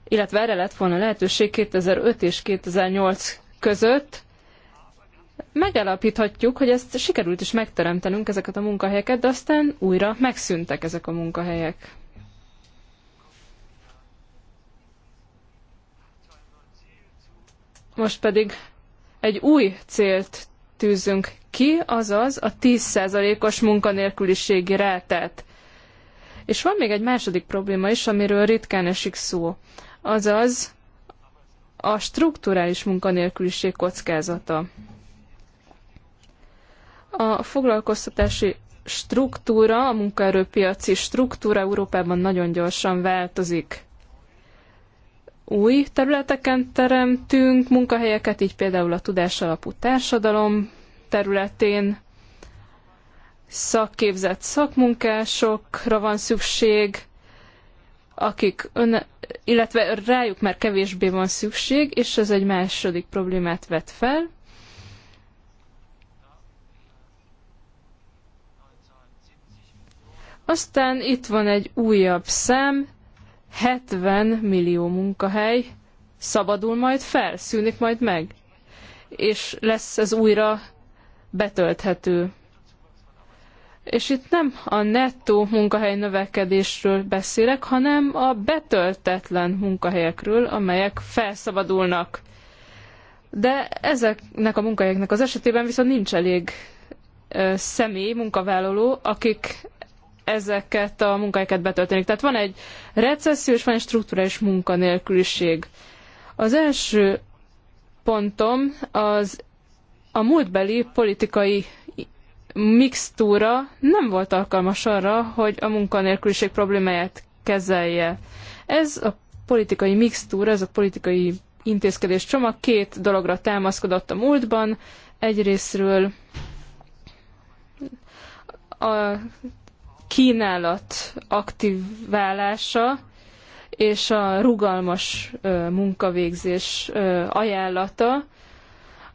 illetve erre lett volna lehetőség 2005 és 2008 között. Megállapíthatjuk, hogy ezt sikerült is megteremtenünk ezeket a munkahelyeket, de aztán újra megszűntek ezek a munkahelyek. Most pedig egy új célt tűzünk ki, azaz a 10%-os munkanélküliségi rátát. És van még egy második probléma is, amiről ritkán esik szó, azaz a strukturális munkanélküliség kockázata. A foglalkoztatási struktúra, a munkaerőpiaci struktúra Európában nagyon gyorsan változik új területeken teremtünk munkahelyeket, így például a tudásalapú társadalom területén szakképzett szakmunkásokra van szükség, akik ön, illetve rájuk már kevésbé van szükség, és ez egy második problémát vet fel. Aztán itt van egy újabb szám, 70 millió munkahely szabadul majd fel, szűnik majd meg, és lesz ez újra betölthető. És itt nem a nettó munkahely növekedésről beszélek, hanem a betöltetlen munkahelyekről, amelyek felszabadulnak. De ezeknek a munkahelyeknek az esetében viszont nincs elég ö, személy, munkavállaló, akik ezeket a munkáikat betöltenik. Tehát van egy recesszió és van egy strukturális munkanélküliség. Az első pontom az a múltbeli politikai mixtúra nem volt alkalmas arra, hogy a munkanélküliség problémáját kezelje. Ez a politikai mixtúra, ez a politikai intézkedés csomag két dologra támaszkodott a múltban. Egyrésztről a kínálat aktiválása és a rugalmas munkavégzés ajánlata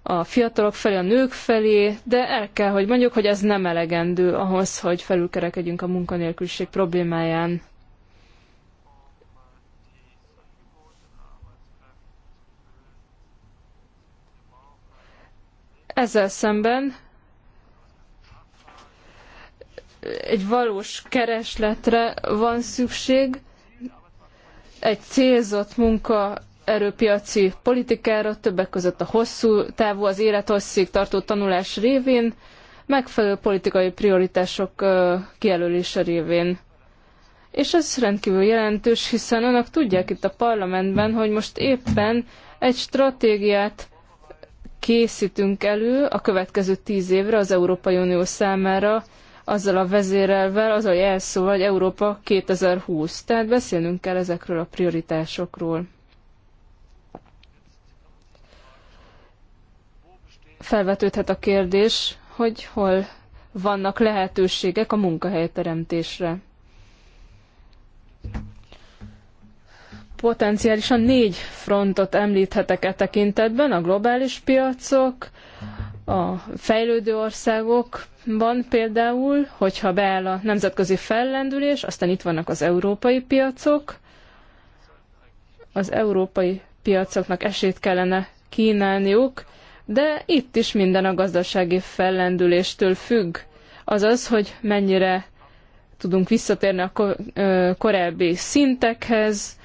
a fiatalok felé, a nők felé, de el kell, hogy mondjuk, hogy ez nem elegendő ahhoz, hogy felülkerekedjünk a munkanélküliség problémáján. Ezzel szemben egy valós keresletre van szükség, egy célzott munka erőpiaci politikára, többek között a hosszú távú, az élethosszig tartó tanulás révén, megfelelő politikai prioritások kijelölése révén. És ez rendkívül jelentős, hiszen önök tudják itt a parlamentben, hogy most éppen egy stratégiát készítünk elő a következő tíz évre az Európai Unió számára, azzal a vezérelvel, az a jelszó, hogy Európa 2020. Tehát beszélnünk kell ezekről a prioritásokról. Felvetődhet a kérdés, hogy hol vannak lehetőségek a munkahelyteremtésre. Potenciálisan négy frontot említhetek e tekintetben, a globális piacok, a fejlődő országokban például, hogyha beáll a nemzetközi fellendülés, aztán itt vannak az európai piacok, az európai piacoknak esélyt kellene kínálniuk, de itt is minden a gazdasági fellendüléstől függ. Azaz, hogy mennyire tudunk visszatérni a korábbi szintekhez,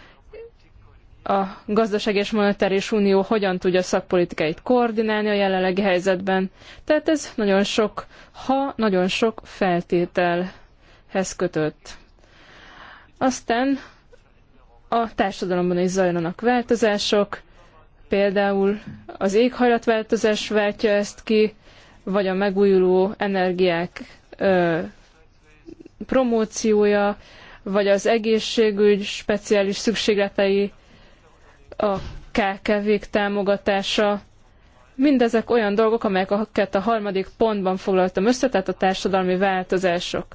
a gazdaság és monetáris unió hogyan tudja szakpolitikáit koordinálni a jelenlegi helyzetben. Tehát ez nagyon sok, ha nagyon sok feltételhez kötött. Aztán a társadalomban is zajlanak változások, például az éghajlatváltozás váltja ezt ki, vagy a megújuló energiák ö, promóciója, vagy az egészségügy speciális szükségletei a KKV-k támogatása, mindezek olyan dolgok, amelyeket a harmadik pontban foglaltam össze, tehát a társadalmi változások.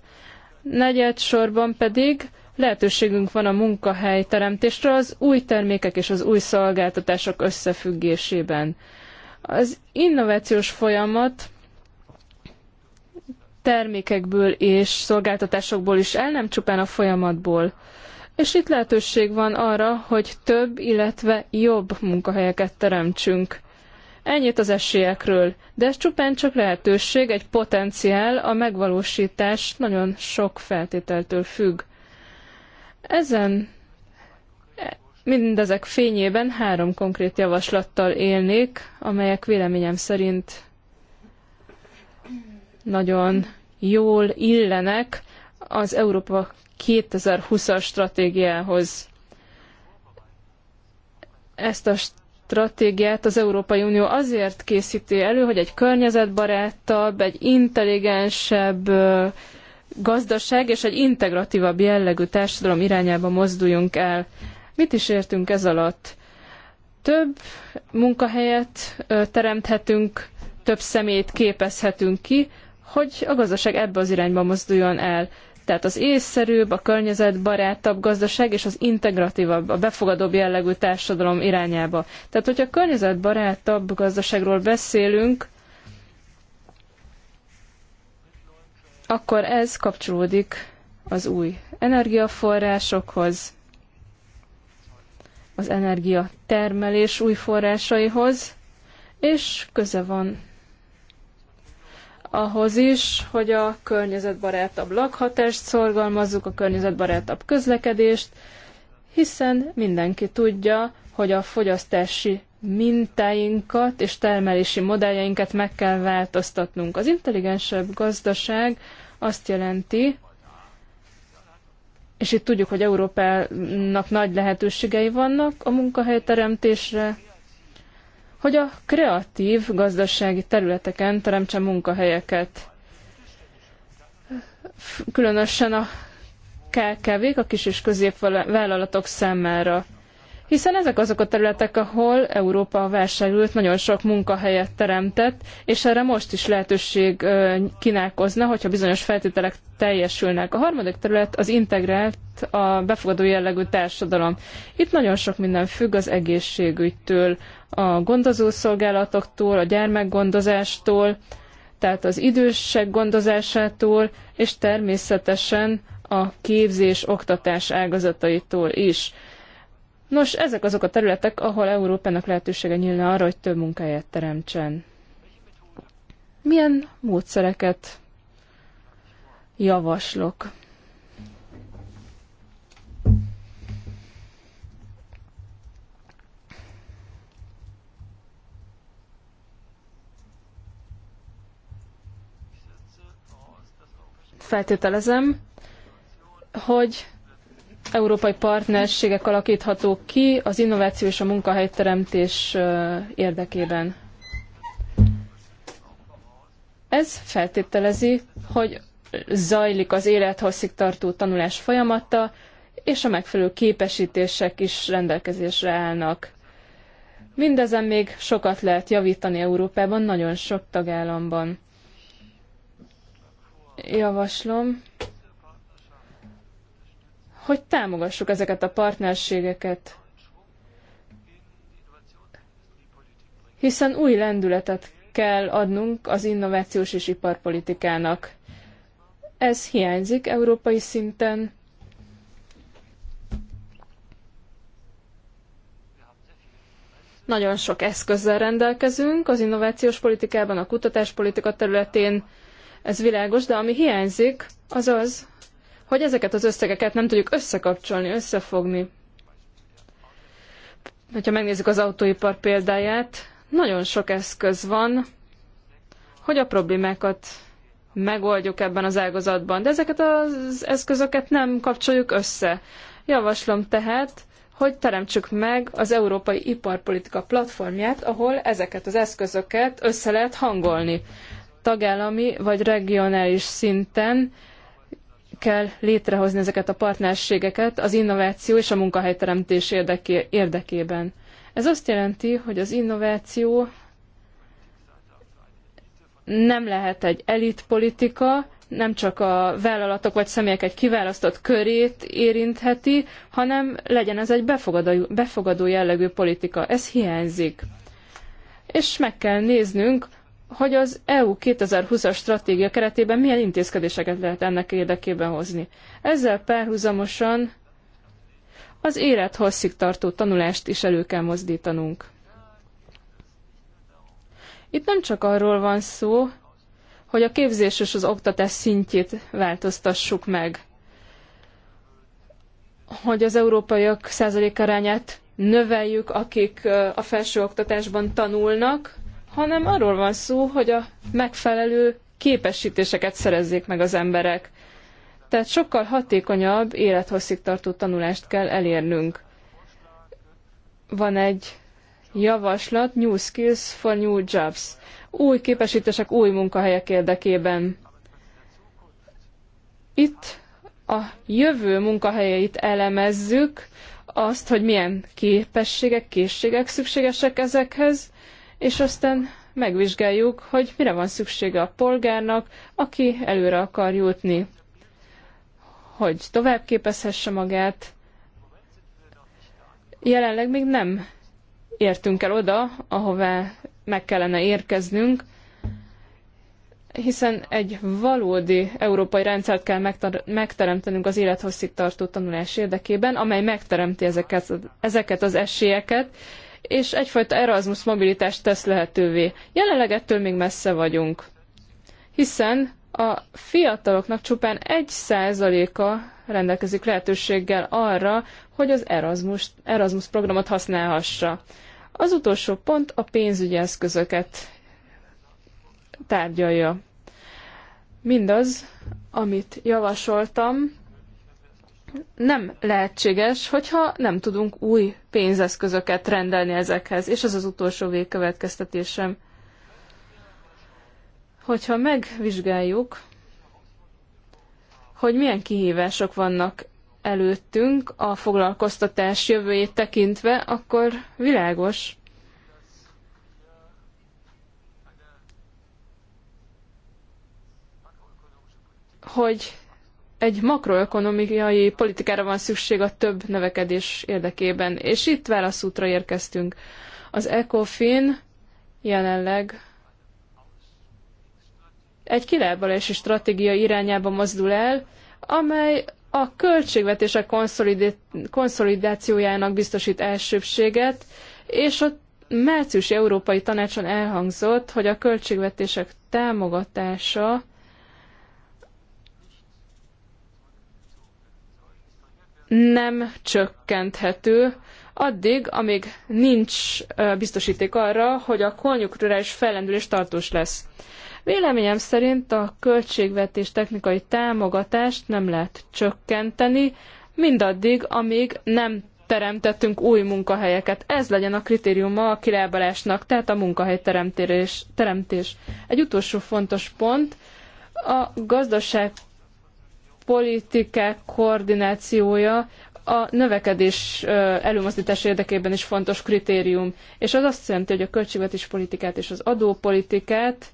Negyed sorban pedig lehetőségünk van a munkahely teremtésre az új termékek és az új szolgáltatások összefüggésében. Az innovációs folyamat termékekből és szolgáltatásokból is el, nem csupán a folyamatból és itt lehetőség van arra, hogy több, illetve jobb munkahelyeket teremtsünk. Ennyit az esélyekről, de ez csupán csak lehetőség, egy potenciál, a megvalósítás nagyon sok feltételtől függ. Ezen e, mindezek fényében három konkrét javaslattal élnék, amelyek véleményem szerint nagyon jól illenek az Európa 2020-as stratégiához. Ezt a stratégiát az Európai Unió azért készíti elő, hogy egy környezetbarátabb, egy intelligensebb gazdaság és egy integratívabb jellegű társadalom irányába mozduljunk el. Mit is értünk ez alatt? Több munkahelyet teremthetünk, több szemét képezhetünk ki, hogy a gazdaság ebbe az irányba mozduljon el. Tehát az észszerűbb, a környezetbarátabb gazdaság és az integratívabb, a befogadóbb jellegű társadalom irányába. Tehát, hogyha környezetbarátabb gazdaságról beszélünk, akkor ez kapcsolódik az új energiaforrásokhoz, az energiatermelés új forrásaihoz, és köze van ahhoz is, hogy a környezetbarátabb lakhatást szorgalmazzuk, a környezetbarátabb közlekedést, hiszen mindenki tudja, hogy a fogyasztási mintáinkat és termelési modelljeinket meg kell változtatnunk. Az intelligensebb gazdaság azt jelenti, és itt tudjuk, hogy Európának nagy lehetőségei vannak a munkahelyteremtésre, hogy a kreatív gazdasági területeken teremtse munkahelyeket. Különösen a KKV-k, a kis és középvállalatok számára hiszen ezek azok a területek, ahol Európa a válságült, nagyon sok munkahelyet teremtett, és erre most is lehetőség kínálkozna, hogyha bizonyos feltételek teljesülnek. A harmadik terület az integrált, a befogadó jellegű társadalom. Itt nagyon sok minden függ az egészségügytől, a gondozószolgálatoktól, a gyermekgondozástól, tehát az idősek gondozásától, és természetesen a képzés, oktatás ágazataitól is. Nos, ezek azok a területek, ahol Európának lehetősége nyílna arra, hogy több munkáját teremtsen. Milyen módszereket javaslok? Feltételezem, hogy európai partnerségek alakíthatók ki az innováció és a munkahelyteremtés érdekében. Ez feltételezi, hogy zajlik az élethosszig tartó tanulás folyamata, és a megfelelő képesítések is rendelkezésre állnak. Mindezen még sokat lehet javítani Európában, nagyon sok tagállamban. Javaslom, hogy támogassuk ezeket a partnerségeket, hiszen új lendületet kell adnunk az innovációs és iparpolitikának. Ez hiányzik európai szinten. Nagyon sok eszközzel rendelkezünk az innovációs politikában, a kutatáspolitika területén, ez világos, de ami hiányzik, az az, hogy ezeket az összegeket nem tudjuk összekapcsolni, összefogni. Hogyha megnézzük az autóipar példáját, nagyon sok eszköz van, hogy a problémákat megoldjuk ebben az ágazatban, de ezeket az eszközöket nem kapcsoljuk össze. Javaslom tehát, hogy teremtsük meg az Európai Iparpolitika platformját, ahol ezeket az eszközöket össze lehet hangolni. Tagállami vagy regionális szinten kell létrehozni ezeket a partnerségeket az innováció és a munkahelyteremtés érdeké, érdekében. Ez azt jelenti, hogy az innováció nem lehet egy elitpolitika, nem csak a vállalatok vagy személyek egy kiválasztott körét érintheti, hanem legyen ez egy befogadó, befogadó jellegű politika. Ez hiányzik. És meg kell néznünk, hogy az EU 2020-as stratégia keretében milyen intézkedéseket lehet ennek érdekében hozni. Ezzel párhuzamosan az élet hosszig tartó tanulást is elő kell mozdítanunk. Itt nem csak arról van szó, hogy a képzés és az oktatás szintjét változtassuk meg, hogy az európaiak százalékarányát növeljük, akik a felsőoktatásban tanulnak, hanem arról van szó, hogy a megfelelő képesítéseket szerezzék meg az emberek. Tehát sokkal hatékonyabb, élethosszígtartó tanulást kell elérnünk. Van egy javaslat, New Skills for New Jobs. Új képesítések új munkahelyek érdekében. Itt a jövő munkahelyeit elemezzük, azt, hogy milyen képességek, készségek szükségesek ezekhez, és aztán megvizsgáljuk, hogy mire van szüksége a polgárnak, aki előre akar jutni, hogy tovább magát. Jelenleg még nem értünk el oda, ahová meg kellene érkeznünk, hiszen egy valódi európai rendszert kell megteremtenünk az élethosszig tartó tanulás érdekében, amely megteremti ezeket, ezeket az esélyeket, és egyfajta Erasmus mobilitást tesz lehetővé. Jelenleg ettől még messze vagyunk, hiszen a fiataloknak csupán 1%-a rendelkezik lehetőséggel arra, hogy az Erasmus, Erasmus programot használhassa. Az utolsó pont a pénzügyi eszközöket tárgyalja. Mindaz, amit javasoltam, nem lehetséges, hogyha nem tudunk új pénzeszközöket rendelni ezekhez. És ez az utolsó végkövetkeztetésem. Hogyha megvizsgáljuk, hogy milyen kihívások vannak előttünk a foglalkoztatás jövőjét tekintve, akkor világos, hogy egy makroökonomiai politikára van szükség a több növekedés érdekében. És itt válaszútra érkeztünk. Az ECOFIN jelenleg egy kilábalási stratégia irányába mozdul el, amely a költségvetések konszolidációjának biztosít elsőbséget, és a márciusi Európai Tanácson elhangzott, hogy a költségvetések támogatása nem csökkenthető, addig, amíg nincs biztosíték arra, hogy a konjunkturális fellendülés tartós lesz. Véleményem szerint a költségvetés technikai támogatást nem lehet csökkenteni, mindaddig, amíg nem teremtettünk új munkahelyeket. Ez legyen a kritériuma a kilábalásnak, tehát a munkahely teremtés. Egy utolsó fontos pont, a gazdaság politikák koordinációja a növekedés előmozdítás érdekében is fontos kritérium. És az azt jelenti, hogy a költségvetés politikát és az adópolitikát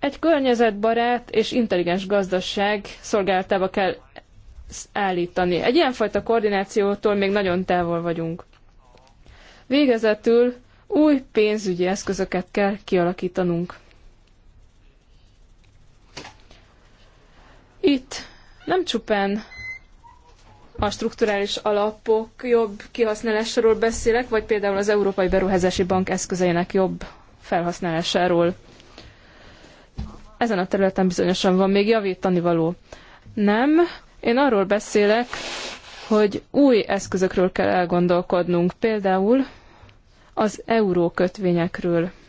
egy környezetbarát és intelligens gazdaság szolgáltába kell állítani. Egy ilyenfajta koordinációtól még nagyon távol vagyunk. Végezetül új pénzügyi eszközöket kell kialakítanunk. Itt nem csupán a strukturális alapok jobb kihasználásáról beszélek, vagy például az Európai Beruházási Bank eszközeinek jobb felhasználásáról. Ezen a területen bizonyosan van még javítani való. Nem, én arról beszélek, hogy új eszközökről kell elgondolkodnunk, például az eurókötvényekről. kötvényekről.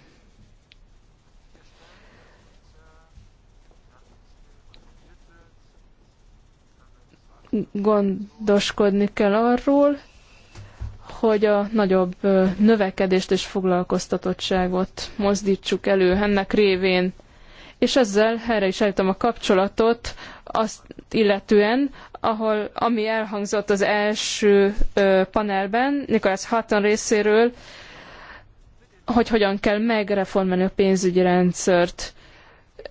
gondoskodni kell arról, hogy a nagyobb növekedést és foglalkoztatottságot mozdítsuk elő ennek révén. És ezzel erre is eljöttem a kapcsolatot, azt illetően, ahol, ami elhangzott az első ö, panelben, Nicholas Hatton részéről, hogy hogyan kell megreformálni a pénzügyi rendszert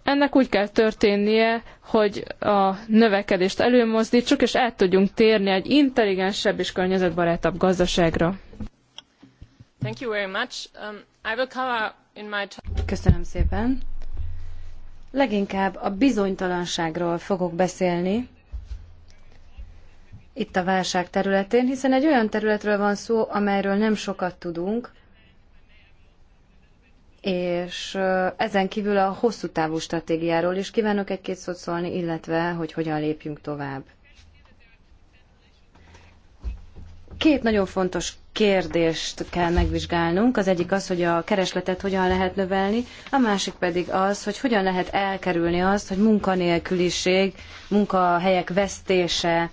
ennek úgy kell történnie, hogy a növekedést előmozdítsuk, és át tudjunk térni egy intelligensebb és környezetbarátabb gazdaságra. Thank you very much. Um, I will cover in my Köszönöm szépen. Leginkább a bizonytalanságról fogok beszélni itt a válság területén, hiszen egy olyan területről van szó, amelyről nem sokat tudunk, és ezen kívül a hosszú távú stratégiáról is kívánok egy-két szót szólni, illetve hogy hogyan lépjünk tovább. Két nagyon fontos kérdést kell megvizsgálnunk. Az egyik az, hogy a keresletet hogyan lehet növelni, a másik pedig az, hogy hogyan lehet elkerülni azt, hogy munkanélküliség, munkahelyek vesztése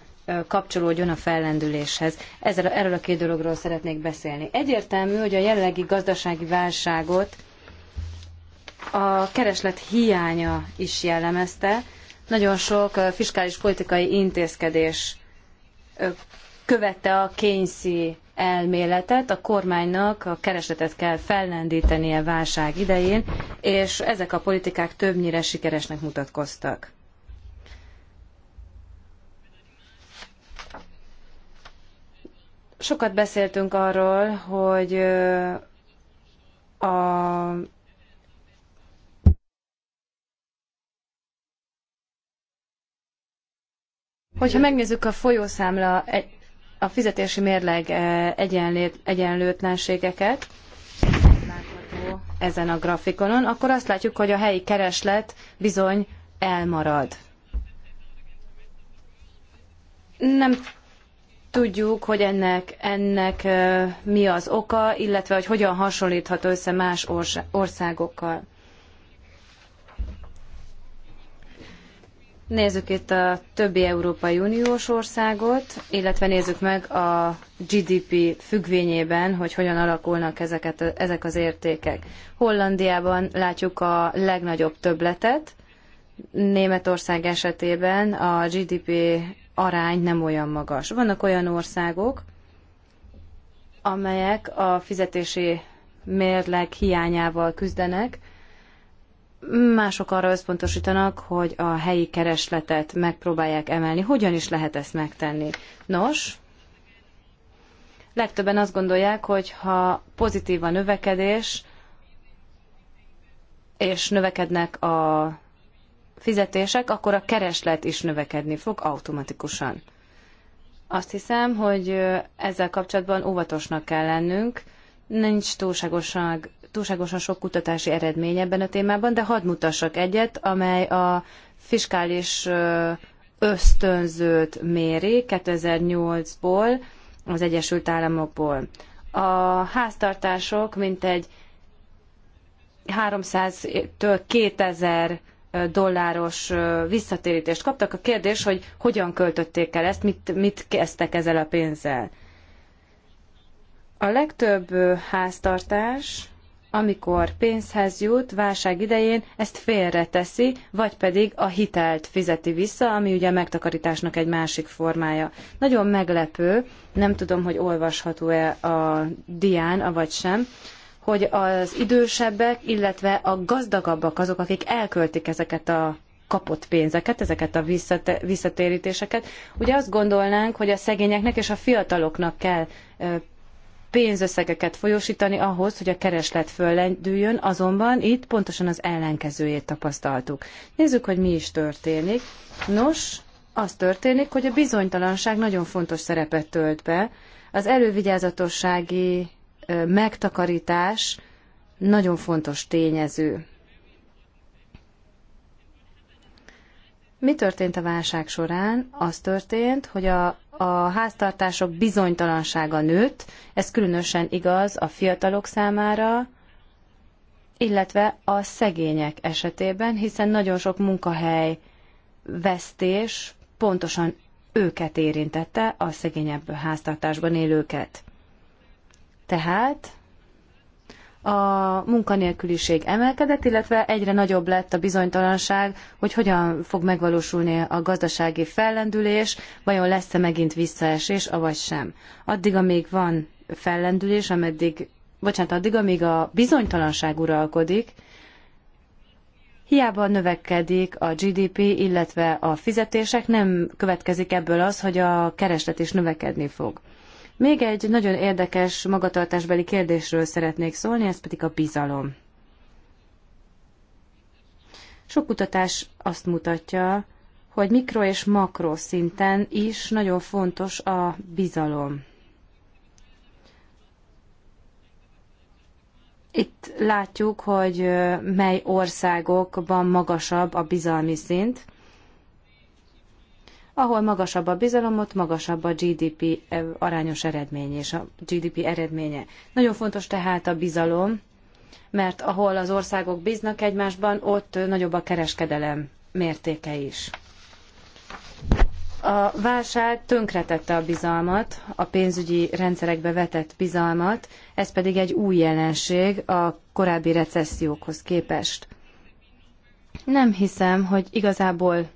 kapcsolódjon a fellendüléshez. Ezzel, erről a két dologról szeretnék beszélni. Egyértelmű, hogy a jelenlegi gazdasági válságot a kereslet hiánya is jellemezte. Nagyon sok fiskális politikai intézkedés követte a kényszi elméletet, a kormánynak a keresletet kell fellendítenie válság idején, és ezek a politikák többnyire sikeresnek mutatkoztak. Sokat beszéltünk arról, hogy a Hogyha megnézzük a folyószámla, a fizetési mérleg e, egyenlőtlenségeket, ezen a grafikonon, akkor azt látjuk, hogy a helyi kereslet bizony elmarad. Nem tudjuk, hogy ennek, ennek e, mi az oka, illetve hogy hogyan hasonlíthat össze más országokkal. Nézzük itt a többi Európai Uniós országot, illetve nézzük meg a GDP függvényében, hogy hogyan alakulnak ezeket, ezek az értékek. Hollandiában látjuk a legnagyobb többletet, Németország esetében a GDP arány nem olyan magas. Vannak olyan országok, amelyek a fizetési mérleg hiányával küzdenek, mások arra összpontosítanak, hogy a helyi keresletet megpróbálják emelni. Hogyan is lehet ezt megtenni? Nos, legtöbben azt gondolják, hogy ha pozitív a növekedés, és növekednek a fizetések, akkor a kereslet is növekedni fog automatikusan. Azt hiszem, hogy ezzel kapcsolatban óvatosnak kell lennünk, nincs túlságosan túlságosan sok kutatási eredmény ebben a témában, de hadd mutassak egyet, amely a fiskális ösztönzőt méri 2008-ból, az Egyesült Államokból. A háztartások mintegy 300-től 2000 dolláros visszatérítést kaptak. A kérdés, hogy hogyan költötték el ezt, mit, mit kezdtek ezzel a pénzzel. A legtöbb háztartás amikor pénzhez jut válság idején, ezt félreteszi, vagy pedig a hitelt fizeti vissza, ami ugye a megtakarításnak egy másik formája. Nagyon meglepő, nem tudom, hogy olvasható-e a dián, avagy sem, hogy az idősebbek, illetve a gazdagabbak azok, akik elköltik ezeket a kapott pénzeket, ezeket a visszatérítéseket. Ugye azt gondolnánk, hogy a szegényeknek és a fiataloknak kell pénzösszegeket folyósítani ahhoz, hogy a kereslet föllendüljön, azonban itt pontosan az ellenkezőjét tapasztaltuk. Nézzük, hogy mi is történik. Nos, az történik, hogy a bizonytalanság nagyon fontos szerepet tölt be. Az elővigyázatossági megtakarítás nagyon fontos tényező. Mi történt a válság során? Az történt, hogy a, a háztartások bizonytalansága nőtt, ez különösen igaz a fiatalok számára, illetve a szegények esetében, hiszen nagyon sok munkahely vesztés pontosan őket érintette, a szegényebb háztartásban élőket. Tehát a munkanélküliség emelkedett, illetve egyre nagyobb lett a bizonytalanság, hogy hogyan fog megvalósulni a gazdasági fellendülés, vajon lesz-e megint visszaesés, avagy sem. Addig, amíg van fellendülés, ameddig, bocsánat, addig, amíg a bizonytalanság uralkodik, Hiába növekedik a GDP, illetve a fizetések, nem következik ebből az, hogy a kereslet is növekedni fog. Még egy nagyon érdekes magatartásbeli kérdésről szeretnék szólni, ez pedig a bizalom. Sok kutatás azt mutatja, hogy mikro és makro szinten is nagyon fontos a bizalom. Itt látjuk, hogy mely országokban magasabb a bizalmi szint ahol magasabb a bizalomot, magasabb a GDP eh, arányos eredmény és a GDP eredménye. Nagyon fontos tehát a bizalom, mert ahol az országok bíznak egymásban, ott eh, nagyobb a kereskedelem mértéke is. A válság tönkretette a bizalmat, a pénzügyi rendszerekbe vetett bizalmat, ez pedig egy új jelenség a korábbi recessziókhoz képest. Nem hiszem, hogy igazából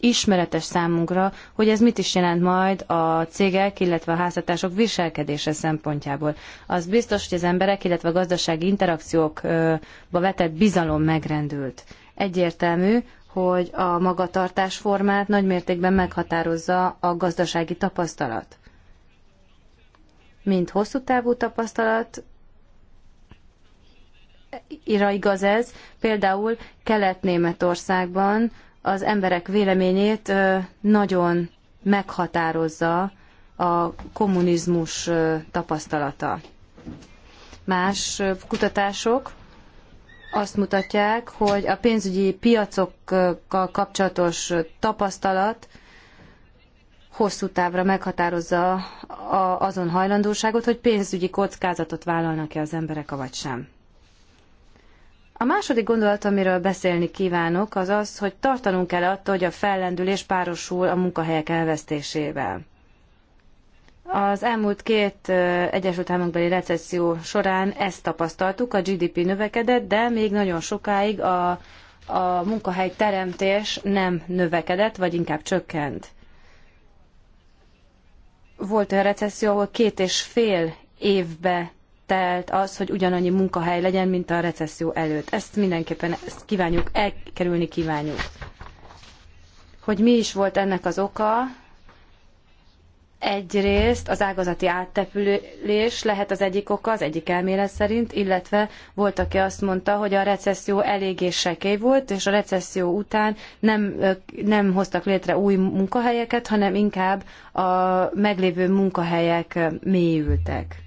ismeretes számunkra, hogy ez mit is jelent majd a cégek, illetve a háztartások viselkedése szempontjából. Az biztos, hogy az emberek, illetve a gazdasági interakciókba vetett bizalom megrendült. Egyértelmű, hogy a magatartásformát nagymértékben meghatározza a gazdasági tapasztalat. Mint hosszú távú tapasztalat, ira igaz ez, például Kelet-Németországban az emberek véleményét nagyon meghatározza a kommunizmus tapasztalata. Más kutatások azt mutatják, hogy a pénzügyi piacokkal kapcsolatos tapasztalat hosszú távra meghatározza azon hajlandóságot, hogy pénzügyi kockázatot vállalnak-e az emberek, avagy sem. A második gondolat, amiről beszélni kívánok, az az, hogy tartanunk kell attól, hogy a fellendülés párosul a munkahelyek elvesztésével. Az elmúlt két Egyesült Államokbeli recesszió során ezt tapasztaltuk, a GDP növekedett, de még nagyon sokáig a, a munkahely teremtés nem növekedett, vagy inkább csökkent. Volt olyan recesszió, ahol két és fél évbe telt az, hogy ugyanannyi munkahely legyen, mint a recesszió előtt. Ezt mindenképpen ezt kívánjuk, elkerülni kívánjuk. Hogy mi is volt ennek az oka, egyrészt az ágazati áttepülés lehet az egyik oka, az egyik elmélet szerint, illetve volt, aki azt mondta, hogy a recesszió eléggé sekély volt, és a recesszió után nem, nem hoztak létre új munkahelyeket, hanem inkább a meglévő munkahelyek mélyültek.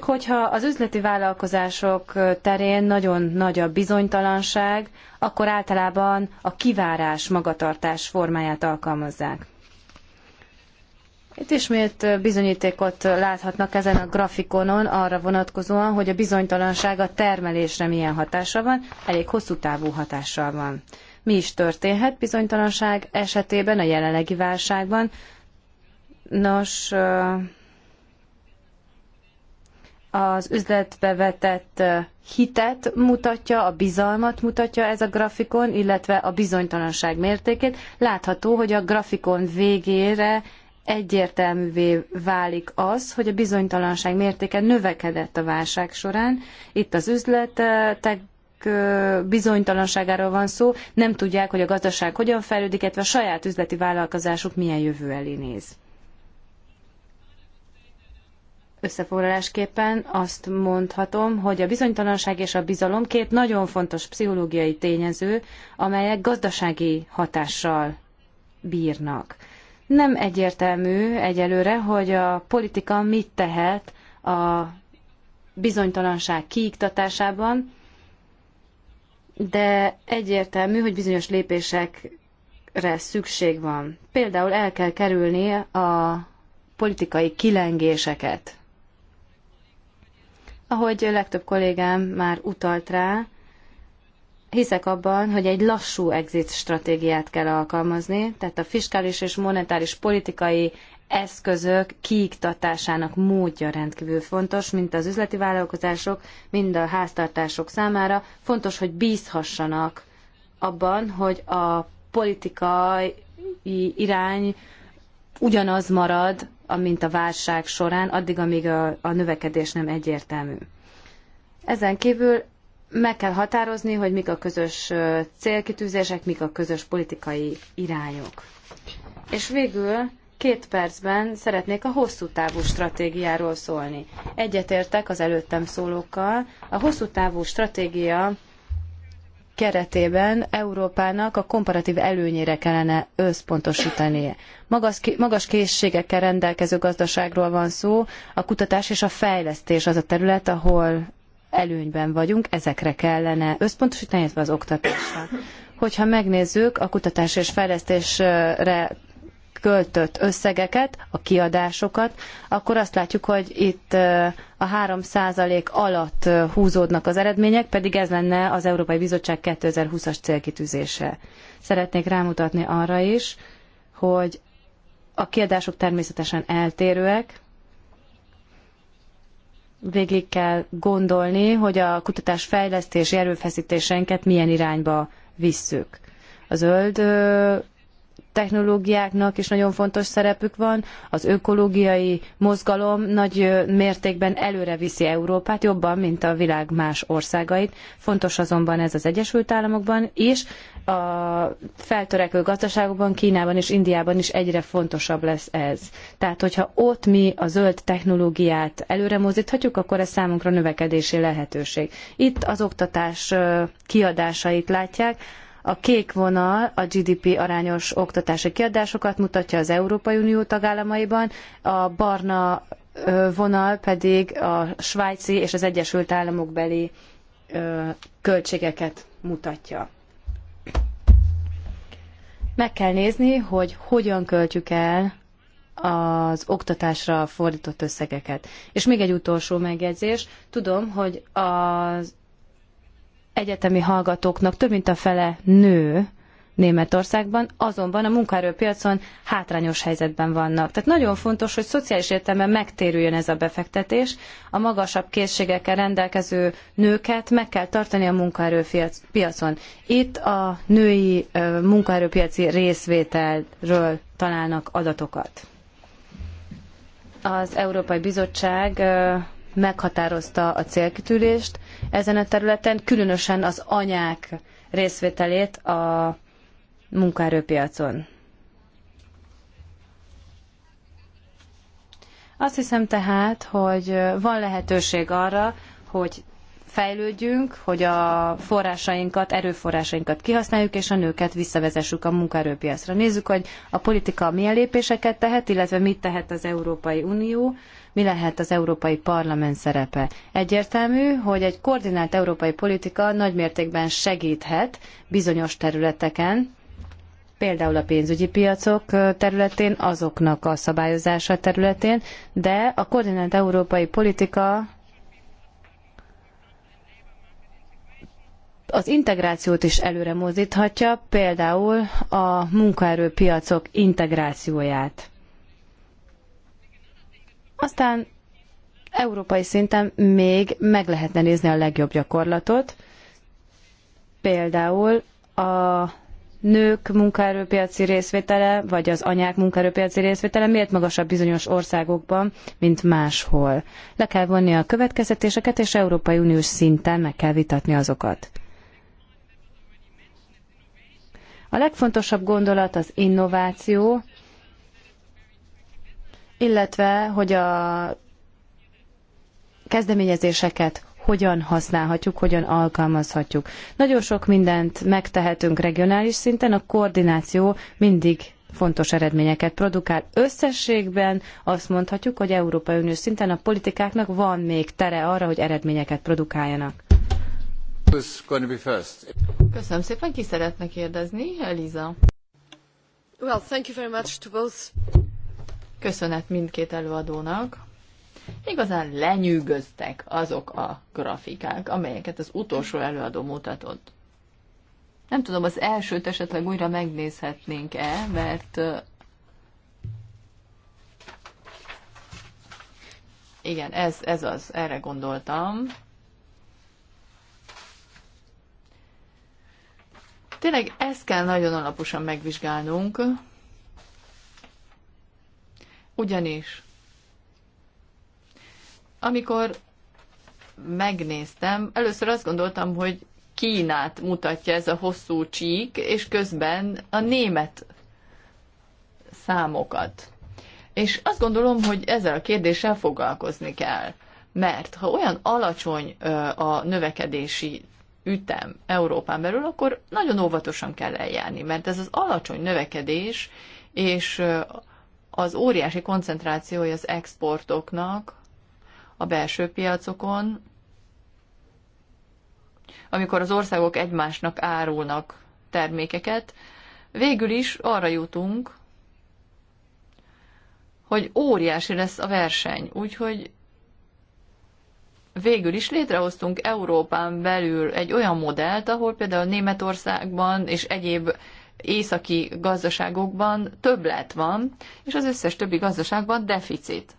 Hogyha az üzleti vállalkozások terén nagyon nagy a bizonytalanság, akkor általában a kivárás magatartás formáját alkalmazzák. Itt ismét bizonyítékot láthatnak ezen a grafikonon arra vonatkozóan, hogy a bizonytalanság a termelésre milyen hatása van, elég hosszú távú hatással van. Mi is történhet bizonytalanság esetében a jelenlegi válságban? Nos, az üzletbe vetett hitet mutatja, a bizalmat mutatja ez a grafikon, illetve a bizonytalanság mértékét. Látható, hogy a grafikon végére egyértelművé válik az, hogy a bizonytalanság mértéke növekedett a válság során. Itt az üzletek bizonytalanságáról van szó, nem tudják, hogy a gazdaság hogyan fejlődik, illetve a saját üzleti vállalkozásuk milyen jövő elé néz. Összefoglalásképpen azt mondhatom, hogy a bizonytalanság és a bizalom két nagyon fontos pszichológiai tényező, amelyek gazdasági hatással bírnak. Nem egyértelmű egyelőre, hogy a politika mit tehet a bizonytalanság kiiktatásában, de egyértelmű, hogy bizonyos lépésekre szükség van. Például el kell kerülni a politikai kilengéseket. Ahogy legtöbb kollégám már utalt rá, hiszek abban, hogy egy lassú exit stratégiát kell alkalmazni, tehát a fiskális és monetáris politikai eszközök kiiktatásának módja rendkívül fontos, mint az üzleti vállalkozások, mind a háztartások számára. Fontos, hogy bízhassanak abban, hogy a politikai irány ugyanaz marad, mint a válság során, addig, amíg a, a növekedés nem egyértelmű. Ezen kívül meg kell határozni, hogy mik a közös célkitűzések, mik a közös politikai irányok. És végül két percben szeretnék a hosszú távú stratégiáról szólni. Egyetértek az előttem szólókkal. A hosszú távú stratégia keretében Európának a komparatív előnyére kellene összpontosítani. Magas, magas készségekkel rendelkező gazdaságról van szó, a kutatás és a fejlesztés az a terület, ahol előnyben vagyunk, ezekre kellene összpontosítani, illetve az oktatásra. Hogyha megnézzük a kutatás és fejlesztésre költött összegeket, a kiadásokat, akkor azt látjuk, hogy itt a 3% alatt húzódnak az eredmények, pedig ez lenne az Európai Bizottság 2020-as célkitűzése. Szeretnék rámutatni arra is, hogy a kiadások természetesen eltérőek, végig kell gondolni, hogy a kutatás fejlesztési erőfeszítéseinket milyen irányba visszük. A zöld technológiáknak is nagyon fontos szerepük van. Az ökológiai mozgalom nagy mértékben előre viszi Európát, jobban, mint a világ más országait. Fontos azonban ez az Egyesült Államokban is, a feltörekvő gazdaságokban, Kínában és Indiában is egyre fontosabb lesz ez. Tehát, hogyha ott mi a zöld technológiát előre mozdíthatjuk, akkor ez számunkra növekedési lehetőség. Itt az oktatás kiadásait látják, a kék vonal a GDP arányos oktatási kiadásokat mutatja az Európai Unió tagállamaiban, a barna vonal pedig a svájci és az Egyesült Államok beli költségeket mutatja. Meg kell nézni, hogy hogyan költjük el az oktatásra fordított összegeket. És még egy utolsó megjegyzés. Tudom, hogy az egyetemi hallgatóknak több mint a fele nő Németországban, azonban a munkaerőpiacon hátrányos helyzetben vannak. Tehát nagyon fontos, hogy szociális értelemben megtérüljön ez a befektetés. A magasabb készségekkel rendelkező nőket meg kell tartani a munkaerőpiacon. Itt a női munkaerőpiaci részvételről találnak adatokat. Az Európai Bizottság meghatározta a célkitűzést ezen a területen, különösen az anyák részvételét a munkaerőpiacon. Azt hiszem tehát, hogy van lehetőség arra, hogy fejlődjünk, hogy a forrásainkat, erőforrásainkat kihasználjuk, és a nőket visszavezessük a munkaerőpiacra. Nézzük, hogy a politika milyen lépéseket tehet, illetve mit tehet az Európai Unió mi lehet az Európai Parlament szerepe. Egyértelmű, hogy egy koordinált európai politika nagymértékben segíthet bizonyos területeken, például a pénzügyi piacok területén, azoknak a szabályozása területén, de a koordinált európai politika az integrációt is előre mozdíthatja, például a munkaerőpiacok integrációját. Aztán európai szinten még meg lehetne nézni a legjobb gyakorlatot, például a nők munkaerőpiaci részvétele, vagy az anyák munkaerőpiaci részvétele miért magasabb bizonyos országokban, mint máshol. Le kell vonni a következtetéseket, és Európai Uniós szinten meg kell vitatni azokat. A legfontosabb gondolat az innováció, illetve hogy a kezdeményezéseket hogyan használhatjuk, hogyan alkalmazhatjuk. Nagyon sok mindent megtehetünk regionális szinten, a koordináció mindig fontos eredményeket produkál. Összességben azt mondhatjuk, hogy Európai Uniós szinten a politikáknak van még tere arra, hogy eredményeket produkáljanak. Köszönöm szépen, ki szeretne kérdezni? Eliza. Well, thank you very much to both Köszönet mindkét előadónak. Igazán lenyűgöztek azok a grafikák, amelyeket az utolsó előadó mutatott. Nem tudom, az elsőt esetleg újra megnézhetnénk-e, mert igen, ez, ez az, erre gondoltam. Tényleg ezt kell nagyon alaposan megvizsgálnunk, ugyanis, amikor megnéztem, először azt gondoltam, hogy Kínát mutatja ez a hosszú csík, és közben a német számokat. És azt gondolom, hogy ezzel a kérdéssel foglalkozni kell. Mert ha olyan alacsony a növekedési ütem Európán belül, akkor nagyon óvatosan kell eljárni, mert ez az alacsony növekedés és az óriási koncentrációja az exportoknak a belső piacokon, amikor az országok egymásnak árulnak termékeket, végül is arra jutunk, hogy óriási lesz a verseny. Úgyhogy végül is létrehoztunk Európán belül egy olyan modellt, ahol például Németországban és egyéb északi gazdaságokban többlet van, és az összes többi gazdaságban deficit.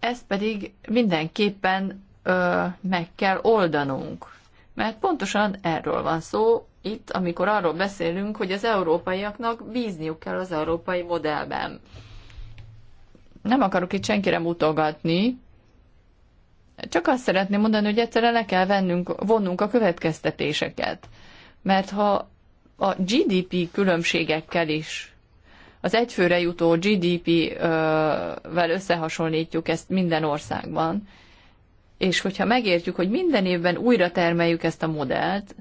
Ezt pedig mindenképpen ö, meg kell oldanunk, mert pontosan erről van szó itt, amikor arról beszélünk, hogy az európaiaknak bízniuk kell az európai modellben. Nem akarok itt senkire mutogatni, csak azt szeretném mondani, hogy egyszerre le kell vennünk, vonnunk a következtetéseket. Mert ha a GDP különbségekkel is, az egyfőre jutó GDP-vel összehasonlítjuk ezt minden országban, és hogyha megértjük, hogy minden évben újra termeljük ezt a modellt,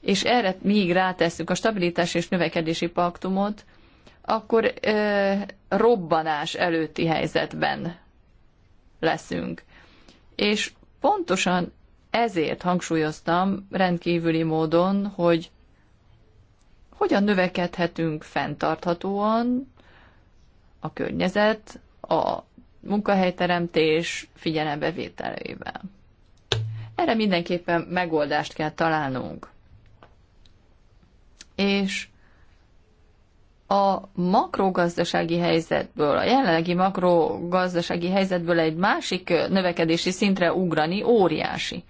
és erre még rátesszük a stabilitás és növekedési paktumot, akkor ö, robbanás előtti helyzetben leszünk. És pontosan ezért hangsúlyoztam rendkívüli módon, hogy hogyan növekedhetünk fenntarthatóan a környezet, a munkahelyteremtés figyelembevételével. Erre mindenképpen megoldást kell találnunk. És a makrogazdasági helyzetből, a jelenlegi makrogazdasági helyzetből egy másik növekedési szintre ugrani óriási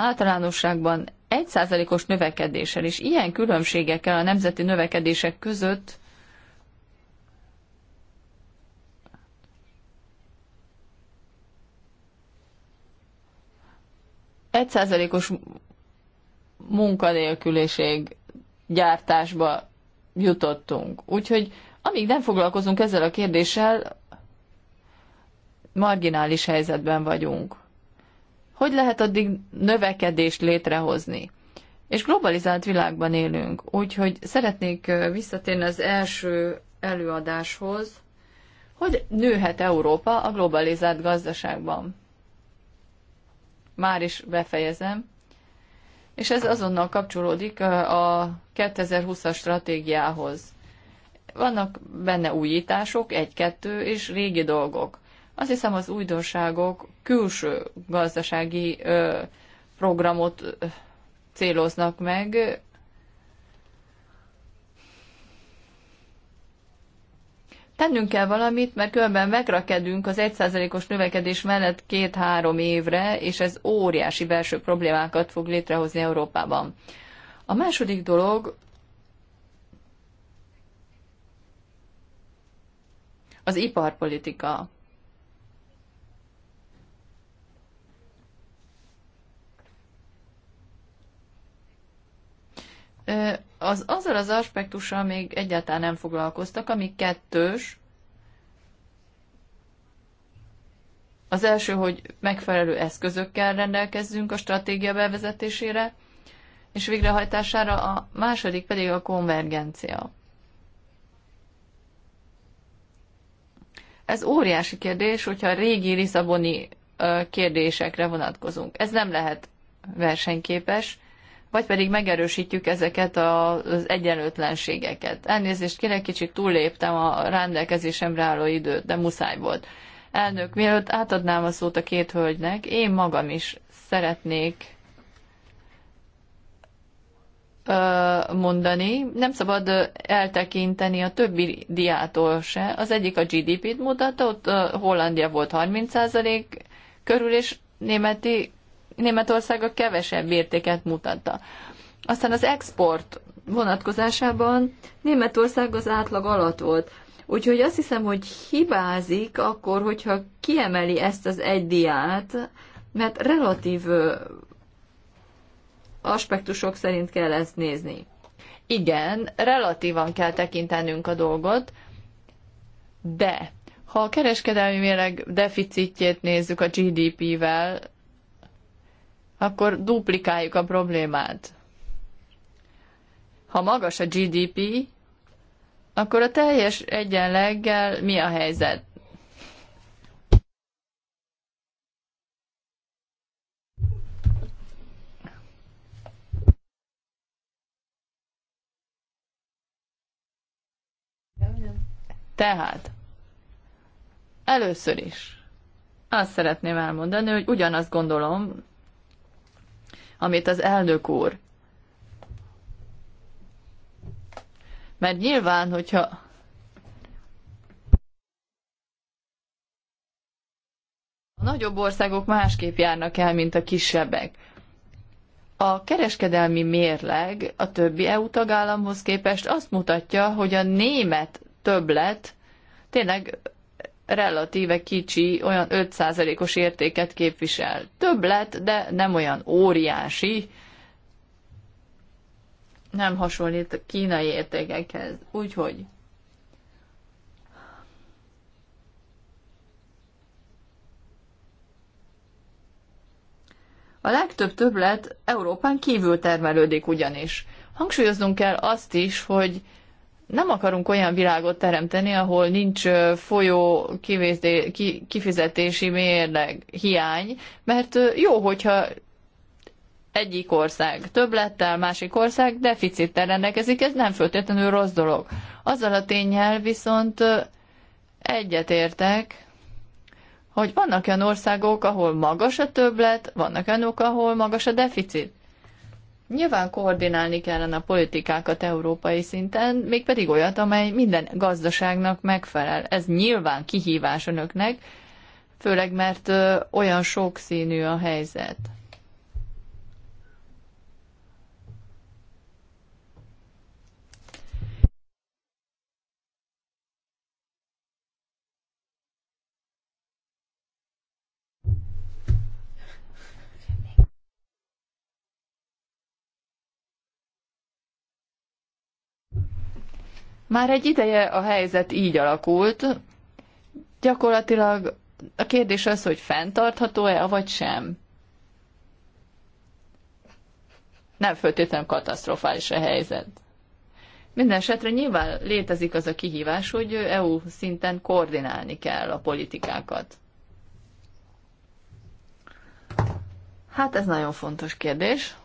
általánosságban 1%-os növekedéssel és ilyen különbségekkel a nemzeti növekedések között százalékos munkanélküliség gyártásba jutottunk. Úgyhogy amíg nem foglalkozunk ezzel a kérdéssel, marginális helyzetben vagyunk hogy lehet addig növekedést létrehozni. És globalizált világban élünk, úgyhogy szeretnék visszatérni az első előadáshoz, hogy nőhet Európa a globalizált gazdaságban. Már is befejezem. És ez azonnal kapcsolódik a 2020-as stratégiához. Vannak benne újítások, egy-kettő és régi dolgok. Azt hiszem az újdonságok külső gazdasági ö, programot ö, céloznak meg. Tennünk kell valamit, mert különben megrakedünk az 1%-os növekedés mellett két-három évre, és ez óriási belső problémákat fog létrehozni Európában. A második dolog az iparpolitika. az azzal az aspektussal még egyáltalán nem foglalkoztak, ami kettős. Az első, hogy megfelelő eszközökkel rendelkezzünk a stratégia bevezetésére, és végrehajtására a második pedig a konvergencia. Ez óriási kérdés, hogyha régi Lisszaboni kérdésekre vonatkozunk. Ez nem lehet versenyképes, vagy pedig megerősítjük ezeket az egyenlőtlenségeket. Elnézést kérek, kicsit túlléptem a rendelkezésemre álló időt, de muszáj volt. Elnök, mielőtt átadnám a szót a két hölgynek, én magam is szeretnék mondani. Nem szabad eltekinteni a többi diától se. Az egyik a GDP-t mutatott, ott Hollandia volt 30% körül, és Németi Németország a kevesebb értéket mutatta. Aztán az export vonatkozásában Németország az átlag alatt volt. Úgyhogy azt hiszem, hogy hibázik akkor, hogyha kiemeli ezt az egy diát, mert relatív aspektusok szerint kell ezt nézni. Igen, relatívan kell tekintenünk a dolgot, de ha a kereskedelmi mérleg deficitjét nézzük a GDP-vel, akkor duplikáljuk a problémát. Ha magas a GDP, akkor a teljes egyenleggel mi a helyzet? Tehát, először is azt szeretném elmondani, hogy ugyanazt gondolom, amit az elnök úr. Mert nyilván, hogyha A nagyobb országok másképp járnak el, mint a kisebbek. A kereskedelmi mérleg a többi EU tagállamhoz képest azt mutatja, hogy a német többlet tényleg relatíve kicsi, olyan 5%-os értéket képvisel. Több lett, de nem olyan óriási, nem hasonlít a kínai értékekhez. Úgyhogy A legtöbb többlet Európán kívül termelődik ugyanis. Hangsúlyoznunk kell azt is, hogy nem akarunk olyan világot teremteni, ahol nincs folyó kivézdé, ki, kifizetési mérleg hiány, mert jó, hogyha egyik ország többlettel, másik ország deficittel rendelkezik, ez nem föltétlenül rossz dolog. Azzal a tényel viszont egyetértek, hogy vannak olyan országok, ahol magas a többlet, vannak olyanok, ahol magas a deficit. Nyilván koordinálni kellene a politikákat európai szinten, mégpedig olyat, amely minden gazdaságnak megfelel. Ez nyilván kihívás önöknek, főleg mert olyan sokszínű a helyzet. Már egy ideje a helyzet így alakult, gyakorlatilag a kérdés az, hogy fenntartható-e, vagy sem. Nem föltétlenül katasztrofális a helyzet. Minden esetre nyilván létezik az a kihívás, hogy EU szinten koordinálni kell a politikákat. Hát ez nagyon fontos kérdés.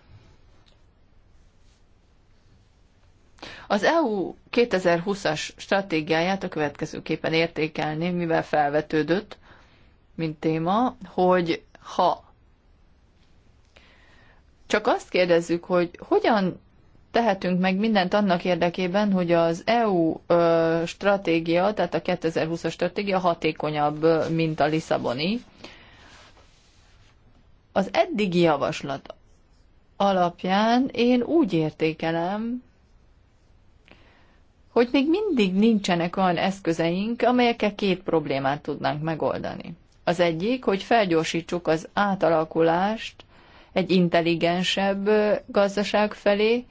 Az EU 2020-as stratégiáját a következőképpen értékelni, mivel felvetődött, mint téma, hogy ha csak azt kérdezzük, hogy hogyan tehetünk meg mindent annak érdekében, hogy az EU ö, stratégia, tehát a 2020-as stratégia hatékonyabb, mint a Lisszaboni. Az eddigi javaslat alapján én úgy értékelem, hogy még mindig nincsenek olyan eszközeink, amelyekkel két problémát tudnánk megoldani. Az egyik, hogy felgyorsítsuk az átalakulást egy intelligensebb gazdaság felé,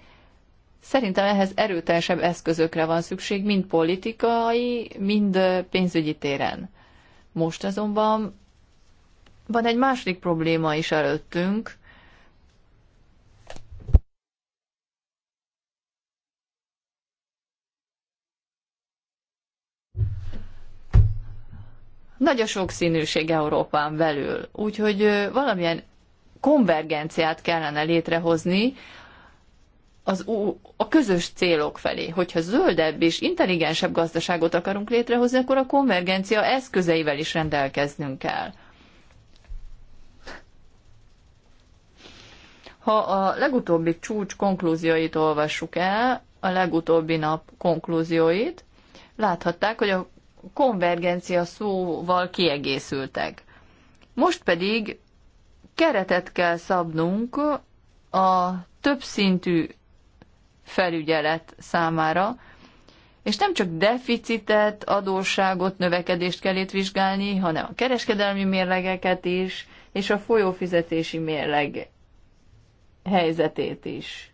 Szerintem ehhez erőteljesebb eszközökre van szükség, mind politikai, mind pénzügyi téren. Most azonban van egy másik probléma is előttünk, nagy a sokszínűség Európán belül, úgyhogy valamilyen konvergenciát kellene létrehozni az, a közös célok felé. Hogyha zöldebb és intelligensebb gazdaságot akarunk létrehozni, akkor a konvergencia eszközeivel is rendelkeznünk kell. Ha a legutóbbi csúcs konklúzióit olvassuk el, a legutóbbi nap konklúzióit, láthatták, hogy a konvergencia szóval kiegészültek. Most pedig keretet kell szabnunk a többszintű felügyelet számára, és nem csak deficitet, adósságot, növekedést kell itt vizsgálni, hanem a kereskedelmi mérlegeket is, és a folyófizetési mérleg helyzetét is.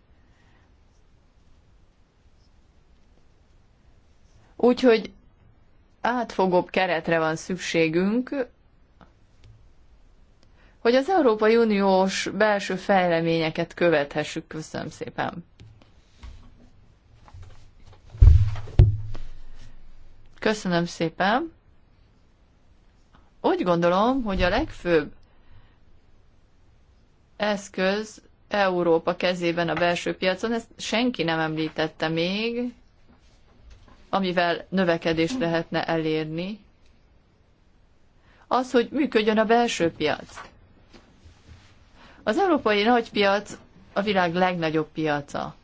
Úgyhogy átfogóbb keretre van szükségünk, hogy az Európai Uniós belső fejleményeket követhessük. Köszönöm szépen! Köszönöm szépen! Úgy gondolom, hogy a legfőbb eszköz Európa kezében a belső piacon, ezt senki nem említette még, amivel növekedést lehetne elérni, az, hogy működjön a belső piac. Az európai nagypiac a világ legnagyobb piaca.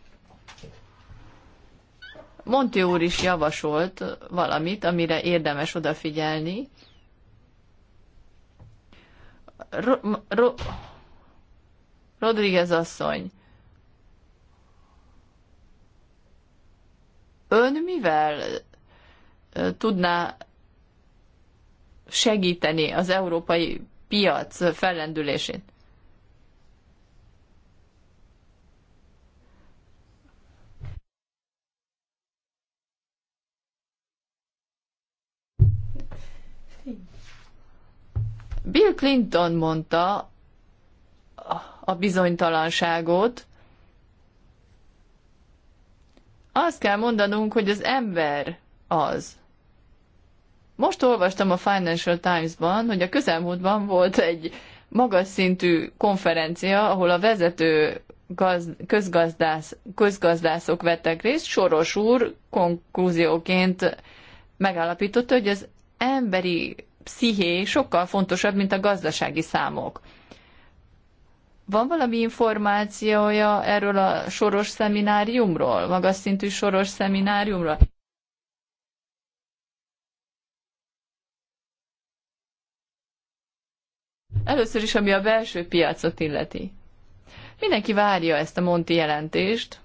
Monti úr is javasolt valamit, amire érdemes odafigyelni. Ro- Ro- Rodríguez asszony ön mivel tudná segíteni az európai piac fellendülését? Bill Clinton mondta a bizonytalanságot, azt kell mondanunk, hogy az ember az. Most olvastam a Financial Times-ban, hogy a közelmúltban volt egy magas szintű konferencia, ahol a vezető gaz, közgazdász, közgazdászok vettek részt, Soros úr konklúzióként megállapította, hogy az emberi psziché sokkal fontosabb, mint a gazdasági számok. Van valami információja erről a soros szemináriumról, magas szintű soros szemináriumról? Először is, ami a belső piacot illeti. Mindenki várja ezt a Monti jelentést.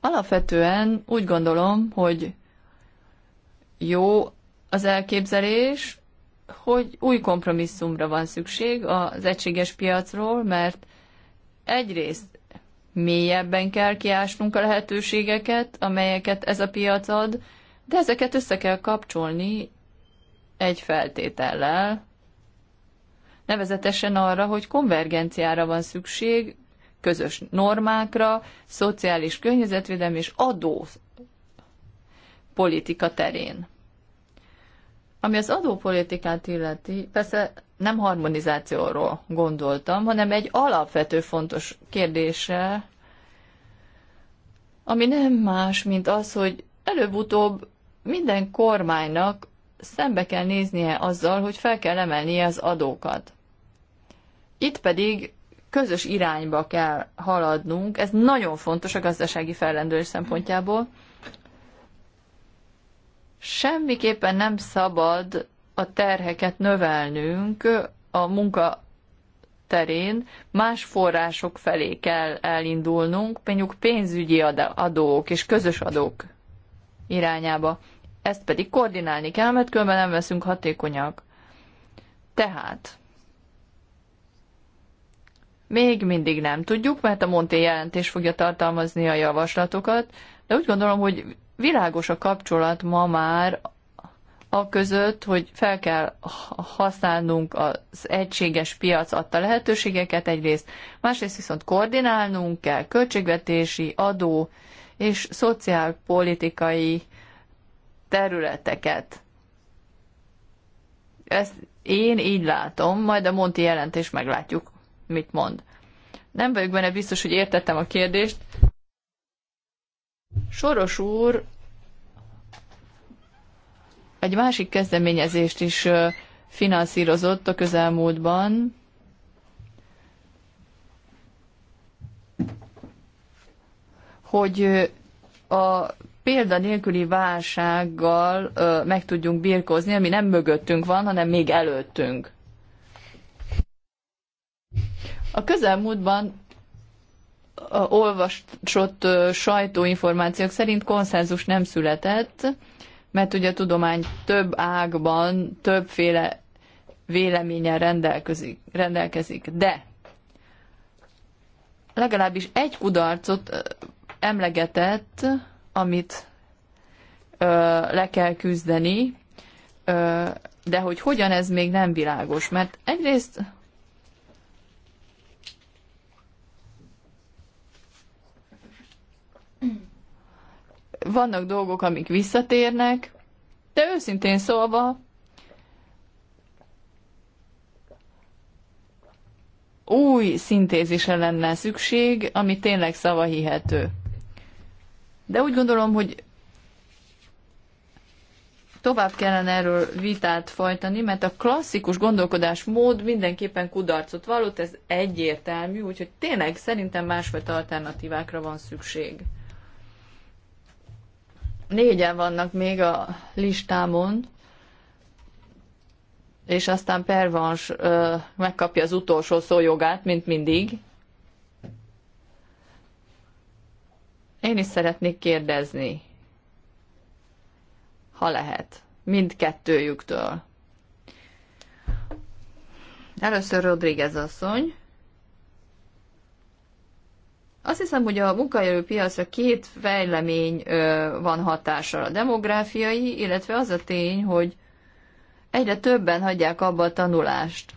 Alapvetően úgy gondolom, hogy jó az elképzelés, hogy új kompromisszumra van szükség az egységes piacról, mert egyrészt mélyebben kell kiásnunk a lehetőségeket, amelyeket ez a piac ad, de ezeket össze kell kapcsolni egy feltétellel, nevezetesen arra, hogy konvergenciára van szükség, közös normákra, szociális környezetvédelmi és adó politika terén. Ami az adópolitikát illeti, persze nem harmonizációról gondoltam, hanem egy alapvető fontos kérdése, ami nem más, mint az, hogy előbb-utóbb minden kormánynak szembe kell néznie azzal, hogy fel kell emelnie az adókat. Itt pedig közös irányba kell haladnunk, ez nagyon fontos a gazdasági fellendülés szempontjából, semmiképpen nem szabad a terheket növelnünk a munka terén, más források felé kell elindulnunk, mondjuk pénzügyi adók és közös adók irányába. Ezt pedig koordinálni kell, mert különben nem leszünk hatékonyak. Tehát, még mindig nem tudjuk, mert a Monté jelentés fogja tartalmazni a javaslatokat, de úgy gondolom, hogy világos a kapcsolat ma már a között, hogy fel kell használnunk az egységes piac adta lehetőségeket egyrészt, másrészt viszont koordinálnunk kell költségvetési, adó és szociálpolitikai területeket. Ezt én így látom, majd a Monti jelentés meglátjuk, mit mond. Nem vagyok benne biztos, hogy értettem a kérdést. Soros úr egy másik kezdeményezést is finanszírozott a közelmúltban. hogy a példa nélküli válsággal ö, meg tudjunk birkozni, ami nem mögöttünk van, hanem még előttünk. A közelmúltban olvasott sajtóinformációk szerint konszenzus nem született, mert ugye a tudomány több ágban, többféle véleményen rendelkezik, rendelkezik. De legalábbis egy kudarcot emlegetett, amit ö, le kell küzdeni, ö, de hogy hogyan ez még nem világos. Mert egyrészt vannak dolgok, amik visszatérnek, de őszintén szólva, új szintézisre lenne szükség, ami tényleg szava hihető. De úgy gondolom, hogy tovább kellene erről vitát folytani, mert a klasszikus gondolkodás mód mindenképpen kudarcot vallott, ez egyértelmű, úgyhogy tényleg szerintem másfajta alternatívákra van szükség négyen vannak még a listámon, és aztán Pervans megkapja az utolsó szójogát, mint mindig. Én is szeretnék kérdezni, ha lehet, mindkettőjüktől. Először Rodríguez asszony. Azt hiszem, hogy a munkaerőpiacra két fejlemény van hatással. A demográfiai, illetve az a tény, hogy egyre többen hagyják abba a tanulást.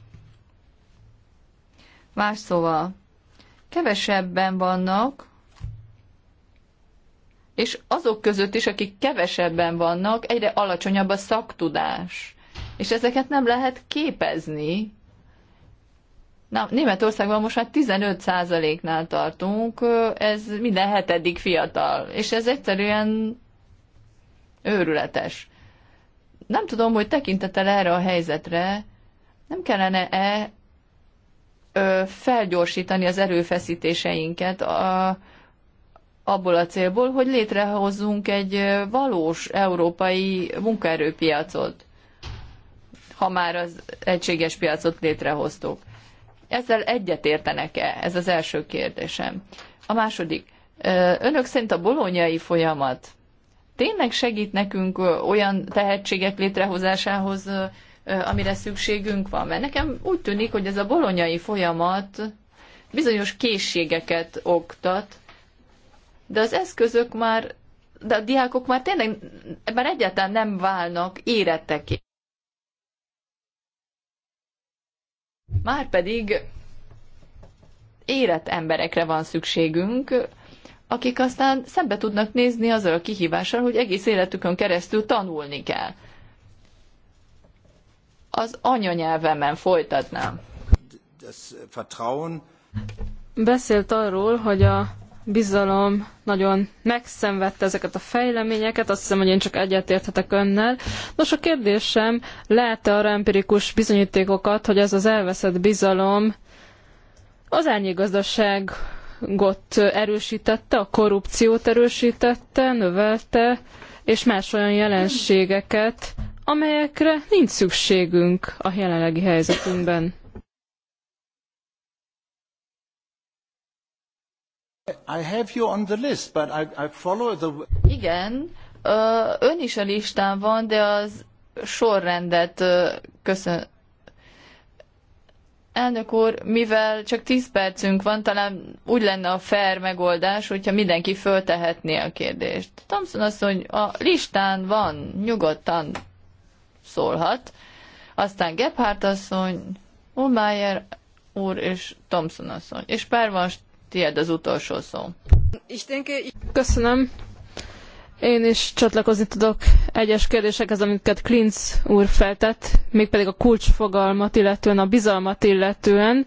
Más szóval, kevesebben vannak, és azok között is, akik kevesebben vannak, egyre alacsonyabb a szaktudás. És ezeket nem lehet képezni, Na, Németországban most már 15%-nál tartunk, ez minden hetedik fiatal, és ez egyszerűen őrületes. Nem tudom, hogy tekintetel erre a helyzetre nem kellene-e felgyorsítani az erőfeszítéseinket a, abból a célból, hogy létrehozzunk egy valós európai munkaerőpiacot, ha már az egységes piacot létrehoztuk. Ezzel egyetértenek-e? Ez az első kérdésem. A második. Önök szerint a bolonyai folyamat tényleg segít nekünk olyan tehetségek létrehozásához, amire szükségünk van? Mert nekem úgy tűnik, hogy ez a bolonyai folyamat bizonyos készségeket oktat, de az eszközök már, de a diákok már tényleg már egyáltalán nem válnak éretteké. Márpedig érett emberekre van szükségünk, akik aztán szembe tudnak nézni azzal a kihívással, hogy egész életükön keresztül tanulni kell. Az anyanyelvemen folytatnám. Beszélt arról, hogy a bizalom nagyon megszenvedte ezeket a fejleményeket, azt hiszem, hogy én csak egyetérthetek önnel. Nos, a kérdésem, lehet-e arra empirikus bizonyítékokat, hogy ez az elveszett bizalom az árnyékgazdaságot erősítette, a korrupciót erősítette, növelte, és más olyan jelenségeket, amelyekre nincs szükségünk a jelenlegi helyzetünkben. I have you on the list, but I, I follow the... Igen, ön is a listán van, de az sorrendet köszön... Elnök úr, mivel csak 10 percünk van, talán úgy lenne a fair megoldás, hogyha mindenki föltehetné a kérdést. Thompson azt mondja, a listán van, nyugodtan szólhat. Aztán Gebhardt asszony, Ulmayer úr és Thompson asszony. És Pervans tiéd az utolsó szó. Köszönöm. Én is csatlakozni tudok egyes kérdésekhez, amiket Klinz úr feltett, mégpedig a kulcsfogalmat illetően, a bizalmat illetően,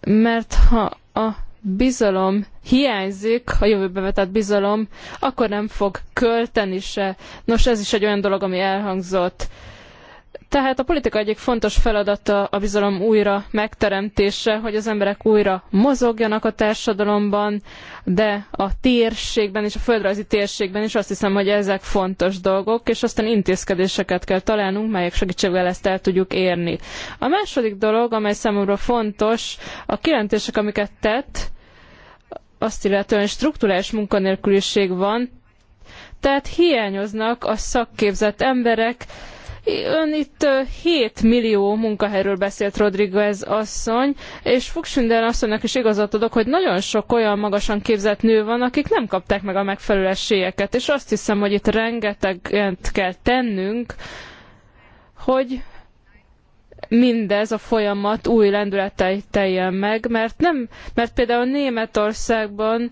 mert ha a bizalom hiányzik, a jövőbe vetett bizalom, akkor nem fog költeni se. Nos, ez is egy olyan dolog, ami elhangzott. Tehát a politika egyik fontos feladata a bizalom újra megteremtése, hogy az emberek újra mozogjanak a társadalomban, de a térségben és a földrajzi térségben is azt hiszem, hogy ezek fontos dolgok, és aztán intézkedéseket kell találnunk, melyek segítségével ezt el tudjuk érni. A második dolog, amely számomra fontos, a kijelentések, amiket tett, azt illetően strukturális munkanélküliség van, tehát hiányoznak a szakképzett emberek, Ön itt 7 millió munkahelyről beszélt Rodriguez asszony, és Fuxsünden asszonynak is igazat adok, hogy nagyon sok olyan magasan képzett nő van, akik nem kapták meg a megfelelő esélyeket, és azt hiszem, hogy itt rengeteget kell tennünk, hogy mindez a folyamat új lendülettel teljen meg, mert, nem, mert például Németországban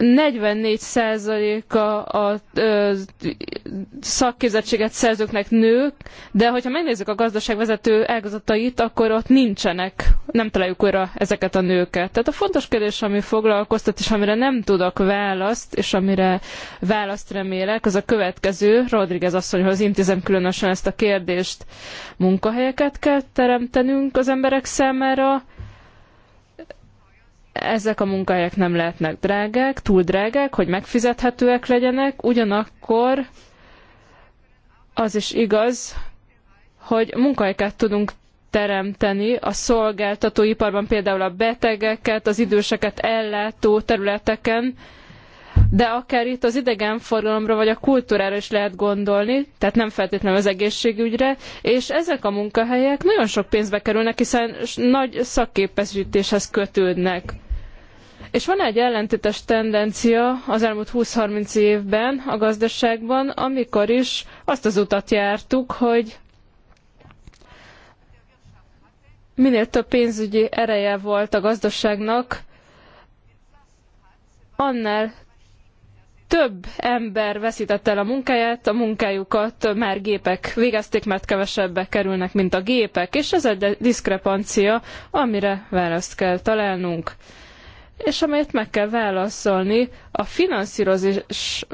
44%-a a, a szakképzettséget szerzőknek nők, de hogyha megnézzük a gazdaságvezető ágazatait, akkor ott nincsenek, nem találjuk újra ezeket a nőket. Tehát a fontos kérdés, ami foglalkoztat, és amire nem tudok választ, és amire választ remélek, az a következő. Rodriguez asszonyhoz intézem különösen ezt a kérdést. Munkahelyeket kell teremtenünk az emberek számára, ezek a munkahelyek nem lehetnek drágák, túl drágák, hogy megfizethetőek legyenek, ugyanakkor az is igaz, hogy munkahelyeket tudunk teremteni a szolgáltatóiparban, például a betegeket, az időseket ellátó területeken, de akár itt az idegenforgalomra vagy a kultúrára is lehet gondolni, tehát nem feltétlenül az egészségügyre, és ezek a munkahelyek nagyon sok pénzbe kerülnek, hiszen nagy szakképesítéshez kötődnek. És van egy ellentétes tendencia az elmúlt 20-30 évben a gazdaságban, amikor is azt az utat jártuk, hogy minél több pénzügyi ereje volt a gazdaságnak, annál több ember veszített el a munkáját, a munkájukat már gépek végezték, mert kevesebbe kerülnek, mint a gépek, és ez egy diszkrepancia, amire választ kell találnunk és amelyet meg kell válaszolni a finanszírozás,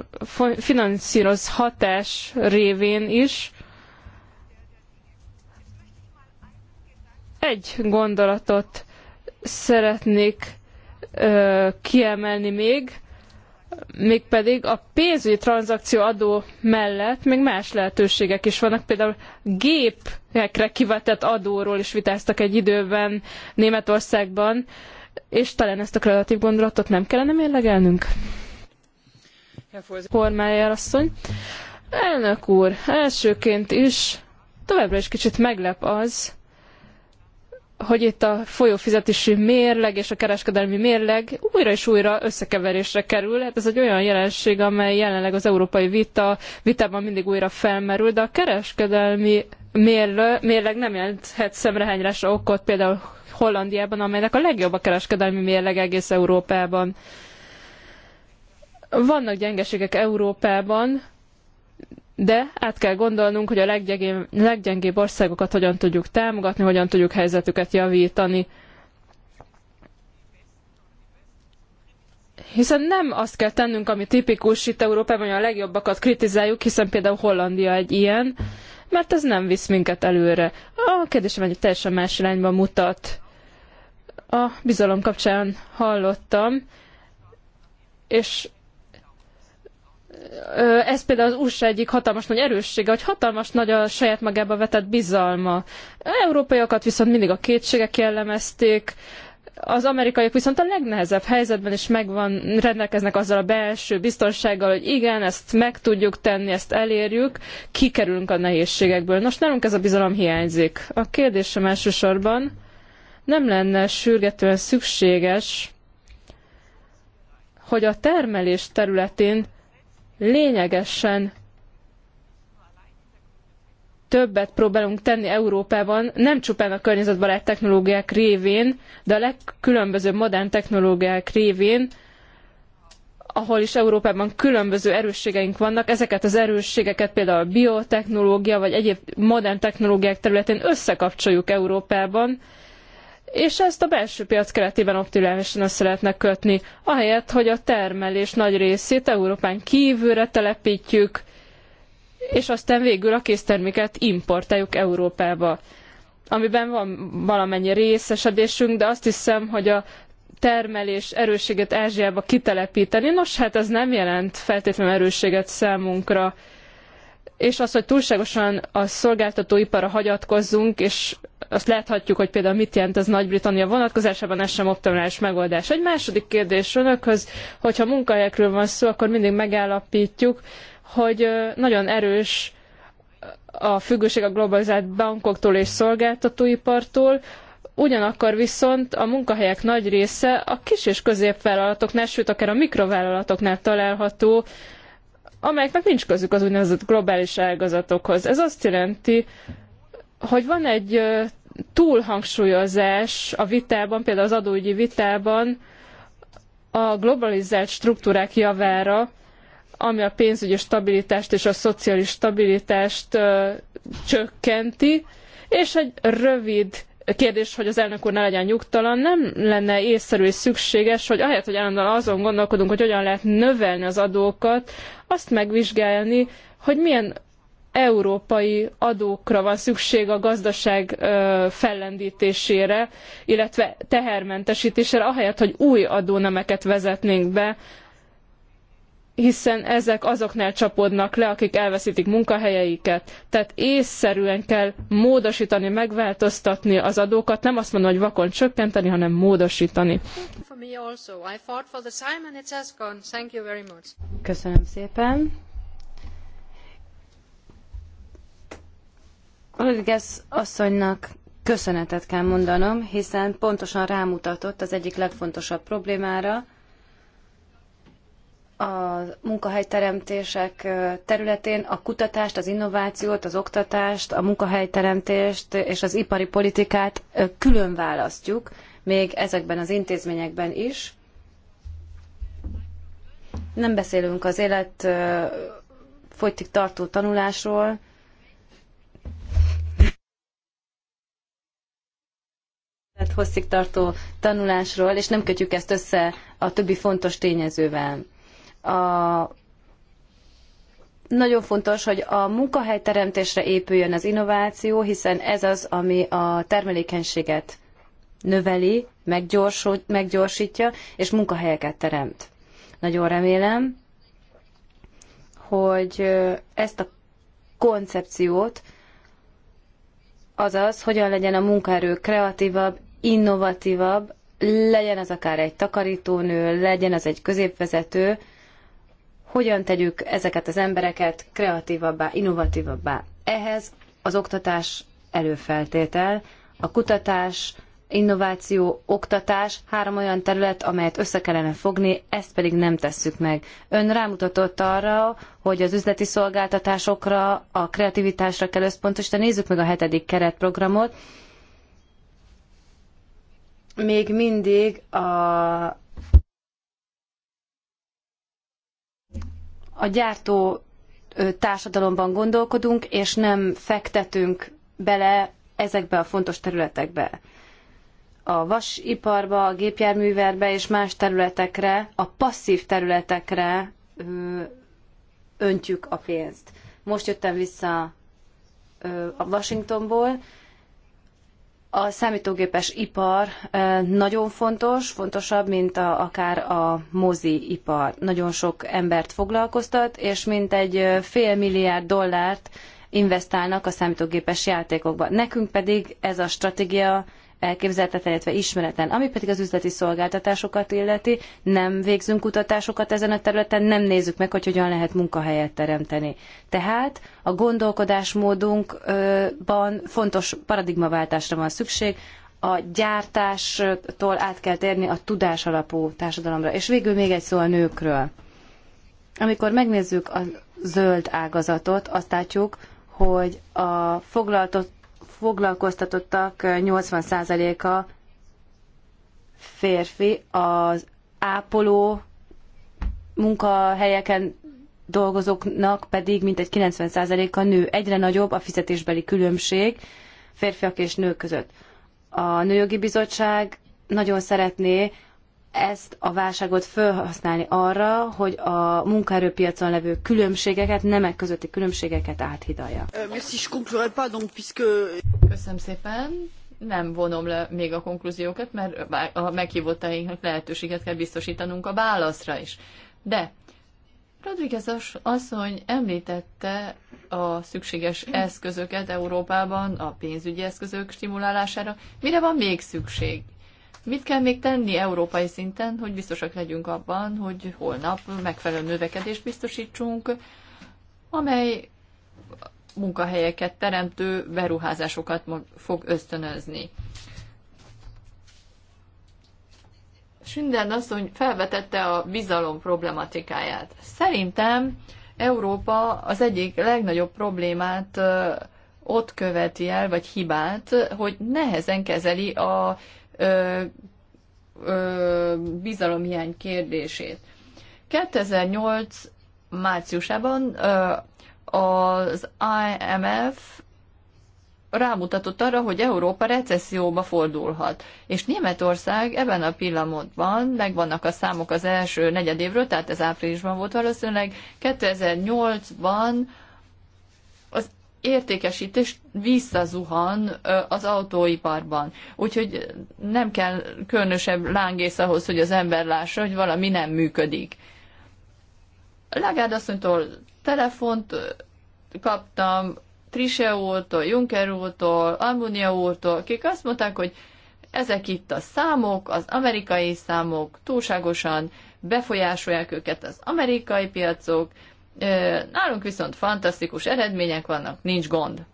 finanszíroz hatás révén is. Egy gondolatot szeretnék ö, kiemelni még, mégpedig a pénzügyi tranzakció adó mellett még más lehetőségek is vannak, például gépekre kivetett adóról is vitáztak egy időben Németországban, és talán ezt a kreatív gondolatot nem kellene mérlegelnünk? Kormányjár asszony. Elnök úr, elsőként is továbbra is kicsit meglep az, hogy itt a folyófizetési mérleg és a kereskedelmi mérleg újra és újra összekeverésre kerül. Hát ez egy olyan jelenség, amely jelenleg az európai vita, vitában mindig újra felmerül, de a kereskedelmi mérlő, mérleg nem jelenthet szemrehányrásra okot például Hollandiában, amelynek a legjobb a kereskedelmi mérleg egész Európában. Vannak gyengeségek Európában, de át kell gondolnunk, hogy a leggyengébb, országokat hogyan tudjuk támogatni, hogyan tudjuk helyzetüket javítani. Hiszen nem azt kell tennünk, ami tipikus itt Európában, hogy a legjobbakat kritizáljuk, hiszen például Hollandia egy ilyen, mert ez nem visz minket előre. A kérdésem egy teljesen más irányba mutat. A bizalom kapcsán hallottam, és ez például az USA egyik hatalmas nagy erőssége, hogy hatalmas nagy a saját magába vetett bizalma. A európaiakat viszont mindig a kétségek jellemezték, az amerikaiak viszont a legnehezebb helyzetben is megvan, rendelkeznek azzal a belső biztonsággal, hogy igen, ezt meg tudjuk tenni, ezt elérjük, kikerülünk a nehézségekből. Nos, nálunk ez a bizalom hiányzik. A kérdésem elsősorban nem lenne sürgetően szükséges, hogy a termelés területén lényegesen többet próbálunk tenni Európában, nem csupán a környezetbarát technológiák révén, de a legkülönbözőbb modern technológiák révén, ahol is Európában különböző erősségeink vannak, ezeket az erősségeket például a biotechnológia vagy egyéb modern technológiák területén összekapcsoljuk Európában, és ezt a belső piac keretében optimálisan össze lehetne kötni, ahelyett, hogy a termelés nagy részét Európán kívülre telepítjük, és aztán végül a készterméket importáljuk Európába, amiben van valamennyi részesedésünk, de azt hiszem, hogy a termelés erősséget Ázsiába kitelepíteni, nos hát ez nem jelent feltétlenül erősséget számunkra, és az, hogy túlságosan a szolgáltatóiparra hagyatkozzunk, és azt láthatjuk, hogy például mit jelent ez Nagy-Britannia vonatkozásában, ez sem optimális megoldás. Egy második kérdés önökhöz, hogyha munkahelyekről van szó, akkor mindig megállapítjuk, hogy nagyon erős a függőség a globalizált bankoktól és szolgáltatóipartól, ugyanakkor viszont a munkahelyek nagy része a kis és középvállalatoknál, sőt akár a mikrovállalatoknál található, amelyeknek nincs közük az úgynevezett globális ágazatokhoz. Ez azt jelenti, hogy van egy túlhangsúlyozás a vitában, például az adóügyi vitában a globalizált struktúrák javára, ami a pénzügyi stabilitást és a szociális stabilitást ö, csökkenti, és egy rövid kérdés, hogy az elnök úr ne legyen nyugtalan, nem lenne észszerű és szükséges, hogy ahelyett, hogy állandóan azon gondolkodunk, hogy hogyan lehet növelni az adókat, azt megvizsgálni, hogy milyen európai adókra van szükség a gazdaság ö, fellendítésére, illetve tehermentesítésére, ahelyett, hogy új adónemeket vezetnénk be, hiszen ezek azoknál csapódnak le, akik elveszítik munkahelyeiket. Tehát észszerűen kell módosítani, megváltoztatni az adókat, nem azt mondom, hogy vakon csökkenteni, hanem módosítani. Köszönöm szépen. Rodriguez asszonynak köszönetet kell mondanom, hiszen pontosan rámutatott az egyik legfontosabb problémára, a munkahelyteremtések területén a kutatást, az innovációt, az oktatást, a munkahelyteremtést és az ipari politikát külön választjuk, még ezekben az intézményekben is. Nem beszélünk az élet folytig tartó tanulásról, hosszig tartó tanulásról, és nem kötjük ezt össze a többi fontos tényezővel a nagyon fontos, hogy a munkahelyteremtésre épüljön az innováció, hiszen ez az, ami a termelékenységet növeli, meggyorsítja, és munkahelyeket teremt. Nagyon remélem, hogy ezt a koncepciót, azaz, hogyan legyen a munkaerő kreatívabb, innovatívabb, legyen az akár egy takarítónő, legyen az egy középvezető, hogyan tegyük ezeket az embereket kreatívabbá, innovatívabbá. Ehhez az oktatás előfeltétel, a kutatás, innováció, oktatás, három olyan terület, amelyet össze kellene fogni, ezt pedig nem tesszük meg. Ön rámutatott arra, hogy az üzleti szolgáltatásokra, a kreativitásra kell összpontosítani. Nézzük meg a hetedik keretprogramot. Még mindig a a gyártó társadalomban gondolkodunk, és nem fektetünk bele ezekbe a fontos területekbe. A vasiparba, a gépjárműverbe és más területekre, a passzív területekre öntjük a pénzt. Most jöttem vissza a Washingtonból, a számítógépes ipar nagyon fontos, fontosabb, mint a, akár a mozi ipar. Nagyon sok embert foglalkoztat, és mintegy fél milliárd dollárt investálnak a számítógépes játékokba. Nekünk pedig ez a stratégia elképzelhetetlen, illetve ismeretlen. Ami pedig az üzleti szolgáltatásokat illeti, nem végzünk kutatásokat ezen a területen, nem nézzük meg, hogy hogyan lehet munkahelyet teremteni. Tehát a gondolkodásmódunkban fontos paradigmaváltásra van szükség, a gyártástól át kell térni a tudás alapú társadalomra. És végül még egy szó a nőkről. Amikor megnézzük a zöld ágazatot, azt látjuk, hogy a foglaltott foglalkoztatottak 80%-a férfi, az ápoló munkahelyeken dolgozóknak pedig mintegy 90%-a nő. Egyre nagyobb a fizetésbeli különbség férfiak és nők között. A Nőjogi Bizottság nagyon szeretné ezt a válságot felhasználni arra, hogy a munkaerőpiacon levő különbségeket, nemek közötti különbségeket áthidalja. Euh, Köszönöm szépen. Nem vonom le még a konklúziókat, mert a meghívottainknak lehetőséget kell biztosítanunk a válaszra is. De Rodriguez asszony említette a szükséges eszközöket Európában, a pénzügyi eszközök stimulálására. Mire van még szükség? Mit kell még tenni európai szinten, hogy biztosak legyünk abban, hogy holnap megfelelő növekedést biztosítsunk, amely munkahelyeket teremtő beruházásokat fog ösztönözni. Sünden asszony felvetette a bizalom problematikáját. Szerintem Európa az egyik legnagyobb problémát ott követi el, vagy hibát, hogy nehezen kezeli a ö, ö, bizalomhiány kérdését. 2008 márciusában ö, az IMF rámutatott arra, hogy Európa recesszióba fordulhat. És Németország ebben a pillanatban, megvannak a számok az első negyedévről, tehát ez áprilisban volt valószínűleg, 2008-ban értékesítés visszazuhan az autóiparban. Úgyhogy nem kell különösebb lángész ahhoz, hogy az ember lássa, hogy valami nem működik. Lagarde asszonytól telefont kaptam, Trise úrtól, Juncker úrtól, Almunia úrtól, akik azt mondták, hogy ezek itt a számok, az amerikai számok túlságosan befolyásolják őket az amerikai piacok, Nálunk viszont fantasztikus eredmények vannak, nincs gond.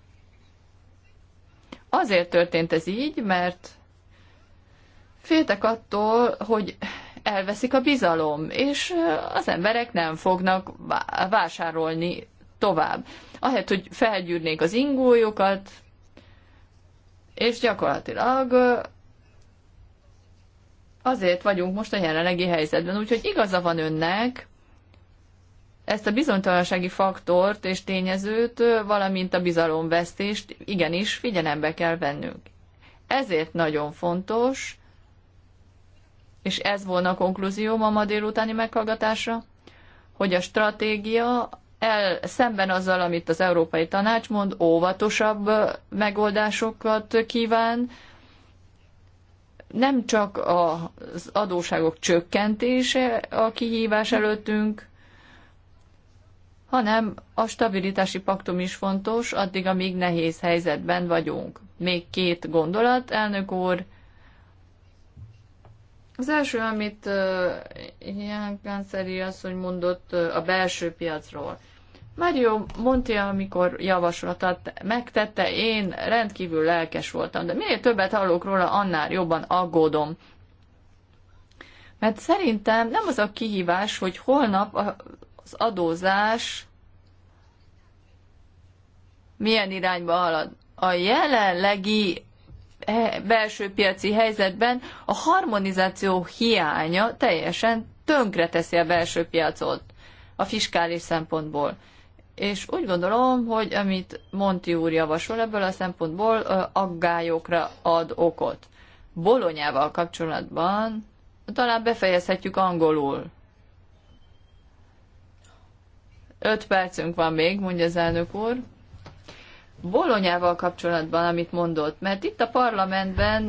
Azért történt ez így, mert féltek attól, hogy elveszik a bizalom, és az emberek nem fognak vásárolni tovább. Ahelyett, hogy felgyűrnék az ingójukat, és gyakorlatilag azért vagyunk most a jelenlegi helyzetben. Úgyhogy igaza van önnek, ezt a bizonytalansági faktort és tényezőt, valamint a bizalomvesztést igenis figyelembe kell vennünk. Ezért nagyon fontos, és ez volna a konklúzióm a ma délutáni meghallgatásra, hogy a stratégia el, szemben azzal, amit az Európai Tanács mond, óvatosabb megoldásokat kíván, nem csak az adóságok csökkentése a kihívás előttünk, hanem a stabilitási paktum is fontos, addig, amíg nehéz helyzetben vagyunk. Még két gondolat, elnök úr. Az első, amit uh, Ján Kánszeri asszony mondott uh, a belső piacról. Mario mondta, amikor javaslatot megtette, én rendkívül lelkes voltam, de minél többet hallok róla, annál jobban aggódom. Mert szerintem nem az a kihívás, hogy holnap a az adózás milyen irányba halad. A jelenlegi eh, belső piaci helyzetben a harmonizáció hiánya teljesen tönkreteszi a belső piacot a fiskális szempontból. És úgy gondolom, hogy amit Monti úr javasol ebből a szempontból, aggályokra ad okot. Bolonyával kapcsolatban talán befejezhetjük angolul. Öt percünk van még, mondja az elnök úr. Bolonyával kapcsolatban, amit mondott, mert itt a parlamentben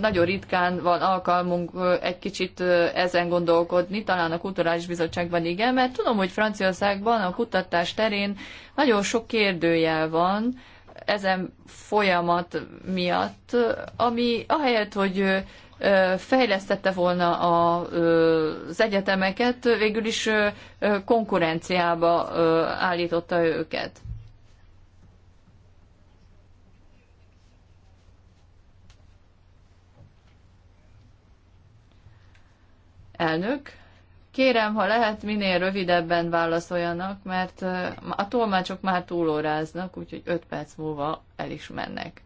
nagyon ritkán van alkalmunk egy kicsit ezen gondolkodni, talán a Kulturális Bizottságban igen, mert tudom, hogy Franciaországban a kutatás terén nagyon sok kérdőjel van ezen folyamat miatt, ami ahelyett, hogy fejlesztette volna a, az egyetemeket, végül is konkurenciába állította őket. Elnök, kérem, ha lehet, minél rövidebben válaszoljanak, mert a tolmácsok már túlóráznak, úgyhogy 5 perc múlva el is mennek.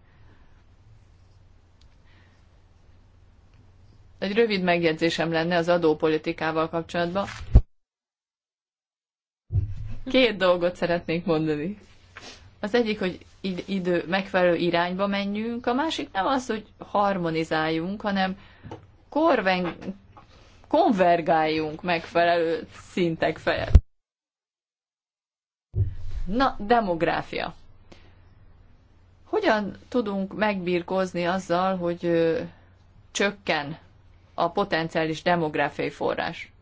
Egy rövid megjegyzésem lenne az adópolitikával kapcsolatban. Két dolgot szeretnék mondani. Az egyik, hogy idő megfelelő irányba menjünk, a másik nem az, hogy harmonizáljunk, hanem korven, konvergáljunk megfelelő szintek felett. Na, demográfia. Hogyan tudunk megbírkozni azzal, hogy ö, csökken a potenciális demográfiai forrás.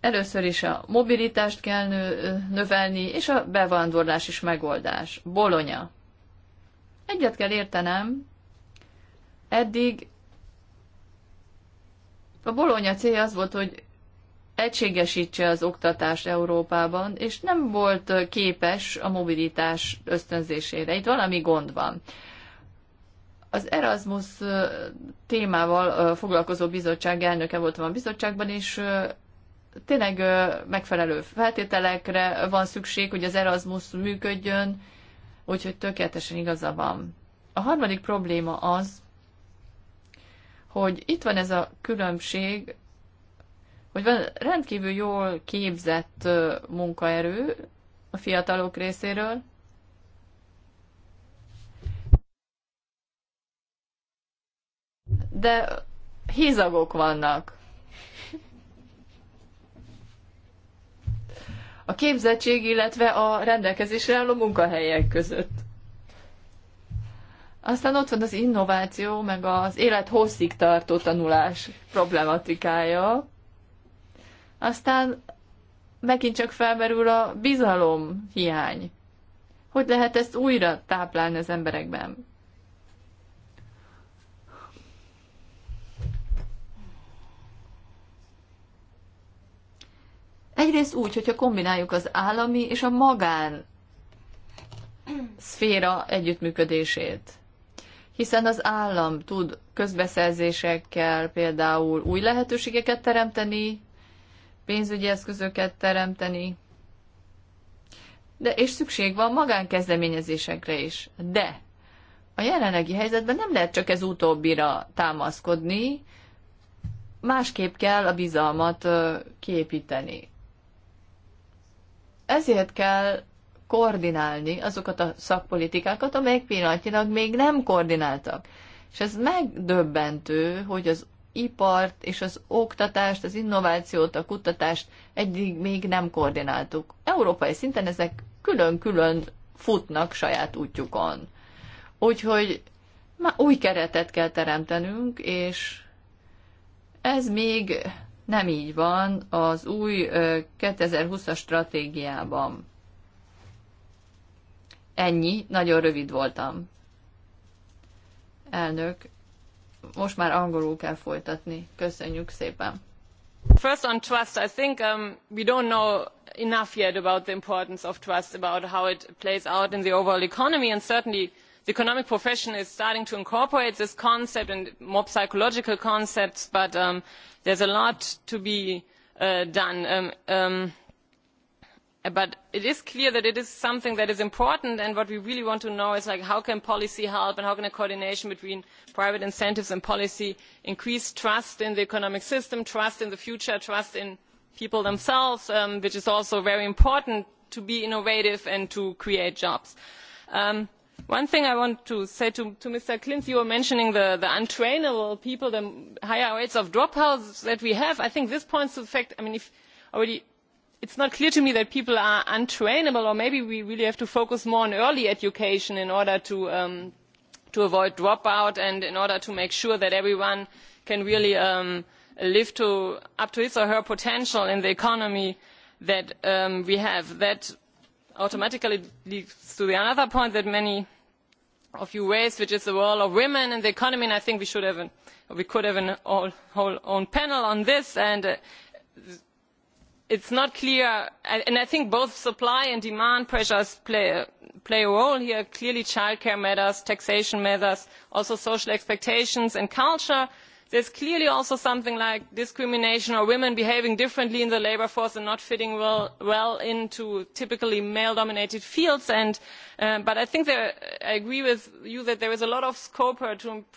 Először is a mobilitást kell növelni, és a bevándorlás is megoldás. Bolonya. Egyet kell értenem, eddig a Bolonya célja az volt, hogy egységesítse az oktatást Európában, és nem volt képes a mobilitás ösztönzésére. Itt valami gond van. Az Erasmus témával foglalkozó bizottság elnöke voltam a bizottságban, és tényleg megfelelő feltételekre van szükség, hogy az Erasmus működjön, úgyhogy tökéletesen igaza van. A harmadik probléma az, hogy itt van ez a különbség, hogy van rendkívül jól képzett munkaerő a fiatalok részéről, de hízagok vannak. A képzettség, illetve a rendelkezésre álló munkahelyek között. Aztán ott van az innováció, meg az élet hosszig tartó tanulás problematikája. Aztán megint csak felmerül a bizalom hiány. Hogy lehet ezt újra táplálni az emberekben? Egyrészt úgy, hogyha kombináljuk az állami és a magán szféra együttműködését. Hiszen az állam tud közbeszerzésekkel például új lehetőségeket teremteni, pénzügyi eszközöket teremteni, de és szükség van magánkezdeményezésekre is. De a jelenlegi helyzetben nem lehet csak ez utóbbira támaszkodni, másképp kell a bizalmat kiépíteni ezért kell koordinálni azokat a szakpolitikákat, amelyek pillanatnyilag még nem koordináltak. És ez megdöbbentő, hogy az ipart és az oktatást, az innovációt, a kutatást eddig még nem koordináltuk. Európai szinten ezek külön-külön futnak saját útjukon. Úgyhogy már új keretet kell teremtenünk, és ez még nem így van az új 2020-as stratégiában. Ennyi, nagyon rövid voltam. Elnök, most már angolul kell folytatni. Köszönjük szépen. First on trust, I think um, we don't know enough yet about the importance of trust, about how it plays out in the overall economy, and certainly the economic profession is starting to incorporate this concept and more psychological concepts but um, there is a lot to be uh, done. Um, um, but it is clear that it is something that is important and what we really want to know is how can policy help and how can a coordination between private incentives and policy increase trust in the economic system trust in the future trust in people themselves which is also very important to be innovative and to create jobs one thing i want to say to, mr klinz you were mentioning the, untrainable people the higher rates of dropouts that we have i think this points to the fact i mean already it is not clear to me that people are untrainable or maybe we really have to focus more on early education in order to, um, avoid dropout and in order to make sure that everyone can really um, live up to his or her potential in the economy that um, we have. that automatically leads to another point that many of you raised which is the role of women in the economy and i think we should have an, we could have a whole own panel on this and uh, it's not clear and i think both supply and demand pressures play, play a role here clearly childcare matters taxation matters also social expectations and culture there is clearly also something like discrimination or women behaving differently in the labour force and not fitting well, into typically male dominated fields uh, but i i agree with you that there is a lot of scope here to improve